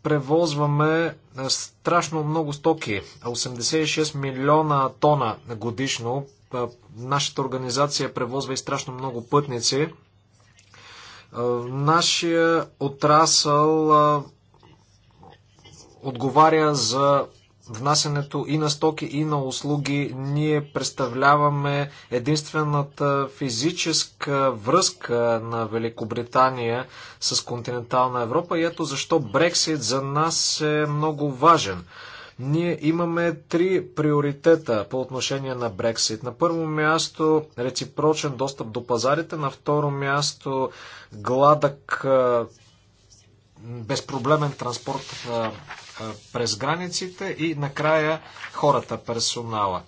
превозваме страшно много стоки, 86 милиона тона годишно. Нашата организация превозва и страшно много пътници. В е, Нашия отрасъл е, отговаря за внасянето и на стоки, и на услуги. Ние представляваме единствената физическа връзка на Великобритания с континентална Европа и ето защо Брексит за нас е много важен. Ние имаме три приоритета по отношение на Брексит. На първо място реципрочен достъп до пазарите, на второ място гладък безпроблемен транспорт през границите и накрая хората, персонала.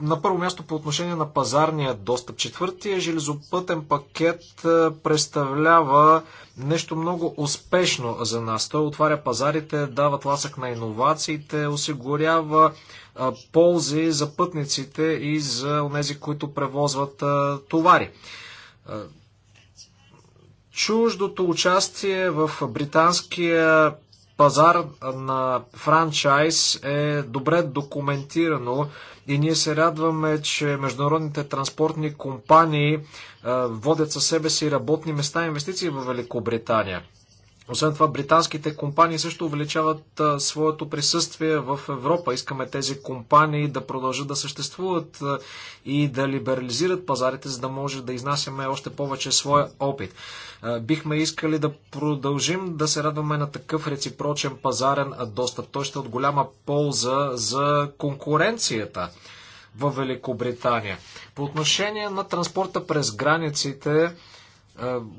На първо място по отношение на пазарния достъп. Четвъртия железопътен пакет представлява нещо много успешно за нас. Той отваря пазарите, дава тласък на иновациите, осигурява ползи за пътниците и за тези, които превозват товари. Чуждото участие в британския пазар на франчайз е добре документирано и ние се радваме, че международните транспортни компании водят със себе си работни места и инвестиции в Великобритания. Освен това, британските компании също увеличават а, своето присъствие в Европа. Искаме тези компании да продължат да съществуват а, и да либерализират пазарите, за да може да изнасяме още повече своя опит. А, бихме искали да продължим да се радваме на такъв реципрочен пазарен достъп. Той ще е от голяма полза за конкуренцията в Великобритания. По отношение на транспорта през границите,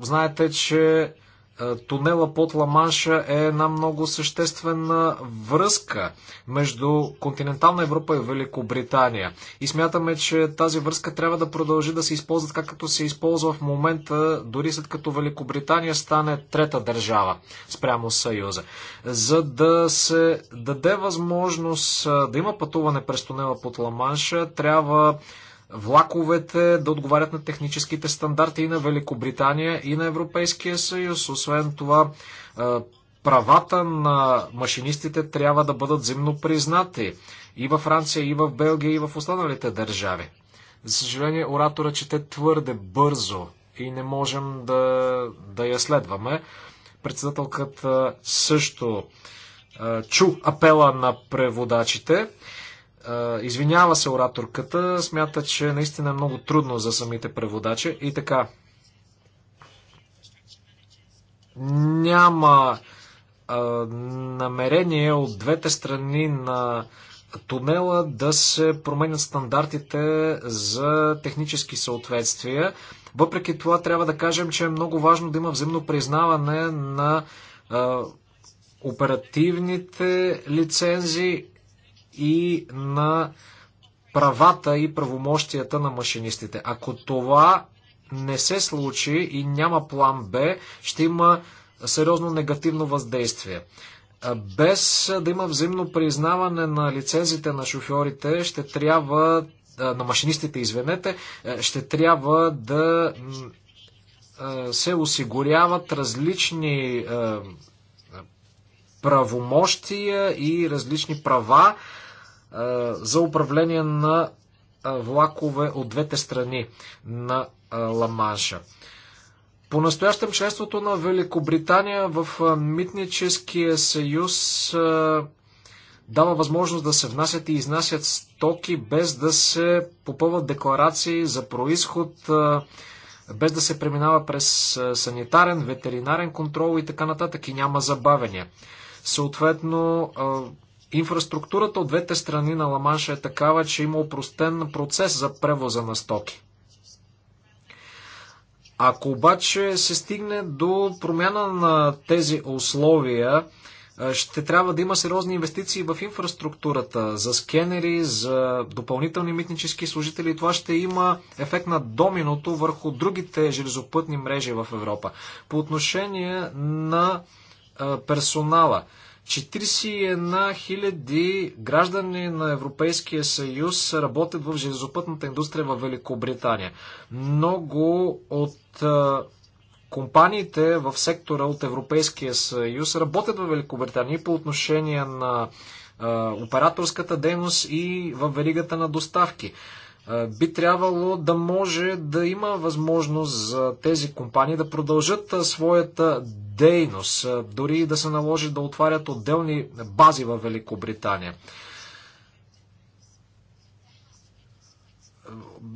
знаете, че е, тунела под Ламанша е една много съществена връзка между континентална Европа и Великобритания. И смятаме, че тази връзка трябва да продължи да се използва така, се използва в момента, дори след като Великобритания стане трета държава спрямо Съюза. За да се даде възможност е, да има пътуване през тунела под Ламанша, трябва влаковете да отговарят на техническите стандарти и на Великобритания, и на Европейския съюз. Освен това, е, правата на машинистите трябва да бъдат взаимно признати и във Франция, и в Белгия, и в останалите държави. За съжаление, оратора чете твърде бързо и не можем да, да я следваме. Председателката също е, чу апела на преводачите. Извинява се ораторката, смята, че наистина е много трудно за самите преводачи. И така, няма а, намерение от двете страни на тунела да се променят стандартите за технически съответствия. Въпреки това трябва да кажем, че е много важно да има взаимно признаване на а, оперативните лицензи и на правата и правомощията на машинистите. Ако това не се случи и няма план Б, ще има сериозно негативно въздействие. Без да има взаимно признаване на лицензите на шофьорите, ще трябва на машинистите, извинете, ще трябва да се осигуряват различни правомощия и различни права за управление на влакове от двете страни на Ламанша. По-настоящем членството на Великобритания в Митническия съюз дава възможност да се внасят и изнасят стоки без да се попълват декларации за происход, без да се преминава през санитарен, ветеринарен контрол и така нататък и няма забавения. Съответно, Инфраструктурата от двете страни на Ламанша е такава, че има упростен процес за превоза на стоки. Ако обаче се стигне до промяна на тези условия, ще трябва да има сериозни инвестиции в инфраструктурата, за скенери, за допълнителни митнически служители. Това ще има ефект на доминото върху другите железопътни мрежи в Европа. По отношение на персонала. 41 000 граждани на Европейския съюз работят в железопътната индустрия в Великобритания. Много от компаниите в сектора от Европейския съюз работят в Великобритания и по отношение на операторската дейност и в веригата на доставки би трябвало да може да има възможност за тези компании да продължат своята дейност, дори и да се наложи да отварят отделни бази в Великобритания.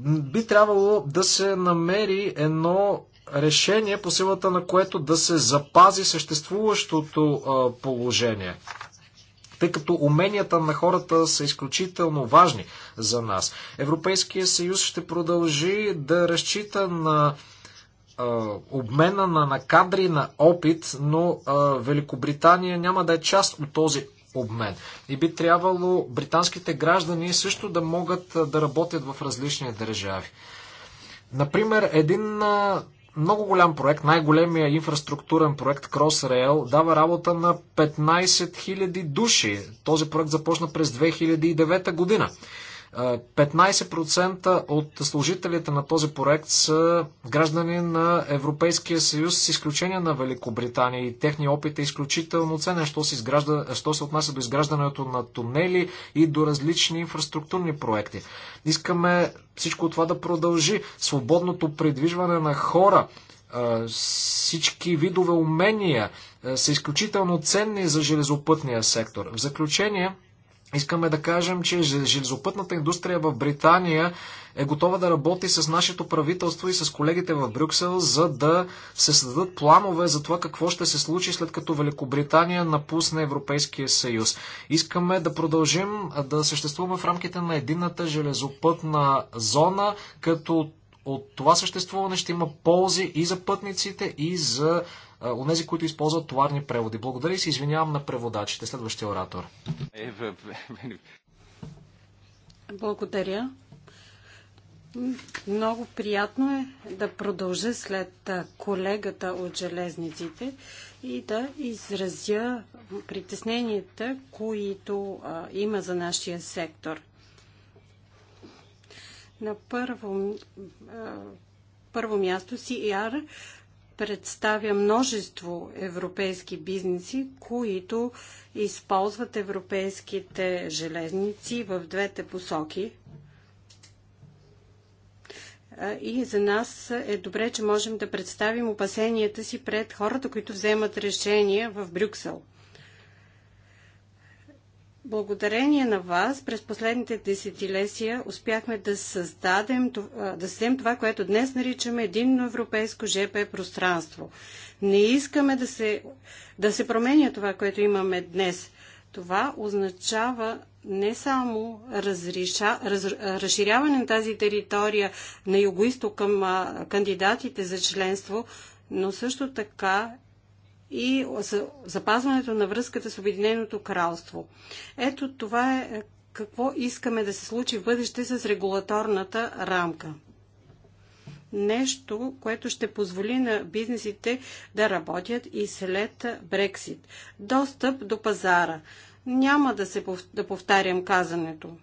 Би трябвало да се намери едно решение, по силата на което да се запази съществуващото положение тъй като уменията на хората са изключително важни за нас. Европейския съюз ще продължи да разчита на обмена на, на кадри, на опит, но а, Великобритания няма да е част от този обмен. И би трябвало британските граждани също да могат да работят в различни държави. Например, един много голям проект, най-големия инфраструктурен проект Crossrail дава работа на 15 000 души. Този проект започна през 2009 година. 15% от служителите на този проект са граждани на Европейския съюз с изключение на Великобритания и техния опит е изключително ценен, що се, изгражда, що се отнася до изграждането на тунели и до различни инфраструктурни проекти. Искаме всичко това да продължи. Свободното придвижване на хора, всички видове умения са изключително ценни за железопътния сектор. В заключение, Искаме да кажем, че железопътната индустрия в Британия е готова да работи с нашето правителство и с колегите в Брюксел, за да се създадат планове за това какво ще се случи след като Великобритания напусне Европейския съюз. Искаме да продължим да съществуваме в рамките на единната железопътна зона, като от това съществуване ще има ползи и за пътниците, и за онези, които използват товарни преводи. Благодаря и се извинявам на преводачите. Следващия оратор. Благодаря. Много приятно е да продължа след колегата от железниците и да изразя притесненията, които а, има за нашия сектор. На първо, а, първо място CR представя множество европейски бизнеси, които използват европейските железници в двете посоки. И за нас е добре, че можем да представим опасенията си пред хората, които вземат решения в Брюксел – Благодарение на вас през последните десетилетия успяхме да създадем, да създадем това, което днес наричаме единно европейско ЖП пространство. Не искаме да се, да се променя това, което имаме днес. Това означава не само разриша, раз, разширяване на тази територия на юго към а, кандидатите за членство, но също така и запазването на връзката с Обединеното кралство. Ето това е, е какво искаме да се случи в бъдеще с регулаторната рамка. Нещо, което ще позволи на бизнесите да работят и след Брексит. Достъп до пазара. Няма да, се, да повтарям казането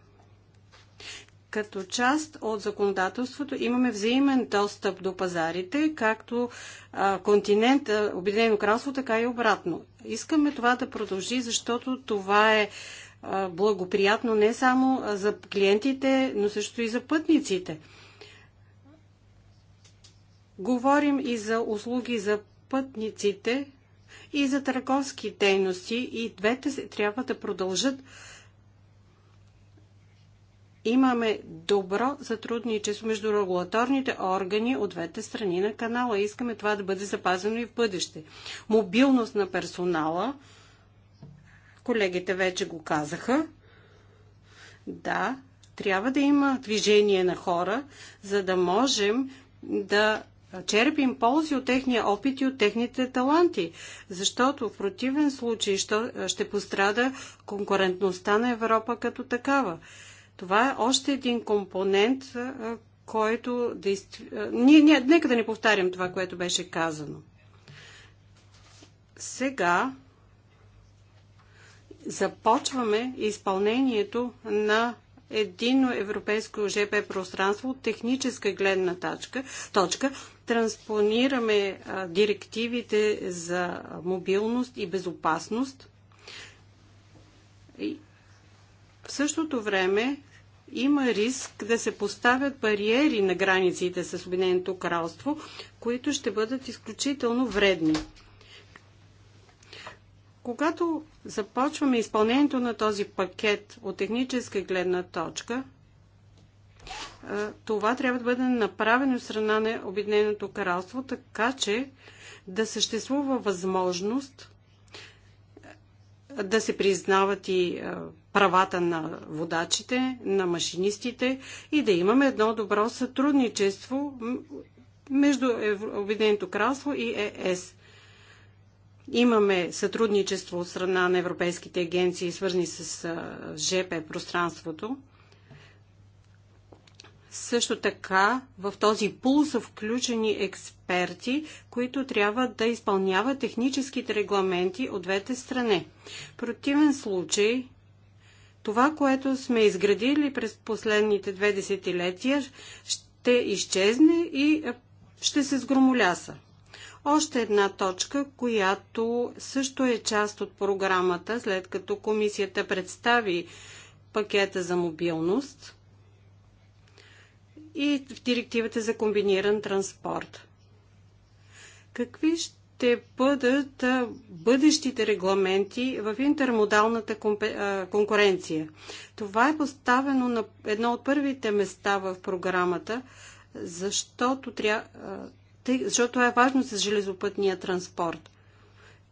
като част от законодателството имаме взаимен достъп до пазарите, както а, континент Обединено кралство, така и обратно. Искаме това да продължи, защото това е а, благоприятно не само за клиентите, но също и за пътниците. Говорим и за услуги за пътниците и за търговски дейности и двете трябва да продължат Имаме добро сътрудничество между регулаторните органи от двете страни на канала. Искаме това да бъде запазено и в бъдеще. Мобилност на персонала. Колегите вече го казаха. Да, трябва да има движение на хора, за да можем да черпим ползи от техния опит и от техните таланти, защото в противен случай ще пострада конкурентността на Европа като такава. Това е още един компонент, който действително... Ние, ние, нека да не повтарям това, което беше казано. Сега започваме изпълнението на едино европейско ЖП пространство от техническа гледна точка. точка транспонираме а, директивите за мобилност и безопасност. И в същото време има риск да се поставят бариери на границите с Обединеното кралство, които ще бъдат изключително вредни. Когато започваме изпълнението на този пакет от техническа гледна точка, това трябва да бъде направено в страна на Обединеното кралство, така че да съществува възможност да се признават и правата на водачите, на машинистите и да имаме едно добро сътрудничество между Обединеното кралство и ЕС. Имаме сътрудничество от страна на европейските агенции, свързани с ЖП пространството. Също така в този пул са включени експерти, които трябва да изпълняват техническите регламенти от двете страни. В противен случай това, което сме изградили през последните две десетилетия, ще изчезне и ще се сгромоляса. Още една точка, която също е част от програмата, след като комисията представи пакета за мобилност и в директивата за комбиниран транспорт. Какви ще ще бъдат бъдещите регламенти в интермодалната конкуренция. Това е поставено на едно от първите места в програмата, защото, тря... защото е важно с железопътния транспорт.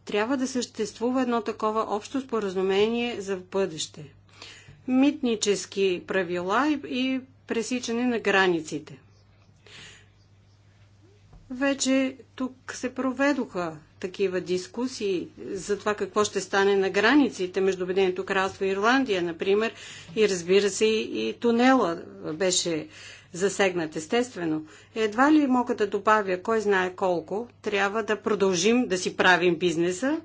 Трябва да съществува едно такова общо споразумение за бъдеще. Митнически правила и пресичане на границите – вече тук се проведоха такива дискусии за това какво ще стане на границите между Обединеното кралство и Ирландия, например, и разбира се и, и тунела беше засегнат естествено. Едва ли мога да добавя кой знае колко, трябва да продължим да си правим бизнеса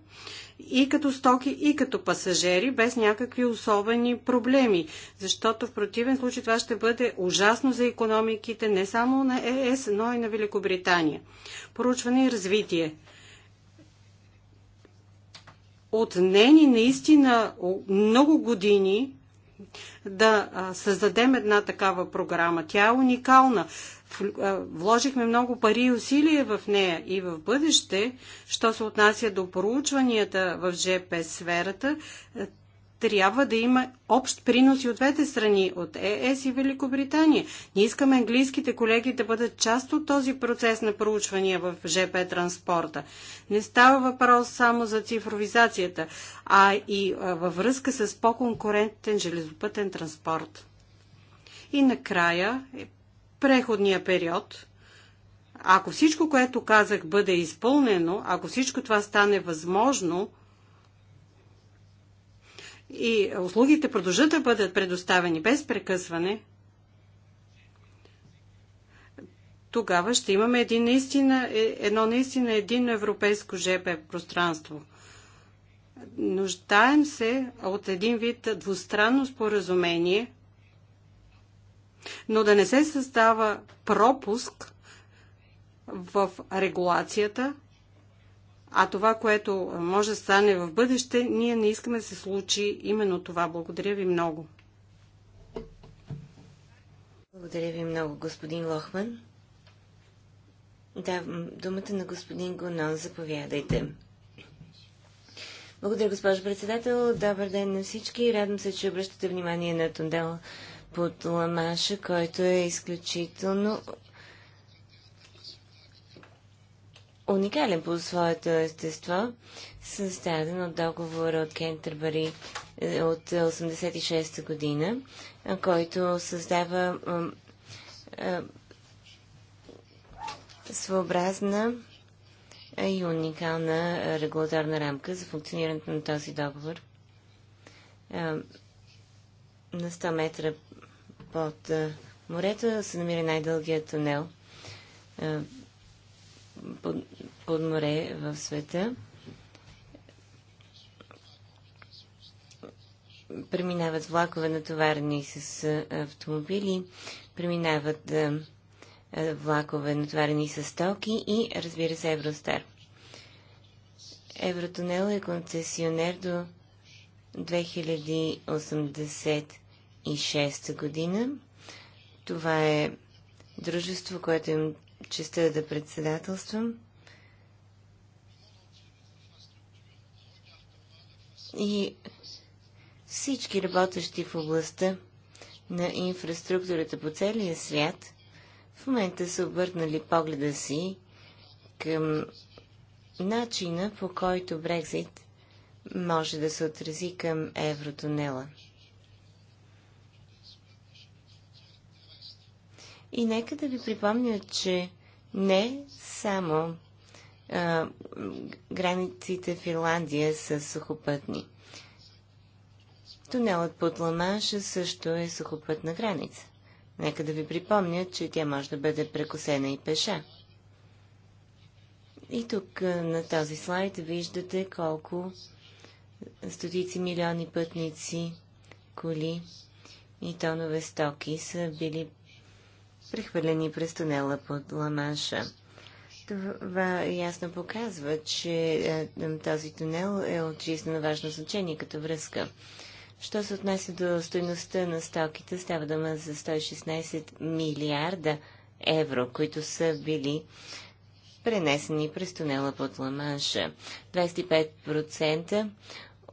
и като стоки, и като пасажери, без някакви особени проблеми. Защото в противен случай това ще бъде ужасно за економиките не само на ЕС, но и на Великобритания. Поручване и развитие отнени наистина много години да създадем една такава програма. Тя е уникална вложихме много пари и усилия в нея и в бъдеще, що се отнася до проучванията в ЖП сферата, е, трябва да има общ принос и от двете страни, от ЕС и Великобритания. Ние искаме английските колеги да бъдат част от този процес на проучвания в ЖП транспорта. Не става въпрос само за цифровизацията, а и във връзка с по-конкурентен железопътен транспорт. И накрая, е, преходния период, ако всичко, което казах, бъде изпълнено, ако всичко това стане възможно и услугите продължат да бъдат предоставени без прекъсване, тогава ще имаме един наистина, е, едно наистина единно европейско ЖП пространство. Нуждаем се от един вид двустранно споразумение – но да не се създава пропуск в регулацията, а това, което може да стане в бъдеще, ние не искаме да се случи именно това. Благодаря ви много. Благодаря ви много, господин Лохман. Да, думата на господин Гонон. Заповядайте. Благодаря, госпожо председател. Добър ден на всички. Радвам се, че обръщате внимание на тундела под Ламаша, който е изключително уникален по своето естество, създаден от договора от Кентърбари е, от 86 година, който създава своеобразна и уникална регулаторна рамка за функционирането на този договор. на 100 метра под морето се намира най-дългият тунел под, под море в света. Преминават влакове натоварени с автомобили, преминават влакове натоварени с стоки и разбира се Евростар. Евротунел е концесионер до 2080 2006 година. Това е дружество, което им честа да председателствам. И всички работещи в областта на инфраструктурата по целия свят в момента са обърнали погледа си към начина по който Брекзит може да се отрази към евротунела. И нека да ви припомня, че не само а, границите в Ирландия са сухопътни. Тунелът под Ламанша също е сухопътна граница. Нека да ви припомня, че тя може да бъде прекосена и пеша. И тук на този слайд виждате колко стотици милиони пътници, коли и тонове стоки са били прехвърлени през тунела под Ламанша. Това ясно показва, че е, този тунел е от жизненно важно значение като връзка. Що се отнася до стоеността на стоките, става дума за 116 милиарда евро, които са били пренесени през тунела под Ламанша. 25%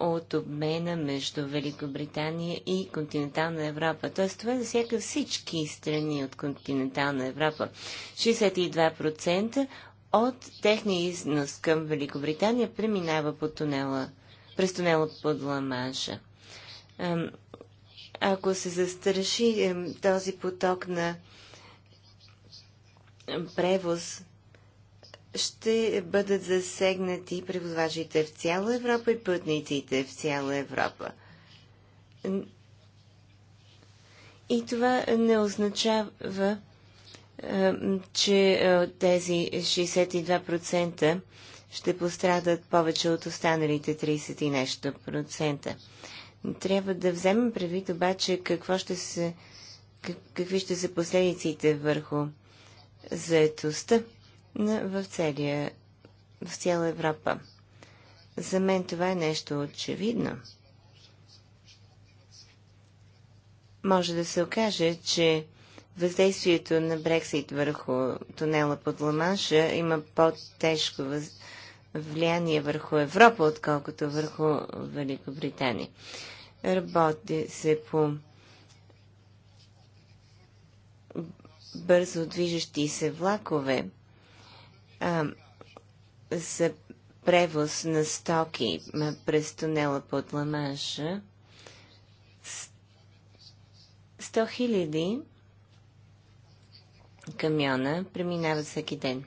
от обмена между Великобритания и континентална Европа. Т.е. това засяга всички страни от континентална Европа. 62% от техния износ към Великобритания преминава по тунела, през тунела под Ламанша. Ако се застраши този поток на превоз ще бъдат засегнати превозвачите в цяла Европа и пътниците в цяла Европа. И това не означава, е, че е, тези 62% ще пострадат повече от останалите 30 и нещо процента. Трябва да вземем предвид обаче какво ще се, какви ще са последиците върху заетостта в, целия, в цяла Европа. За мен това е нещо очевидно. Може да се окаже, че въздействието на Брексит върху тунела под Ламанша има по-тежко въз... влияние върху Европа, отколкото върху Великобритания. Работи се по бързо движещи се влакове за превоз на стоки през тунела под Ламанша 100 хиляди камиона преминават всеки ден.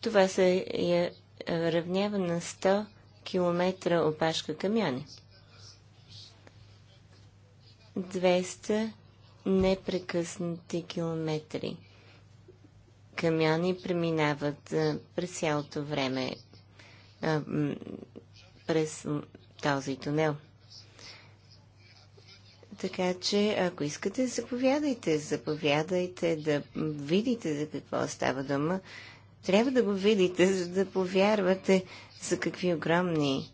Това се е равнява на 100 км опашка камиони. 200 непрекъснати километри. Камиони преминават през цялото време през този тунел. Така че, ако искате, заповядайте. Заповядайте да видите за какво става дума. Трябва да го видите, за да повярвате за какви огромни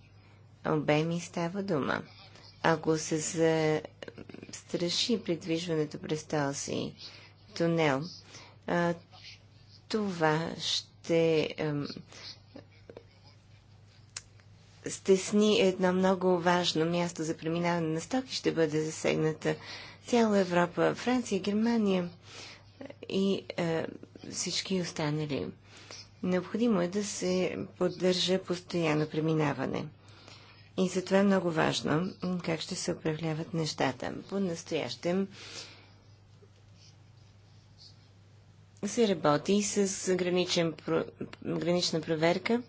обеми става дума ако се застраши придвижването през този тунел, а, това ще стесни едно много важно място за преминаване на стоки. Ще бъде засегната цяла Европа, Франция, Германия и а, всички останали. Необходимо е да се поддържа постоянно преминаване. И затова е много важно как ще се управляват нещата. По-настоящем се работи с граничен, гранична проверка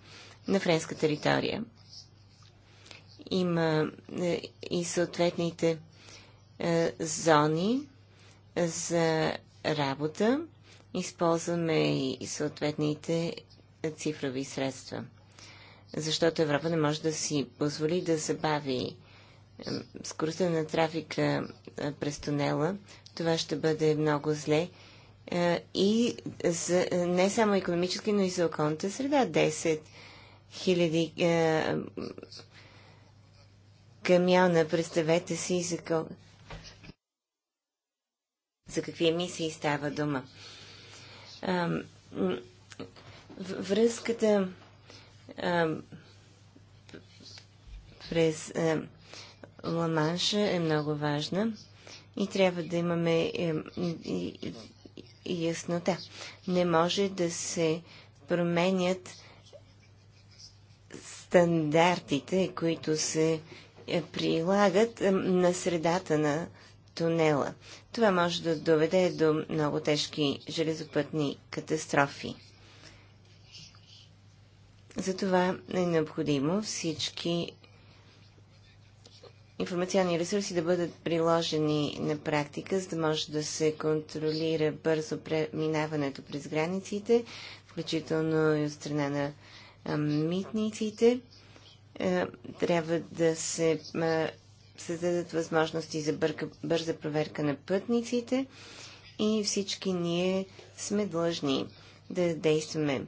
на френска територия. Има е, и съответните е, зони за работа. Използваме и съответните цифрови средства защото Европа не може да си позволи да забави скоростта на трафика е, през тунела. Това ще бъде много зле. Е, и за, е, не само економически, но и за околната среда. 10 хиляди камиона, представете си за, кол... за какви емисии става дума. Връзката през Ламанша е много важна и трябва да имаме яснота. Не може да се променят стандартите, които се е, прилагат на средата на тунела. Това може да доведе до много тежки железопътни катастрофи. Затова е необходимо всички информационни ресурси да бъдат приложени на практика, за да може да се контролира бързо преминаването през границите, включително и от страна на митниците. трябва да се създадат възможности за бърза проверка на пътниците и всички ние сме длъжни да действаме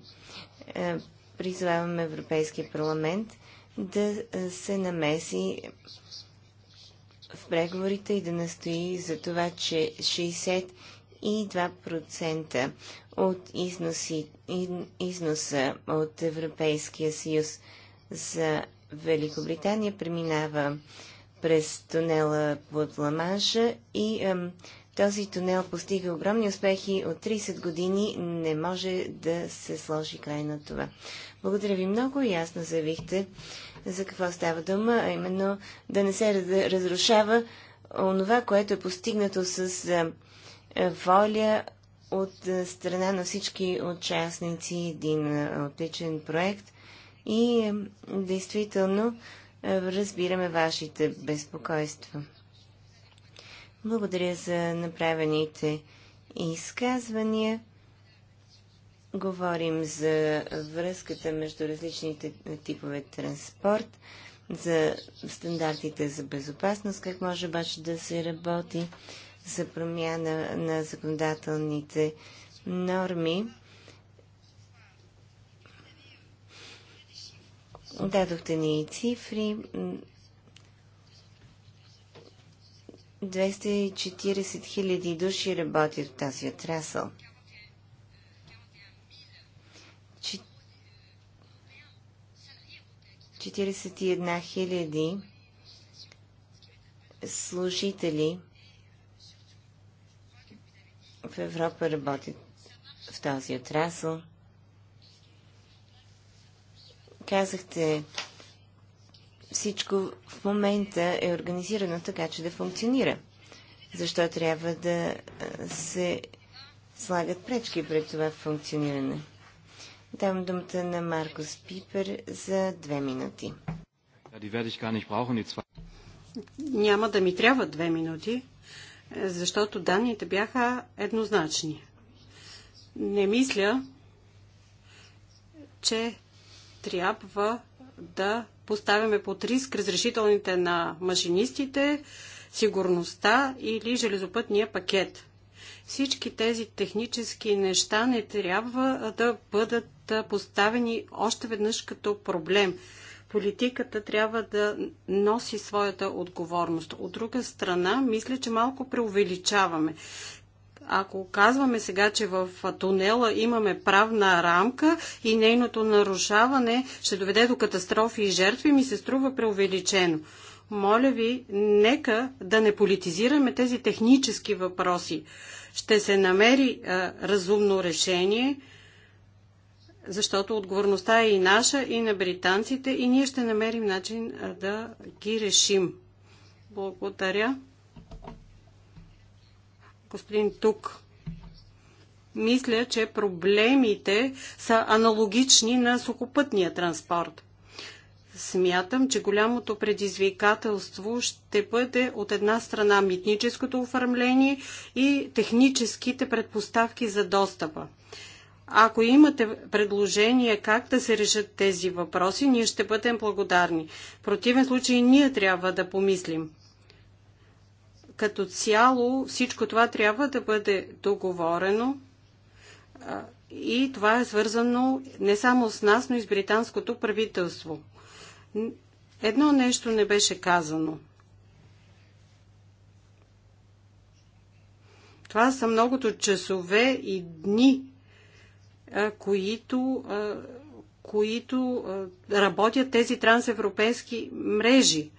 призваваме Европейския парламент да се намеси в преговорите и да настои за това, че 62% от износи, износа от Европейския съюз за Великобритания преминава през тунела под Ламанша и ам, този тунел постига огромни успехи от 30 години. Не може да се сложи край на това. Благодаря ви много. Ясно заявихте за какво става дума, а именно да не се разрушава онова, което е постигнато с воля от страна на всички участници. Един отличен проект. И действително разбираме вашите безпокойства. Благодаря за направените изказвания. Говорим за връзката между различните типове транспорт, за стандартите за безопасност, как може обаче да се работи за промяна на законодателните норми. Дадохте ни цифри, 240 000 души работят в тази отрасъл. 41 000 служители в Европа работят в този отрасъл. Казахте, всичко в момента е организирано така, че да функционира. Защо трябва да се слагат пречки пред това функциониране? Давам думата на Маркус Пипер за две минути. Няма да ми трябва две минути, е, защото данните бяха еднозначни. Не мисля, че трябва да поставяме под риск разрешителните на машинистите, сигурността или железопътния пакет. Всички тези технически неща не трябва да бъдат поставени още веднъж като проблем. Политиката трябва да носи своята отговорност. От друга страна, мисля, че малко преувеличаваме ако казваме сега, че в тунела имаме правна рамка и нейното нарушаване ще доведе до катастрофи и жертви, ми се струва преувеличено. Моля ви, нека да не политизираме тези технически въпроси. Ще се намери а, разумно решение, защото отговорността е и наша, и на британците, и ние ще намерим начин а, да ги решим. Благодаря господин Тук. Мисля, че проблемите са аналогични на сухопътния транспорт. Смятам, че голямото предизвикателство ще бъде от една страна митническото оформление и техническите предпоставки за достъпа. Ако имате предложение как да се решат тези въпроси, ние ще бъдем благодарни. В противен случай ние трябва да помислим като цяло всичко това трябва да бъде договорено и това е свързано не само с нас, но и с британското правителство. Едно нещо не беше казано. Това са многото часове и дни, които, които работят тези трансевропейски мрежи.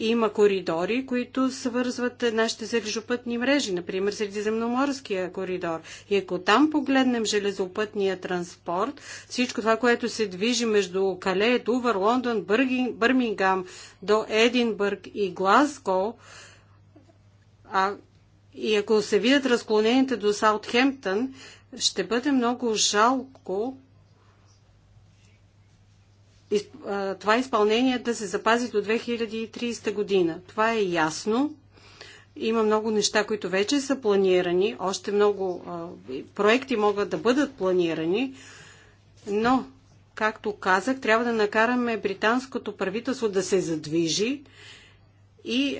Има коридори, които свързват нашите железопътни мрежи, например Средиземноморския коридор. И ако там погледнем железопътния транспорт, всичко това, което се движи между Кале, Дувър, Лондон, Бърги, Бърмингам до Единбърг и Глазго, а, и ако се видят разклоненията до Саутхемптън, ще бъде много жалко, това изпълнение да се запази до 2030 година. Това е ясно. Има много неща, които вече са планирани. Още много проекти могат да бъдат планирани. Но, както казах, трябва да накараме британското правителство да се задвижи и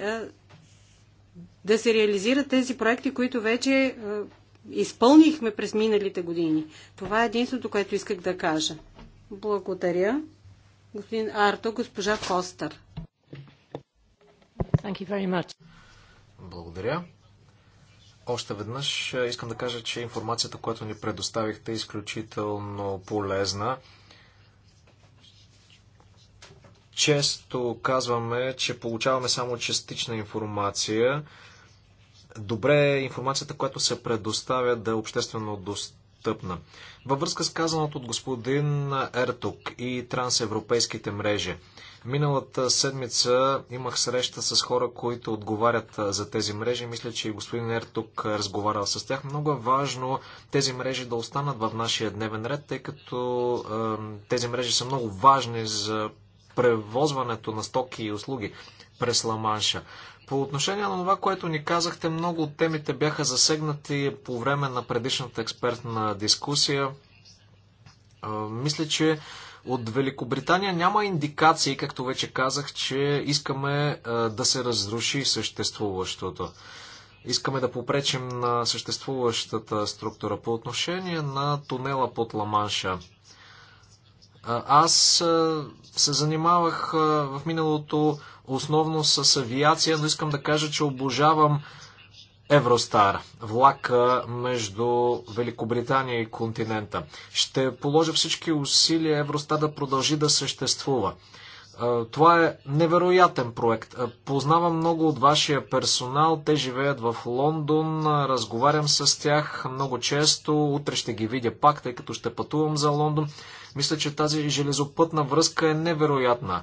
да се реализират тези проекти, които вече изпълнихме през миналите години. Това е единството, което исках да кажа. Благодаря. Господин Арто, госпожа Фостър. Thank you very much. Благодаря. Още веднъж е, искам да кажа, че информацията, която ни предоставихте е изключително полезна. Често казваме, че получаваме само частична информация. Добре е информацията, която се предоставя да е обществено достъпна достъпна. Във връзка с казаното от господин Ертук и трансевропейските мрежи, миналата седмица имах среща с хора, които отговарят за тези мрежи. Мисля, че и господин Ертук разговарял с тях. Много е важно тези мрежи да останат в нашия дневен ред, тъй като е, тези мрежи са много важни за превозването на стоки и услуги през Ламанша. По отношение на това, което ни казахте, много от темите бяха засегнати по време на предишната експертна дискусия. Мисля, че от Великобритания няма индикации, както вече казах, че искаме да се разруши съществуващото. Искаме да попречим на съществуващата структура. По отношение на тунела под Ламанша, аз се занимавах в миналото основно с авиация, но искам да кажа, че обожавам Евростар, влака между Великобритания и континента. Ще положа всички усилия Евростар да продължи да съществува. Това е невероятен проект. Познавам много от вашия персонал. Те живеят в Лондон. Разговарям с тях много често. Утре ще ги видя пак, тъй като ще пътувам за Лондон. Мисля, че тази железопътна връзка е невероятна.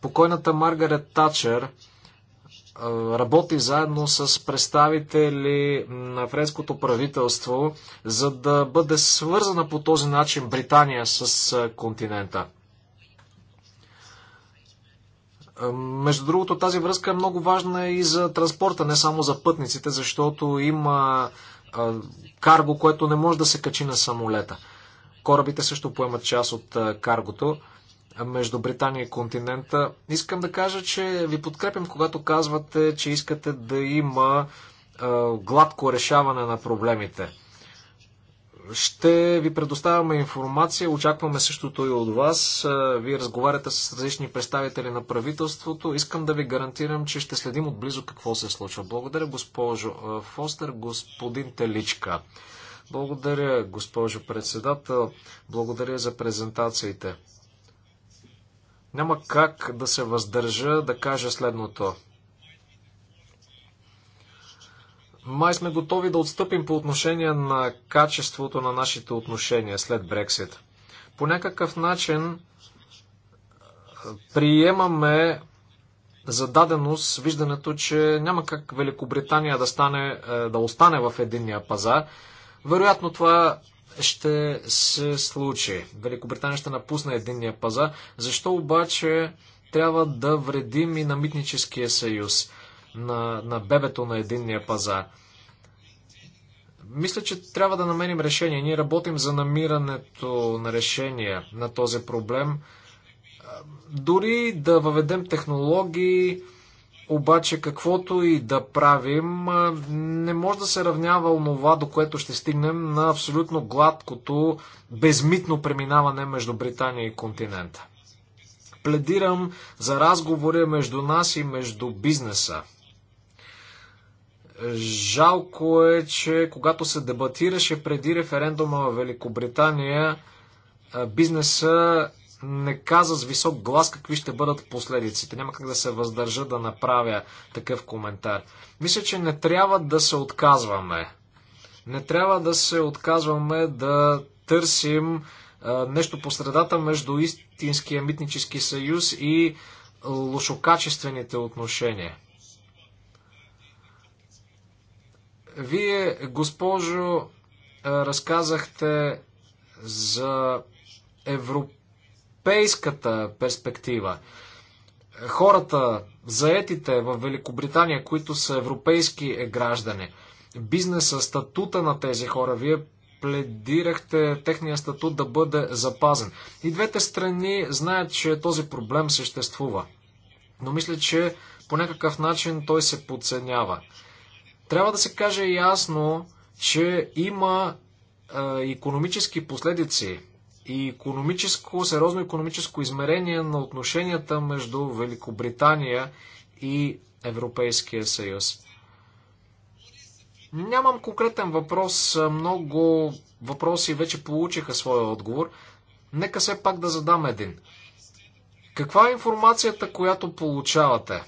Покойната Маргарет Тачер работи заедно с представители на френското правителство, за да бъде свързана по този начин Британия с континента. Е, между другото, тази връзка е много важна и за транспорта, не само за пътниците, защото има е, карго, което не може да се качи на самолета. Корабите също поемат част от е, каргото между Британия и континента. Искам да кажа, че ви подкрепям, когато казвате, че искате да има гладко решаване на проблемите. Ще ви предоставяме информация, очакваме същото и от вас. Е, Вие разговаряте с различни представители на правителството. Искам да ви гарантирам, че ще следим отблизо какво се случва. Благодаря, госпожо е, Фостер, господин Теличка. Благодаря, госпожо председател. Благодаря за презентациите. Няма как да се въздържа да кажа следното. Май сме готови да отстъпим по отношение на качеството на нашите отношения след Брексит. По някакъв начин приемаме за даденост виждането, че няма как Великобритания да, стане, да остане в единния пазар. Вероятно това ще се случи. Великобритания ще напусне единния пазар. Защо обаче трябва да вредим и на митническия съюз? на, на бебето на единния пазар. Мисля, че трябва да намерим решение. Ние работим за намирането на решение на този проблем. Дори да въведем технологии, обаче каквото и да правим, не може да се равнява онова, до което ще стигнем на абсолютно гладкото, безмитно преминаване между Британия и континента. Пледирам за разговори между нас и между бизнеса. Жалко е, че когато се дебатираше преди референдума в Великобритания, бизнеса не каза с висок глас какви ще бъдат последиците. Няма как да се въздържа да направя такъв коментар. Мисля, че не трябва да се отказваме. Не трябва да се отказваме да търсим нещо по средата между истинския митнически съюз и лошокачествените отношения. Вие, госпожо, разказахте за европейската перспектива. Хората, заетите в Великобритания, които са европейски граждани, бизнеса, статута на тези хора, вие пледирахте техния статут да бъде запазен. И двете страни знаят, че този проблем съществува. Но мисля, че по някакъв начин той се подценява. Трябва да се каже ясно, че има е, економически последици и економическо, сериозно економическо измерение на отношенията между Великобритания и Европейския съюз. Нямам конкретен въпрос, много въпроси вече получиха своя отговор. Нека все пак да задам един. Каква е информацията, която получавате?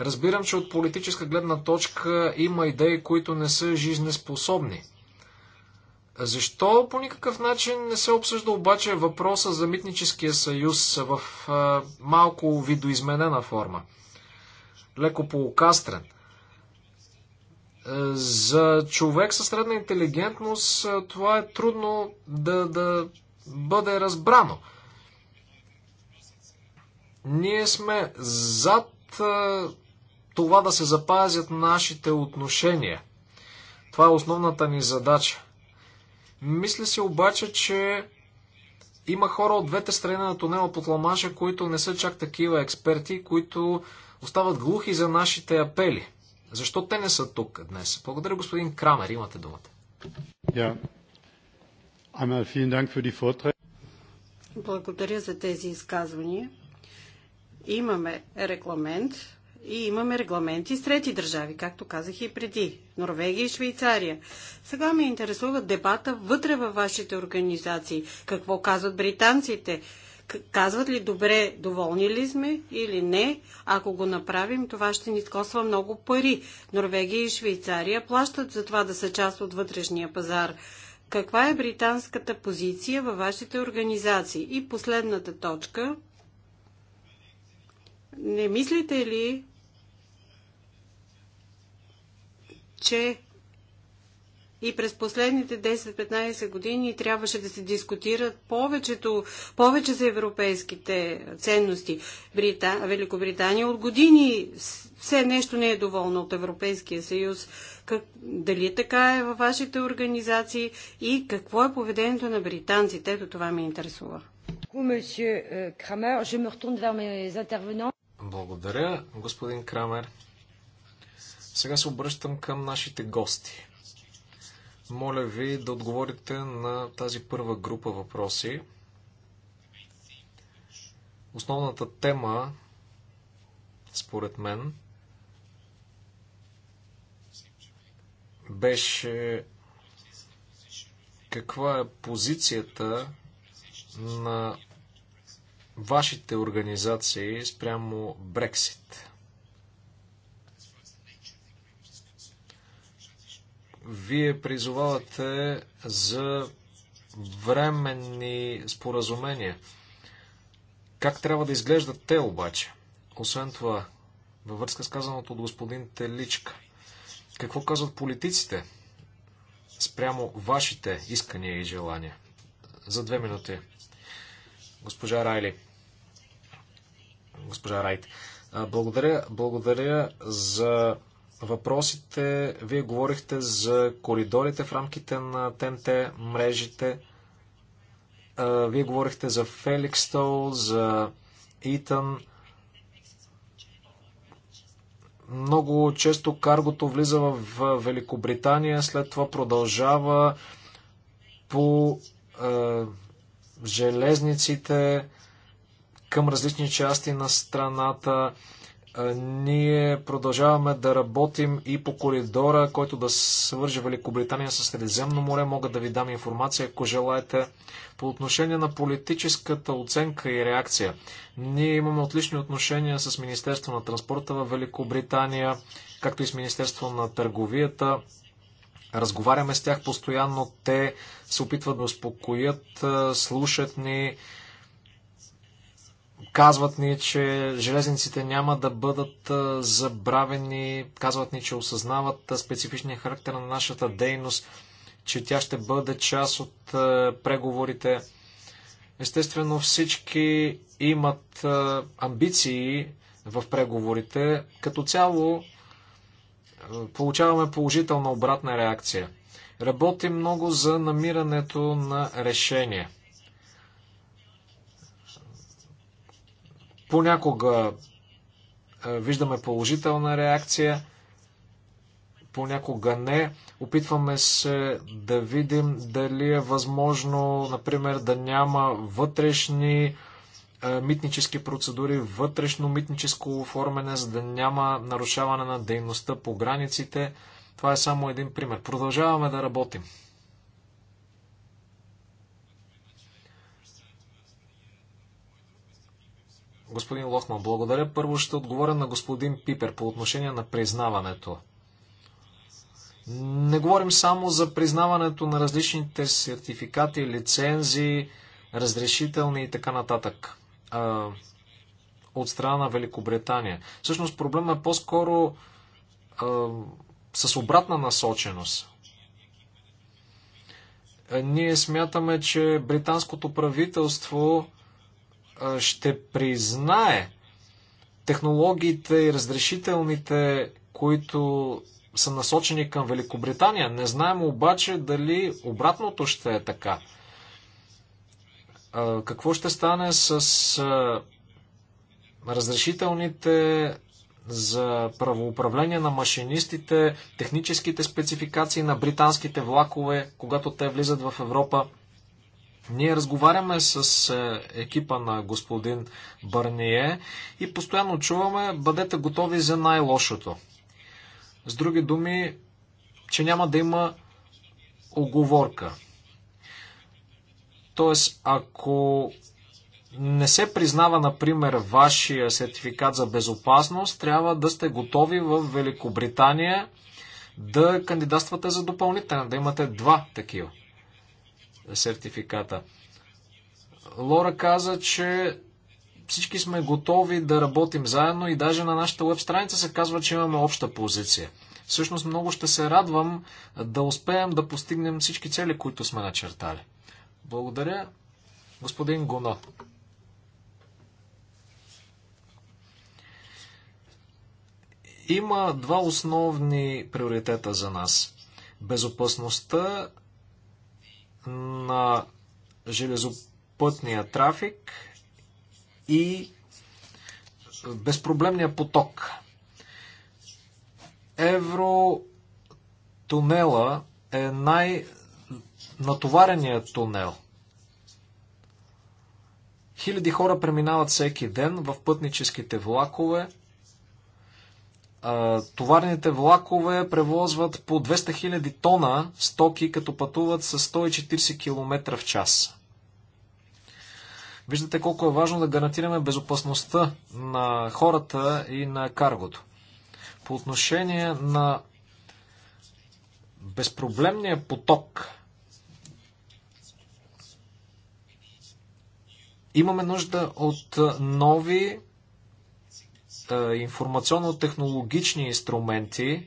Разбирам, че от политическа гледна точка има идеи, които не са жизнеспособни. Защо по никакъв начин не се обсъжда обаче въпроса за митническия съюз в а, малко видоизменена форма? Леко полукастрен. Е, за човек със средна интелигентност е, това е трудно да, да бъде разбрано. Ние сме зад а, е, това да се запазят нашите отношения. Това е основната ни задача. Мисля се обаче, че има хора от двете страни на тунела под Ламаша, които не са чак такива експерти, които остават глухи за нашите апели. Защо те не са тук днес? Благодаря, господин Крамер. Имате думата. Благодаря за тези изказвания. Имаме регламент, и имаме регламенти с трети държави, както казах и преди Норвегия и Швейцария. Сега ме интересува дебата вътре във вашите организации. Какво казват британците? Казват ли добре, доволни ли сме или не? Ако го направим, това ще ни скосва много пари. Норвегия и Швейцария плащат за това да са част от вътрешния пазар. Каква е британската позиция във вашите организации? И последната точка не мислите ли, че и през последните 10-15 години трябваше да се дискутират повечето, повече за европейските ценности. Брита... Великобритания от години все нещо не е доволно от Европейския съюз. Как... Дали е така е във вашите организации и какво е поведението на британците? Ето това ме интересува. Monsieur Крамер, euh, je me retourne vers mes intervenants. Благодаря, господин Крамер. Сега се обръщам към нашите гости. Моля ви да отговорите на тази първа група въпроси. Основната тема, според мен, беше каква е позицията на вашите организации спрямо Брексит? Вие призовавате за временни споразумения. Как трябва да изглеждат те обаче? Освен това, във връзка с казаното от господин Теличка, какво казват политиците спрямо вашите искания и желания? За две минути. Госпожа Райли госпожа Райт. Благодаря, благодаря за въпросите. Вие говорихте за коридорите в рамките на ТНТ мрежите. Вие говорихте за Феликс Стол, за Итан. Много често каргото влиза в Великобритания, след това продължава по е, железниците към различни части на страната. Е, ние продължаваме да работим и по коридора, който да свърже Великобритания с Средиземно море. Мога да ви дам информация, ако желаете. По отношение на политическата оценка и реакция, ние имаме отлични отношения с Министерство на транспорта в Великобритания, както и с Министерство на търговията. Разговаряме с тях постоянно. Те се опитват да успокоят, е, слушат ни Казват ни, че железниците няма да бъдат забравени, казват ни, че осъзнават специфичния характер на нашата дейност, че тя ще бъде част от преговорите. Естествено, всички имат амбиции в преговорите. Като цяло, получаваме положителна обратна реакция. Работим много за намирането на решение. Понякога е, виждаме положителна реакция, понякога не. Опитваме се да видим дали е възможно, например, да няма вътрешни е, митнически процедури, вътрешно митническо оформяне, за да няма нарушаване на дейността по границите. Това е само един пример. Продължаваме да работим. Господин Лохман, благодаря. Първо ще отговоря на господин Пипер по отношение на признаването. Не говорим само за признаването на различните сертификати, лицензии, разрешителни и така нататък а, от страна на Великобритания. Всъщност проблема е по-скоро с обратна насоченост. ние смятаме, че британското правителство ще признае технологиите и разрешителните, които са насочени към Великобритания. Не знаем обаче дали обратното ще е така. Какво ще стане с разрешителните за правоуправление на машинистите, техническите спецификации на британските влакове, когато те влизат в Европа. Ние разговаряме с е, екипа на господин Бърние и постоянно чуваме бъдете готови за най-лошото. С други думи, че няма да има оговорка. Тоест, ако не се признава, например, вашия сертификат за безопасност, трябва да сте готови в Великобритания да кандидатствате за допълнителен, да имате два такива сертификата. Лора каза, че всички сме готови да работим заедно и даже на нашата веб страница се казва, че имаме обща позиция. Всъщност много ще се радвам да успеем да постигнем всички цели, които сме начертали. Благодаря, господин Гоно. Има два основни приоритета за нас. Безопасността на железопътния трафик и безпроблемния поток. Евротунела е най-натовареният тунел. Хиляди хора преминават всеки ден в пътническите влакове товарните влакове превозват по 200 000 тона стоки, като пътуват с 140 км в час. Виждате колко е важно да гарантираме безопасността на хората и на каргото. По отношение на безпроблемния поток, имаме нужда от нови е, информационно-технологични инструменти.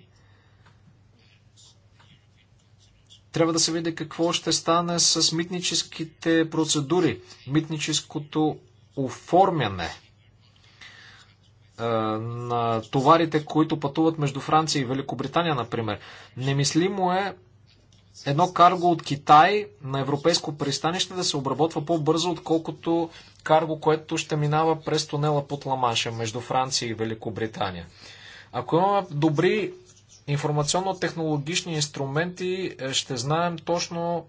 Трябва да се види какво ще стане с митническите процедури, митническото оформяне е, на товарите, които пътуват между Франция и Великобритания, например. Немислимо е едно карго от Китай на европейско пристанище да се обработва по-бързо, отколкото карго, което ще минава през тунела под Ламанша между Франция и Великобритания. Ако имаме добри информационно-технологични инструменти, е, ще знаем точно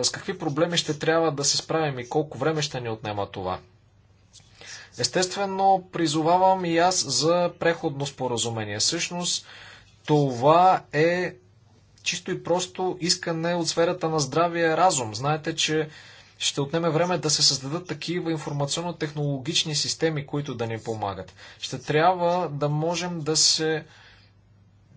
е, с какви проблеми ще трябва да се справим и колко време ще ни отнема това. Естествено, призовавам и аз за преходно споразумение. Всъщност, това е чисто и просто искане от сферата на здравия разум. Знаете, че ще отнеме време да се създадат такива информационно-технологични системи, които да ни помагат. Ще трябва да можем да се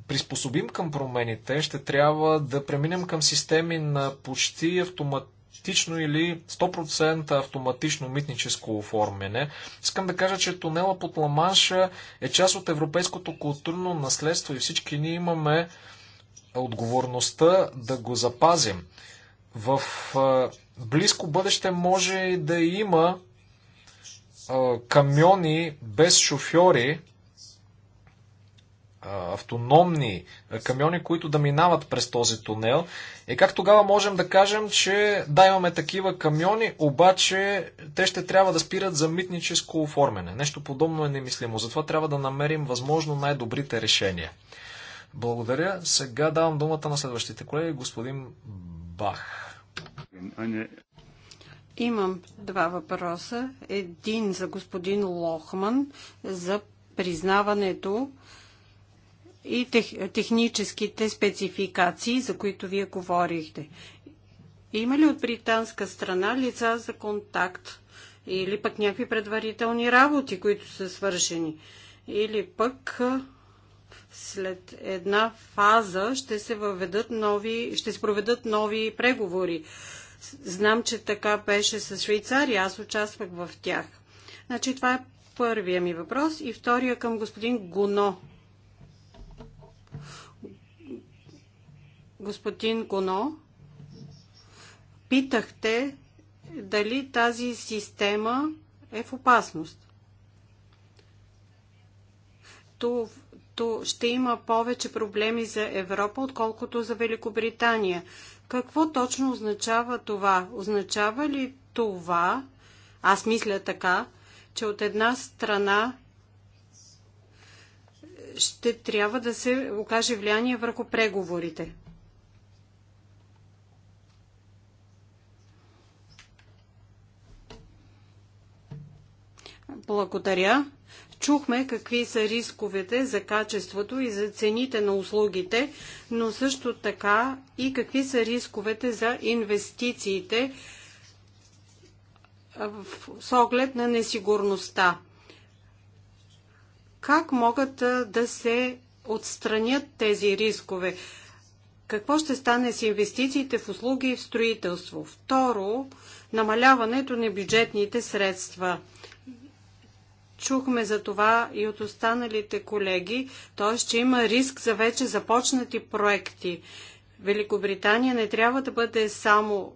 приспособим към промените, ще трябва да преминем към системи на почти автоматично или 100% автоматично митническо оформяне. Искам да кажа, че тунела под Ламанша е част от европейското културно наследство и всички ние имаме отговорността да го запазим. В близко бъдеще може и да има камиони без шофьори, автономни камиони, които да минават през този тунел. И как тогава можем да кажем, че да, имаме такива камиони, обаче те ще трябва да спират за митническо оформяне. Нещо подобно е немислимо. Затова трябва да намерим възможно най-добрите решения. Благодаря. Сега давам думата на следващите колеги. Господин Бах. Имам два въпроса. Един за господин Лохман за признаването и тех, техническите спецификации, за които вие говорихте. Има ли от британска страна лица за контакт или пък някакви предварителни работи, които са свършени? Или пък след една фаза ще се, въведат нови, ще се проведат нови преговори. Знам, че така беше с Швейцария. Аз участвах в тях. Значи това е първия ми въпрос. И втория към господин Гуно. Господин Гуно, питахте дали тази система е в опасност. Това то ще има повече проблеми за Европа, отколкото за Великобритания. Какво точно означава това? Означава ли това, аз мисля така, че от една страна ще трябва да се окаже влияние върху преговорите. Благодаря. Чухме какви са рисковете за качеството и за цените на услугите, но също така и какви са рисковете за инвестициите с оглед на несигурността. Как могат да се отстранят тези рискове? Какво ще стане с инвестициите в услуги и в строителство? Второ, намаляването на бюджетните средства чухме за това и от останалите колеги, т.е. че има риск за вече започнати проекти. Великобритания не трябва да бъде само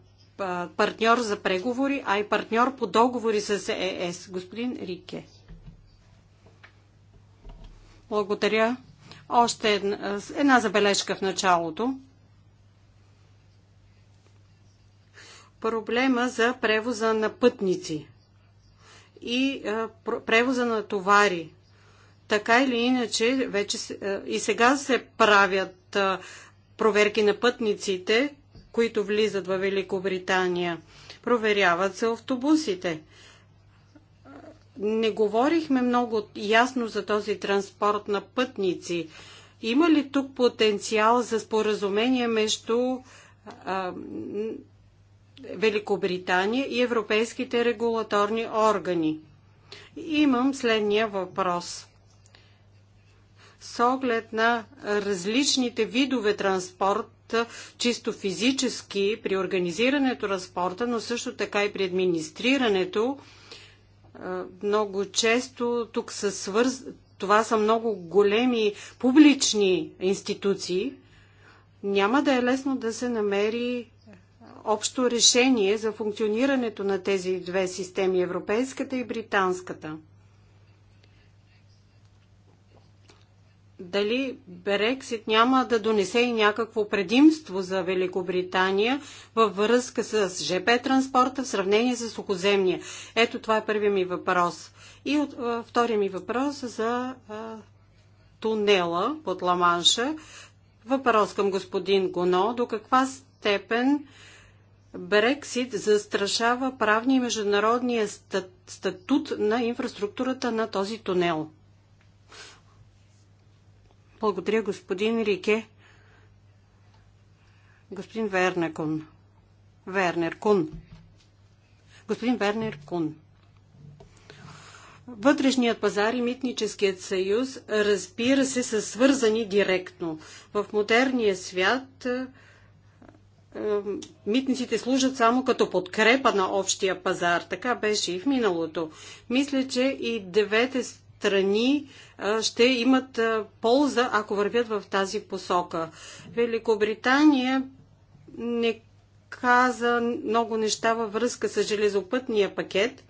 партньор за преговори, а и партньор по договори с ЕС. Господин Рике. Благодаря. Още една, една забележка в началото. Проблема за превоза на пътници – и превоза на товари. Така или иначе, вече и сега се правят проверки на пътниците, които влизат в Великобритания. Проверяват се автобусите. Не говорихме много ясно за този транспорт на пътници. Има ли тук потенциал за споразумение между а, Великобритания и европейските регулаторни органи. Имам следния въпрос. С оглед на различните видове транспорт, чисто физически при организирането на спорта, но също така и при администрирането, много често тук са свърз... това са много големи публични институции, няма да е лесно да се намери общо решение за функционирането на тези две системи, европейската и британската. Дали Брексит няма да донесе и някакво предимство за Великобритания във връзка с ЖП транспорта в сравнение с окоземния? Ето това е първият ми въпрос. И от, вторият ми въпрос за а, тунела под Ламанша. Въпрос към господин Гоно. До каква степен а, Брексит застрашава правния и международния статут на инфраструктурата на този тунел. Благодаря, господин Рике. Господин Вернер Кун. Вернер Кун. Господин Вернер Кун. Вътрешният пазар и митническият съюз, разбира се, са свързани директно. В модерния свят митниците служат само като подкрепа на общия пазар. Така беше и в миналото. Мисля, че и девете страни ще имат полза, ако вървят в тази посока. Великобритания не каза много неща във връзка с железопътния пакет,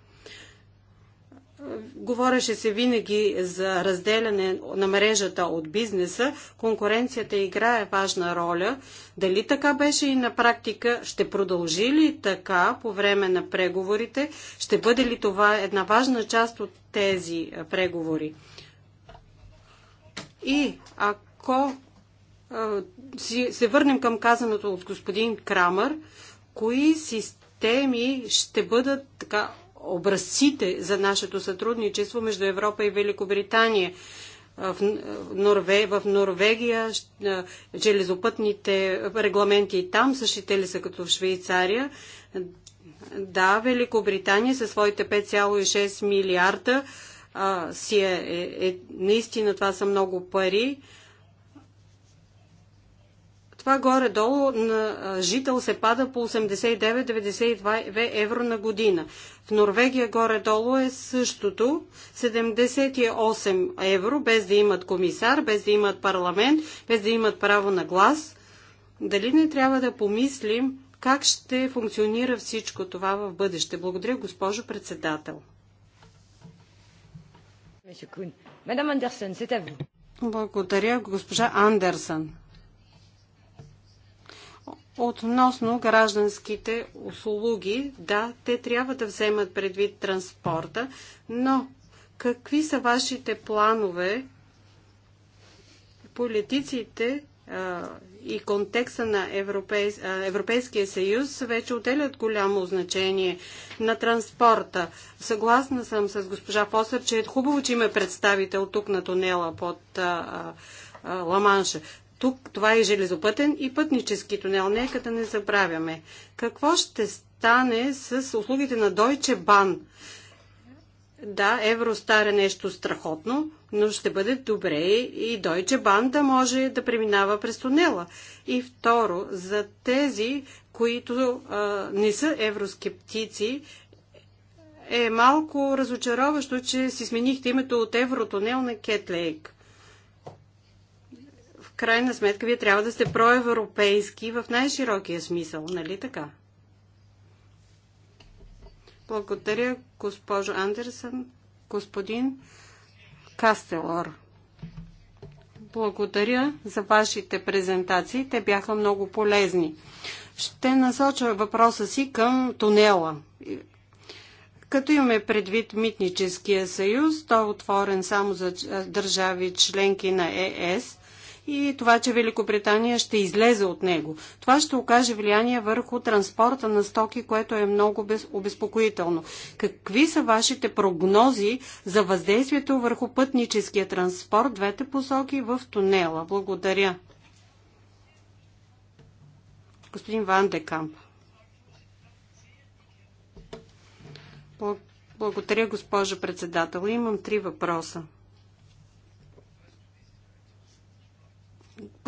Говореше се винаги за разделяне на мрежата от бизнеса. Конкуренцията играе важна роля. Дали така беше и на практика? Ще продължи ли така по време на преговорите? Ще бъде ли това една важна част от тези преговори? И ако се върнем към казаното от господин Крамър, кои системи ще бъдат така образците за нашето сътрудничество между Европа и Великобритания. В, Норве, в Норвегия железопътните регламенти там същите ли са като в Швейцария? Да, Великобритания със своите 5,6 милиарда а, си е, е, е, наистина това са много пари. А, това горе-долу на жител се пада по 89-92 евро на година. В Норвегия горе-долу е същото 78 евро, без да имат комисар, без да имат парламент, без да имат право на глас. Дали не трябва да помислим как ще функционира всичко това в бъдеще? Благодаря, госпожо председател. Благодаря, госпожа Андерсън. Относно гражданските услуги, да, те трябва да вземат предвид транспорта, но какви са вашите планове? Политиците а, и контекста на Европейс, а, Европейския съюз вече отделят голямо значение на транспорта. Съгласна съм с госпожа Фосър, че е хубаво, че има представител тук на тунела под а, Ламанша. Тук това е железопътен и пътнически тунел. Нека да не забравяме. Какво ще стане с услугите на Deutsche Bahn? Да, Евростар е нещо страхотно, но ще бъде добре и Deutsche Bahn да може да преминава през тунела. И второ, за тези, които а, не са евроскептици, е малко разочароващо, че си сменихте името от Евротунел на Кетлейк крайна сметка вие трябва да сте проевропейски в най-широкия смисъл, нали така? Благодаря, госпожо Андерсън, господин Кастелор. Благодаря за вашите презентации. Те бяха много полезни. Ще насоча въпроса си към тунела. Като имаме предвид митническия съюз, той е отворен само за държави членки на ЕС, и това, че Великобритания ще излезе от него. Това ще окаже влияние върху транспорта на стоки, което е много обезпокоително. Какви са вашите прогнози за въздействието върху пътническия транспорт, двете посоки в тунела? Благодаря. Господин Ван Декамп. Благодаря, госпожо председател. Имам три въпроса.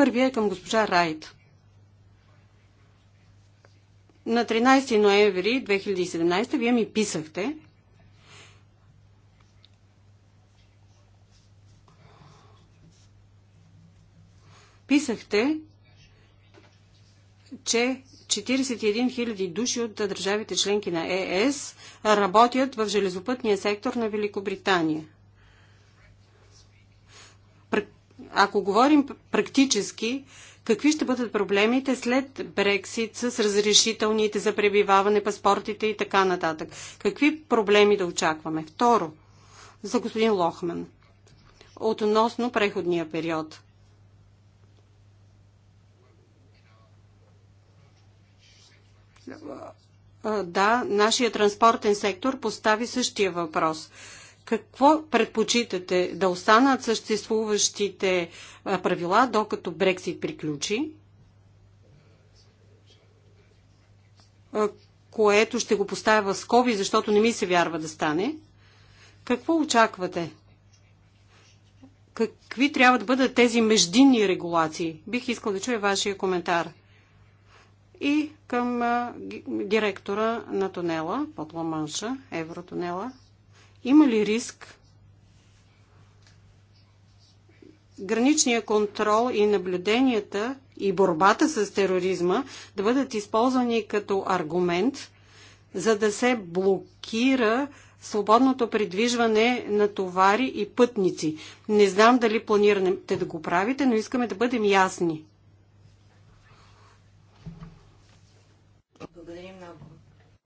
Първият е към госпожа Райт. На 13 ноември 2017 вие ми писахте, писахте, че 41 000 души от държавите членки на ЕС е работят в железопътния сектор на Великобритания – ако говорим практически, какви ще бъдат проблемите след Брексит с разрешителните за пребиваване, паспортите и така нататък? Какви проблеми да очакваме? Второ, за господин Лохман, относно преходния период. Да, нашия транспортен сектор постави същия въпрос – какво предпочитате? Да останат съществуващите правила, докато Брексит приключи? Което ще го поставя в скоби, защото не ми се вярва да стане. Какво очаквате? Какви трябва да бъдат тези междинни регулации? Бих искал да чуя вашия коментар. И към директора на тунела под Ламанша, Евротунела. Има ли риск граничния контрол и наблюденията и борбата с тероризма да бъдат използвани като аргумент, за да се блокира свободното придвижване на товари и пътници. Не знам дали планирате да го правите, но искаме да бъдем ясни.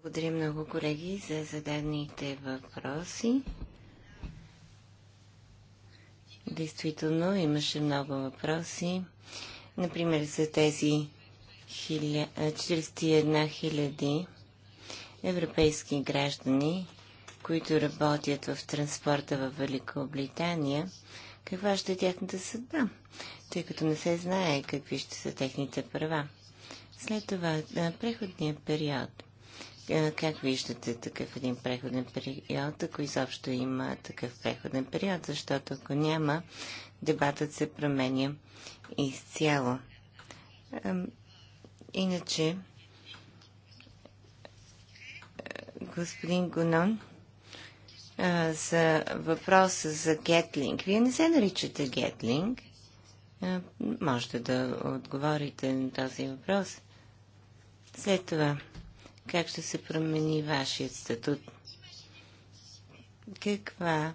Благодаря много, колеги, за зададените въпроси. Действително имаше много въпроси. Например, за тези 41 хиляди европейски граждани, които работят в транспорта в Великобритания, каква ще е тяхната съдба, тъй като не се знае какви ще са техните права. След това, преходния период – е, как виждате такъв един преходен период, ако изобщо има такъв преходен период, защото ако няма, дебатът се променя изцяло. Иначе, е, господин Гонон, е, за въпроса за Гетлинг. Вие не се наричате Гетлинг. Можете да отговорите на този въпрос. След това как ще се промени вашият статут? Каква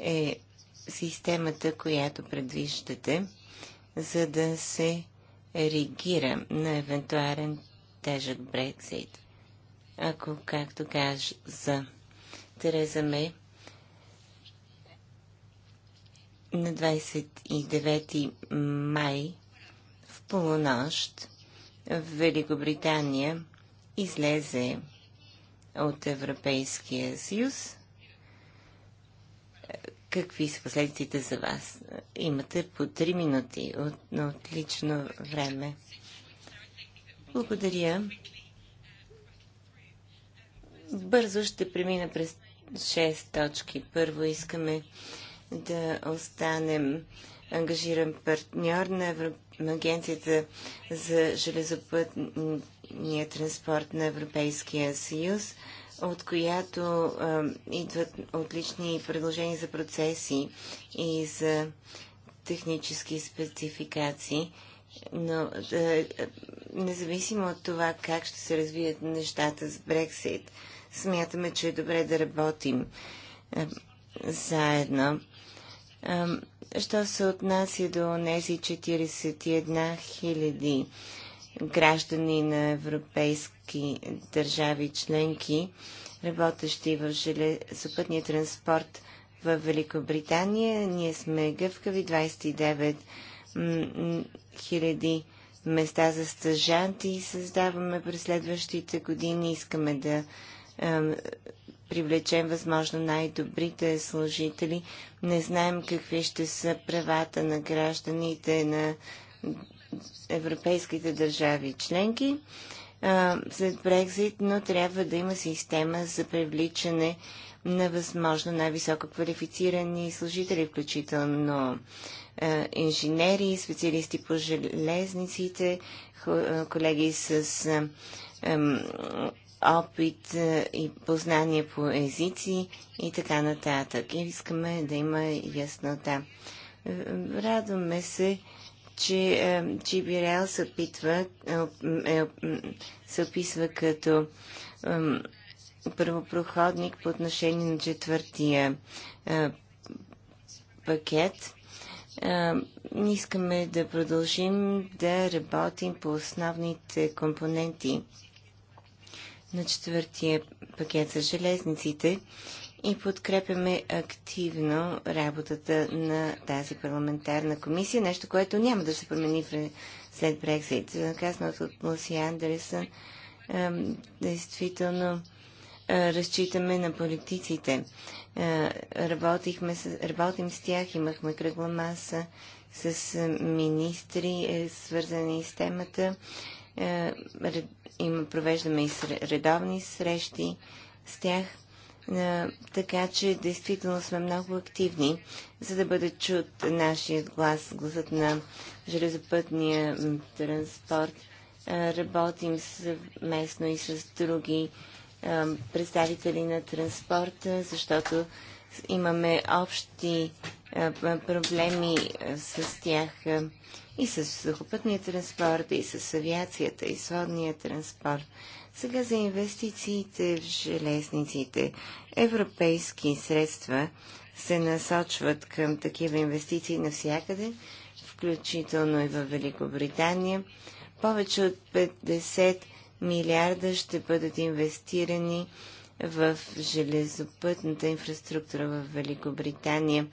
е системата, която предвиждате, за да се реагира на евентуален тежък Брексит? Ако, както каже за Тереза Мей, на 29 май в полунощ в Великобритания излезе от Европейския съюз, какви са последиците за вас? Имате по 3 минути от, на отлично време. Благодаря. Бързо ще премина през 6 точки. Първо искаме да останем ангажиран партньор на Агенцията за железопътни железопътния транспорт на Европейския съюз, от която а, идват отлични предложения за процеси и за технически спецификации. Но а, независимо от това как ще се развият нещата с Брексит, смятаме, че е добре да работим а, заедно. А, що се отнася до тези 41 хиляди 000 граждани на европейски държави членки, работещи в железопътния транспорт в Великобритания. Ние сме гъвкави 29 000 места за стъжанти създаваме през следващите години. Искаме да е, привлечем възможно най-добрите служители. Не знаем какви ще са правата на гражданите на европейските държави членки след Брекзит, но трябва да има система за привличане на възможно най-високо квалифицирани служители, включително инженери, специалисти по железниците, колеги с опит и познания по езици и така нататък. И искаме да има яснота. Радваме се, че е, Чибирел се, опитва, е, е, се описва като първопроходник по отношение на четвъртия пакет. Искаме да продължим да работим по основните компоненти на четвъртия пакет за железниците и подкрепяме активно работата на тази парламентарна комисия, нещо, което няма да се промени след Брексит. Казаното от Луси Андерсън, действително разчитаме на политиците. Работихме с, работим с тях, имахме кръгла маса с министри, е, свързани с темата. провеждаме и редовни срещи с тях – е, така че действително сме много активни, за да бъде чут нашият глас, гласът на железопътния транспорт. Е, работим съвместно и с други е, представители на транспорта, защото имаме общи проблеми с тях и с сухопътния транспорт, и с авиацията, и с водния транспорт. Сега за инвестициите в железниците. Европейски средства се насочват към такива инвестиции навсякъде, включително и в Великобритания. Повече от 50 милиарда ще бъдат инвестирани в железопътната инфраструктура в Великобритания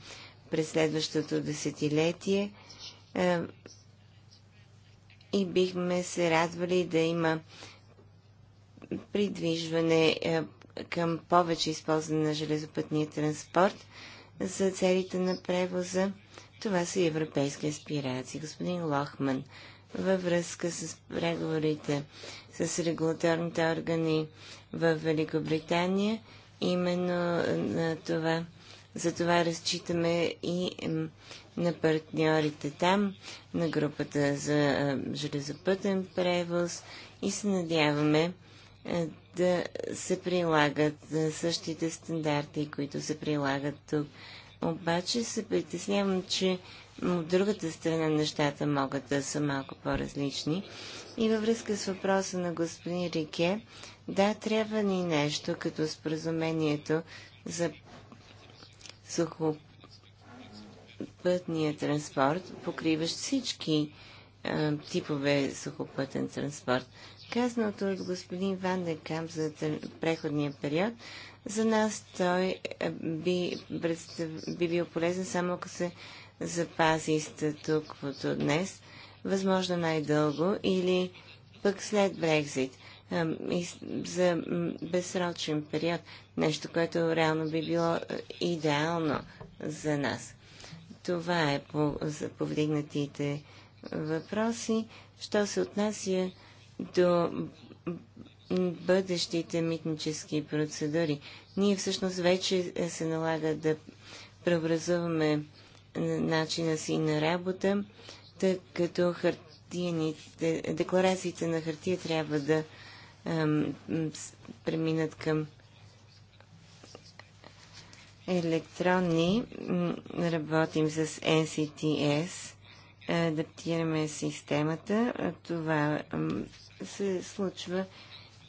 през следващото десетилетие е, и бихме се радвали да има придвижване е, към повече използване на железопътния транспорт за целите на превоза. Това са европейски аспирации. Господин Лохман, във връзка с преговорите с регулаторните органи в Великобритания, именно е, на това, за това разчитаме и на партньорите там, на групата за е, железопътен превоз и се надяваме, е, да се прилагат е, същите стандарти, които се прилагат тук. Обаче се притеснявам, че от другата страна нещата могат да са малко по-различни. И във връзка с въпроса на господин Рике, да, трябва ни нещо като споразумението за сухопътния транспорт, покриващ всички а, е, типове сухопътен транспорт. Казаното от господин Ван Декам за преходния период, за нас той е, би, би бил полезен само ако се запази статуквото днес, възможно най-дълго или пък след Брекзит за безсрочен период, нещо, което реално би било е, идеално за нас. Това е по, за повдигнатите въпроси. Що се отнася до бъдещите митнически процедури. Ние всъщност вече се налага да преобразуваме начина си на работа, тъй като хартияните, декларациите на хартия трябва да ем, преминат към електронни. Работим с NCTS, адаптираме системата. Това се случва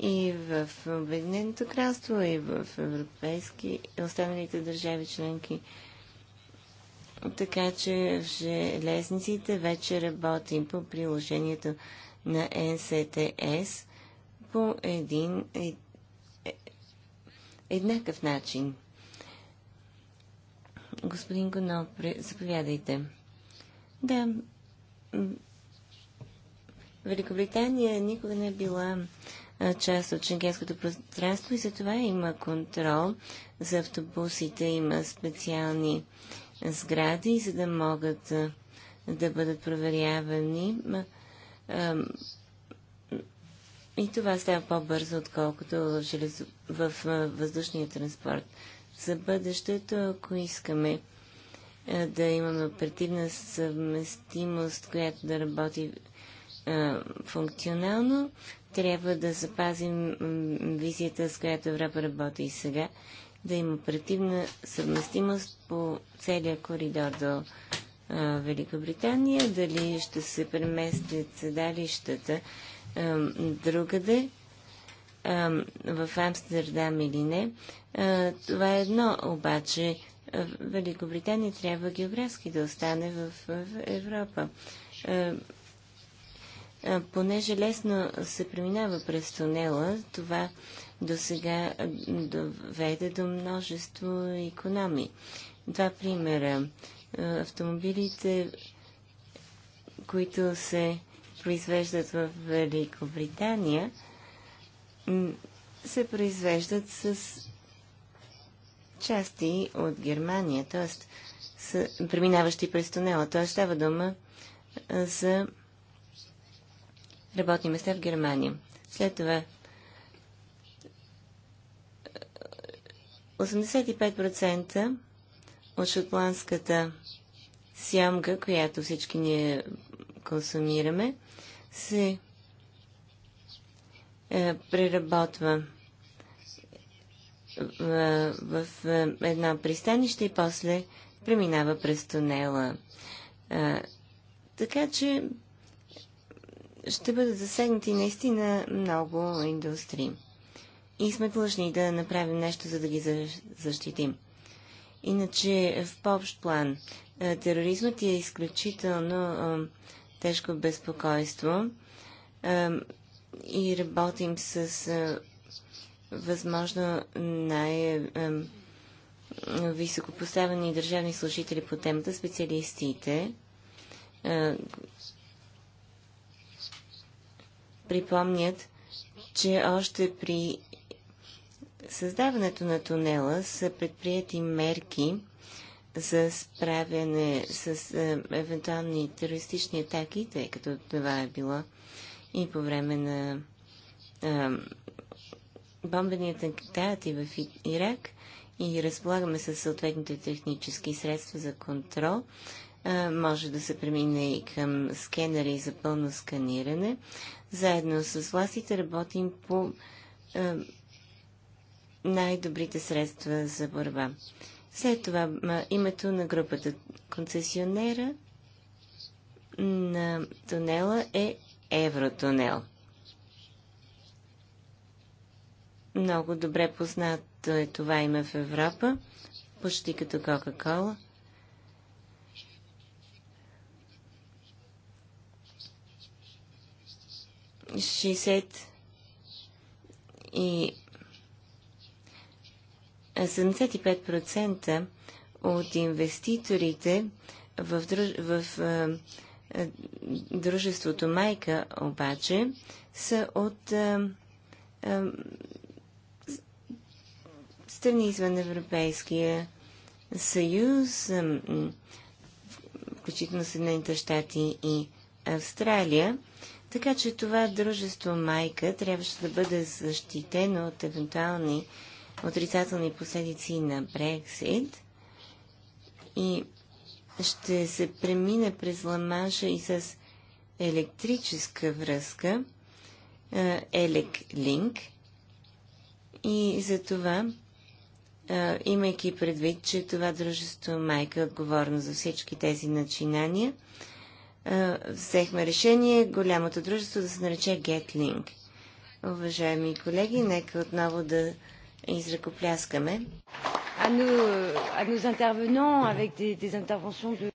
и в Обединеното кралство, и в европейски, останалите държави членки. Така че в железниците вече работим по приложението на НСТС по един ед, е, еднакъв начин. Господин Гонов, заповядайте. Да, Великобритания никога не е била част от шенгенското пространство и затова има контрол за автобусите, има специални сгради, за да могат да бъдат проверявани. И това става по-бързо, отколкото в, в въздушния транспорт. За бъдещето, ако искаме да имаме оперативна съвместимост, която да работи функционално. Трябва да запазим визията, с която Европа работи и сега, да има оперативна съвместимост по целия коридор до Великобритания, дали ще се преместят седалищата другаде, в Амстердам или не. Това е едно, обаче Великобритания трябва географски да остане в Европа понеже лесно се преминава през тунела, това до сега доведе до множество економии. Два примера. Автомобилите, които се произвеждат в Великобритания, се произвеждат с части от Германия, т.е. преминаващи през тунела. Т.е. става дума за работни места в Германия. След това 85% от шотландската сямга, която всички ние консумираме, се е, преработва в, в, едно пристанище и после преминава през тунела. Е, така че ще бъдат засегнати наистина много индустрии. И сме длъжни да направим нещо, за да ги защитим. Иначе, в по-общ план, е, тероризмът е изключително е, тежко безпокойство е, и работим с възможно най- високопоставени държавни служители по темата, специалистите, припомнят, че още при създаването на тунела са предприяти мерки за справяне с е, евентуални терористични атаки, тъй като това е било и по време на е, бомбеният атентат и в Ирак и разполагаме с съответните технически средства за контрол. Е, може да се премине и към скенери за пълно сканиране, заедно с властите работим по е, най-добрите средства за борба. След това е, името на групата концесионера на тунела е Евротунел. Много добре познато е това име в Европа, почти като Кока-Кола – 60 и 75% от инвеститорите в, друж... в дружеството Майка обаче са от страни извън Европейския съюз, включително Съединените щати и Австралия. Така че това дружество майка трябваше да бъде защитено от евентуални отрицателни последици на Брексит и ще се премине през Ламанша и с електрическа връзка, Елеклинк И за това, имайки предвид, че това дружество майка е отговорно за всички тези начинания, е, взехме решение голямото дружество да се нарече Гетлинг. Уважаеми колеги, нека отново да изръкопляскаме.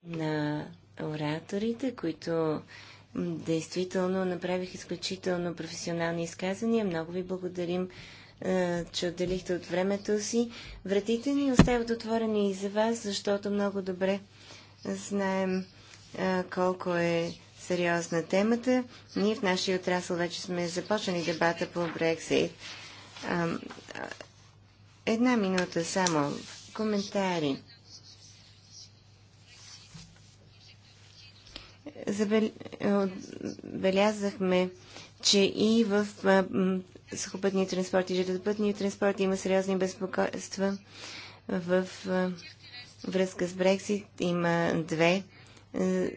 На ораторите, които действително направих изключително професионални изказвания. Много ви благодарим, е, че отделихте от времето си. Вратите ни остават отворени и за вас, защото много добре знаем колко е сериозна темата. Ние в нашия отрасъл вече сме започнали дебата по Брексит. Една минута само. Коментари. Забелязахме, че и в сухопътния транспорт и железопътния транспорт има сериозни безпокойства в връзка с Брексит. Има две е,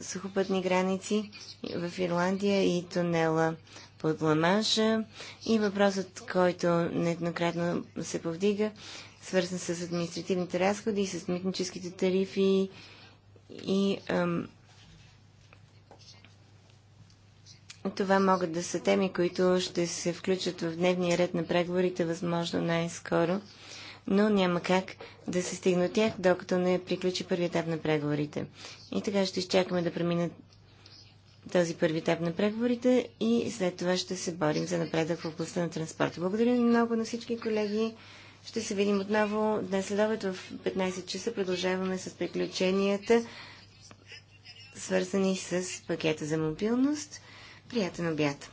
сухопътни граници в Ирландия и тунела под Ламанша. И въпросът, който нееднократно се повдига, свързан с административните разходи, с митническите тарифи и ам, това могат да са теми, които ще се включат в дневния ред на преговорите, възможно най-скоро но няма как да се стигне от тях, докато не приключи първи етап на преговорите. И така ще изчакаме да преминат този първи етап на преговорите и след това ще се борим за напредък в областта на транспорта. Благодаря ви много на всички колеги. Ще се видим отново днес след обед в 15 часа. Продължаваме с приключенията, свързани с пакета за мобилност. Приятен обяд!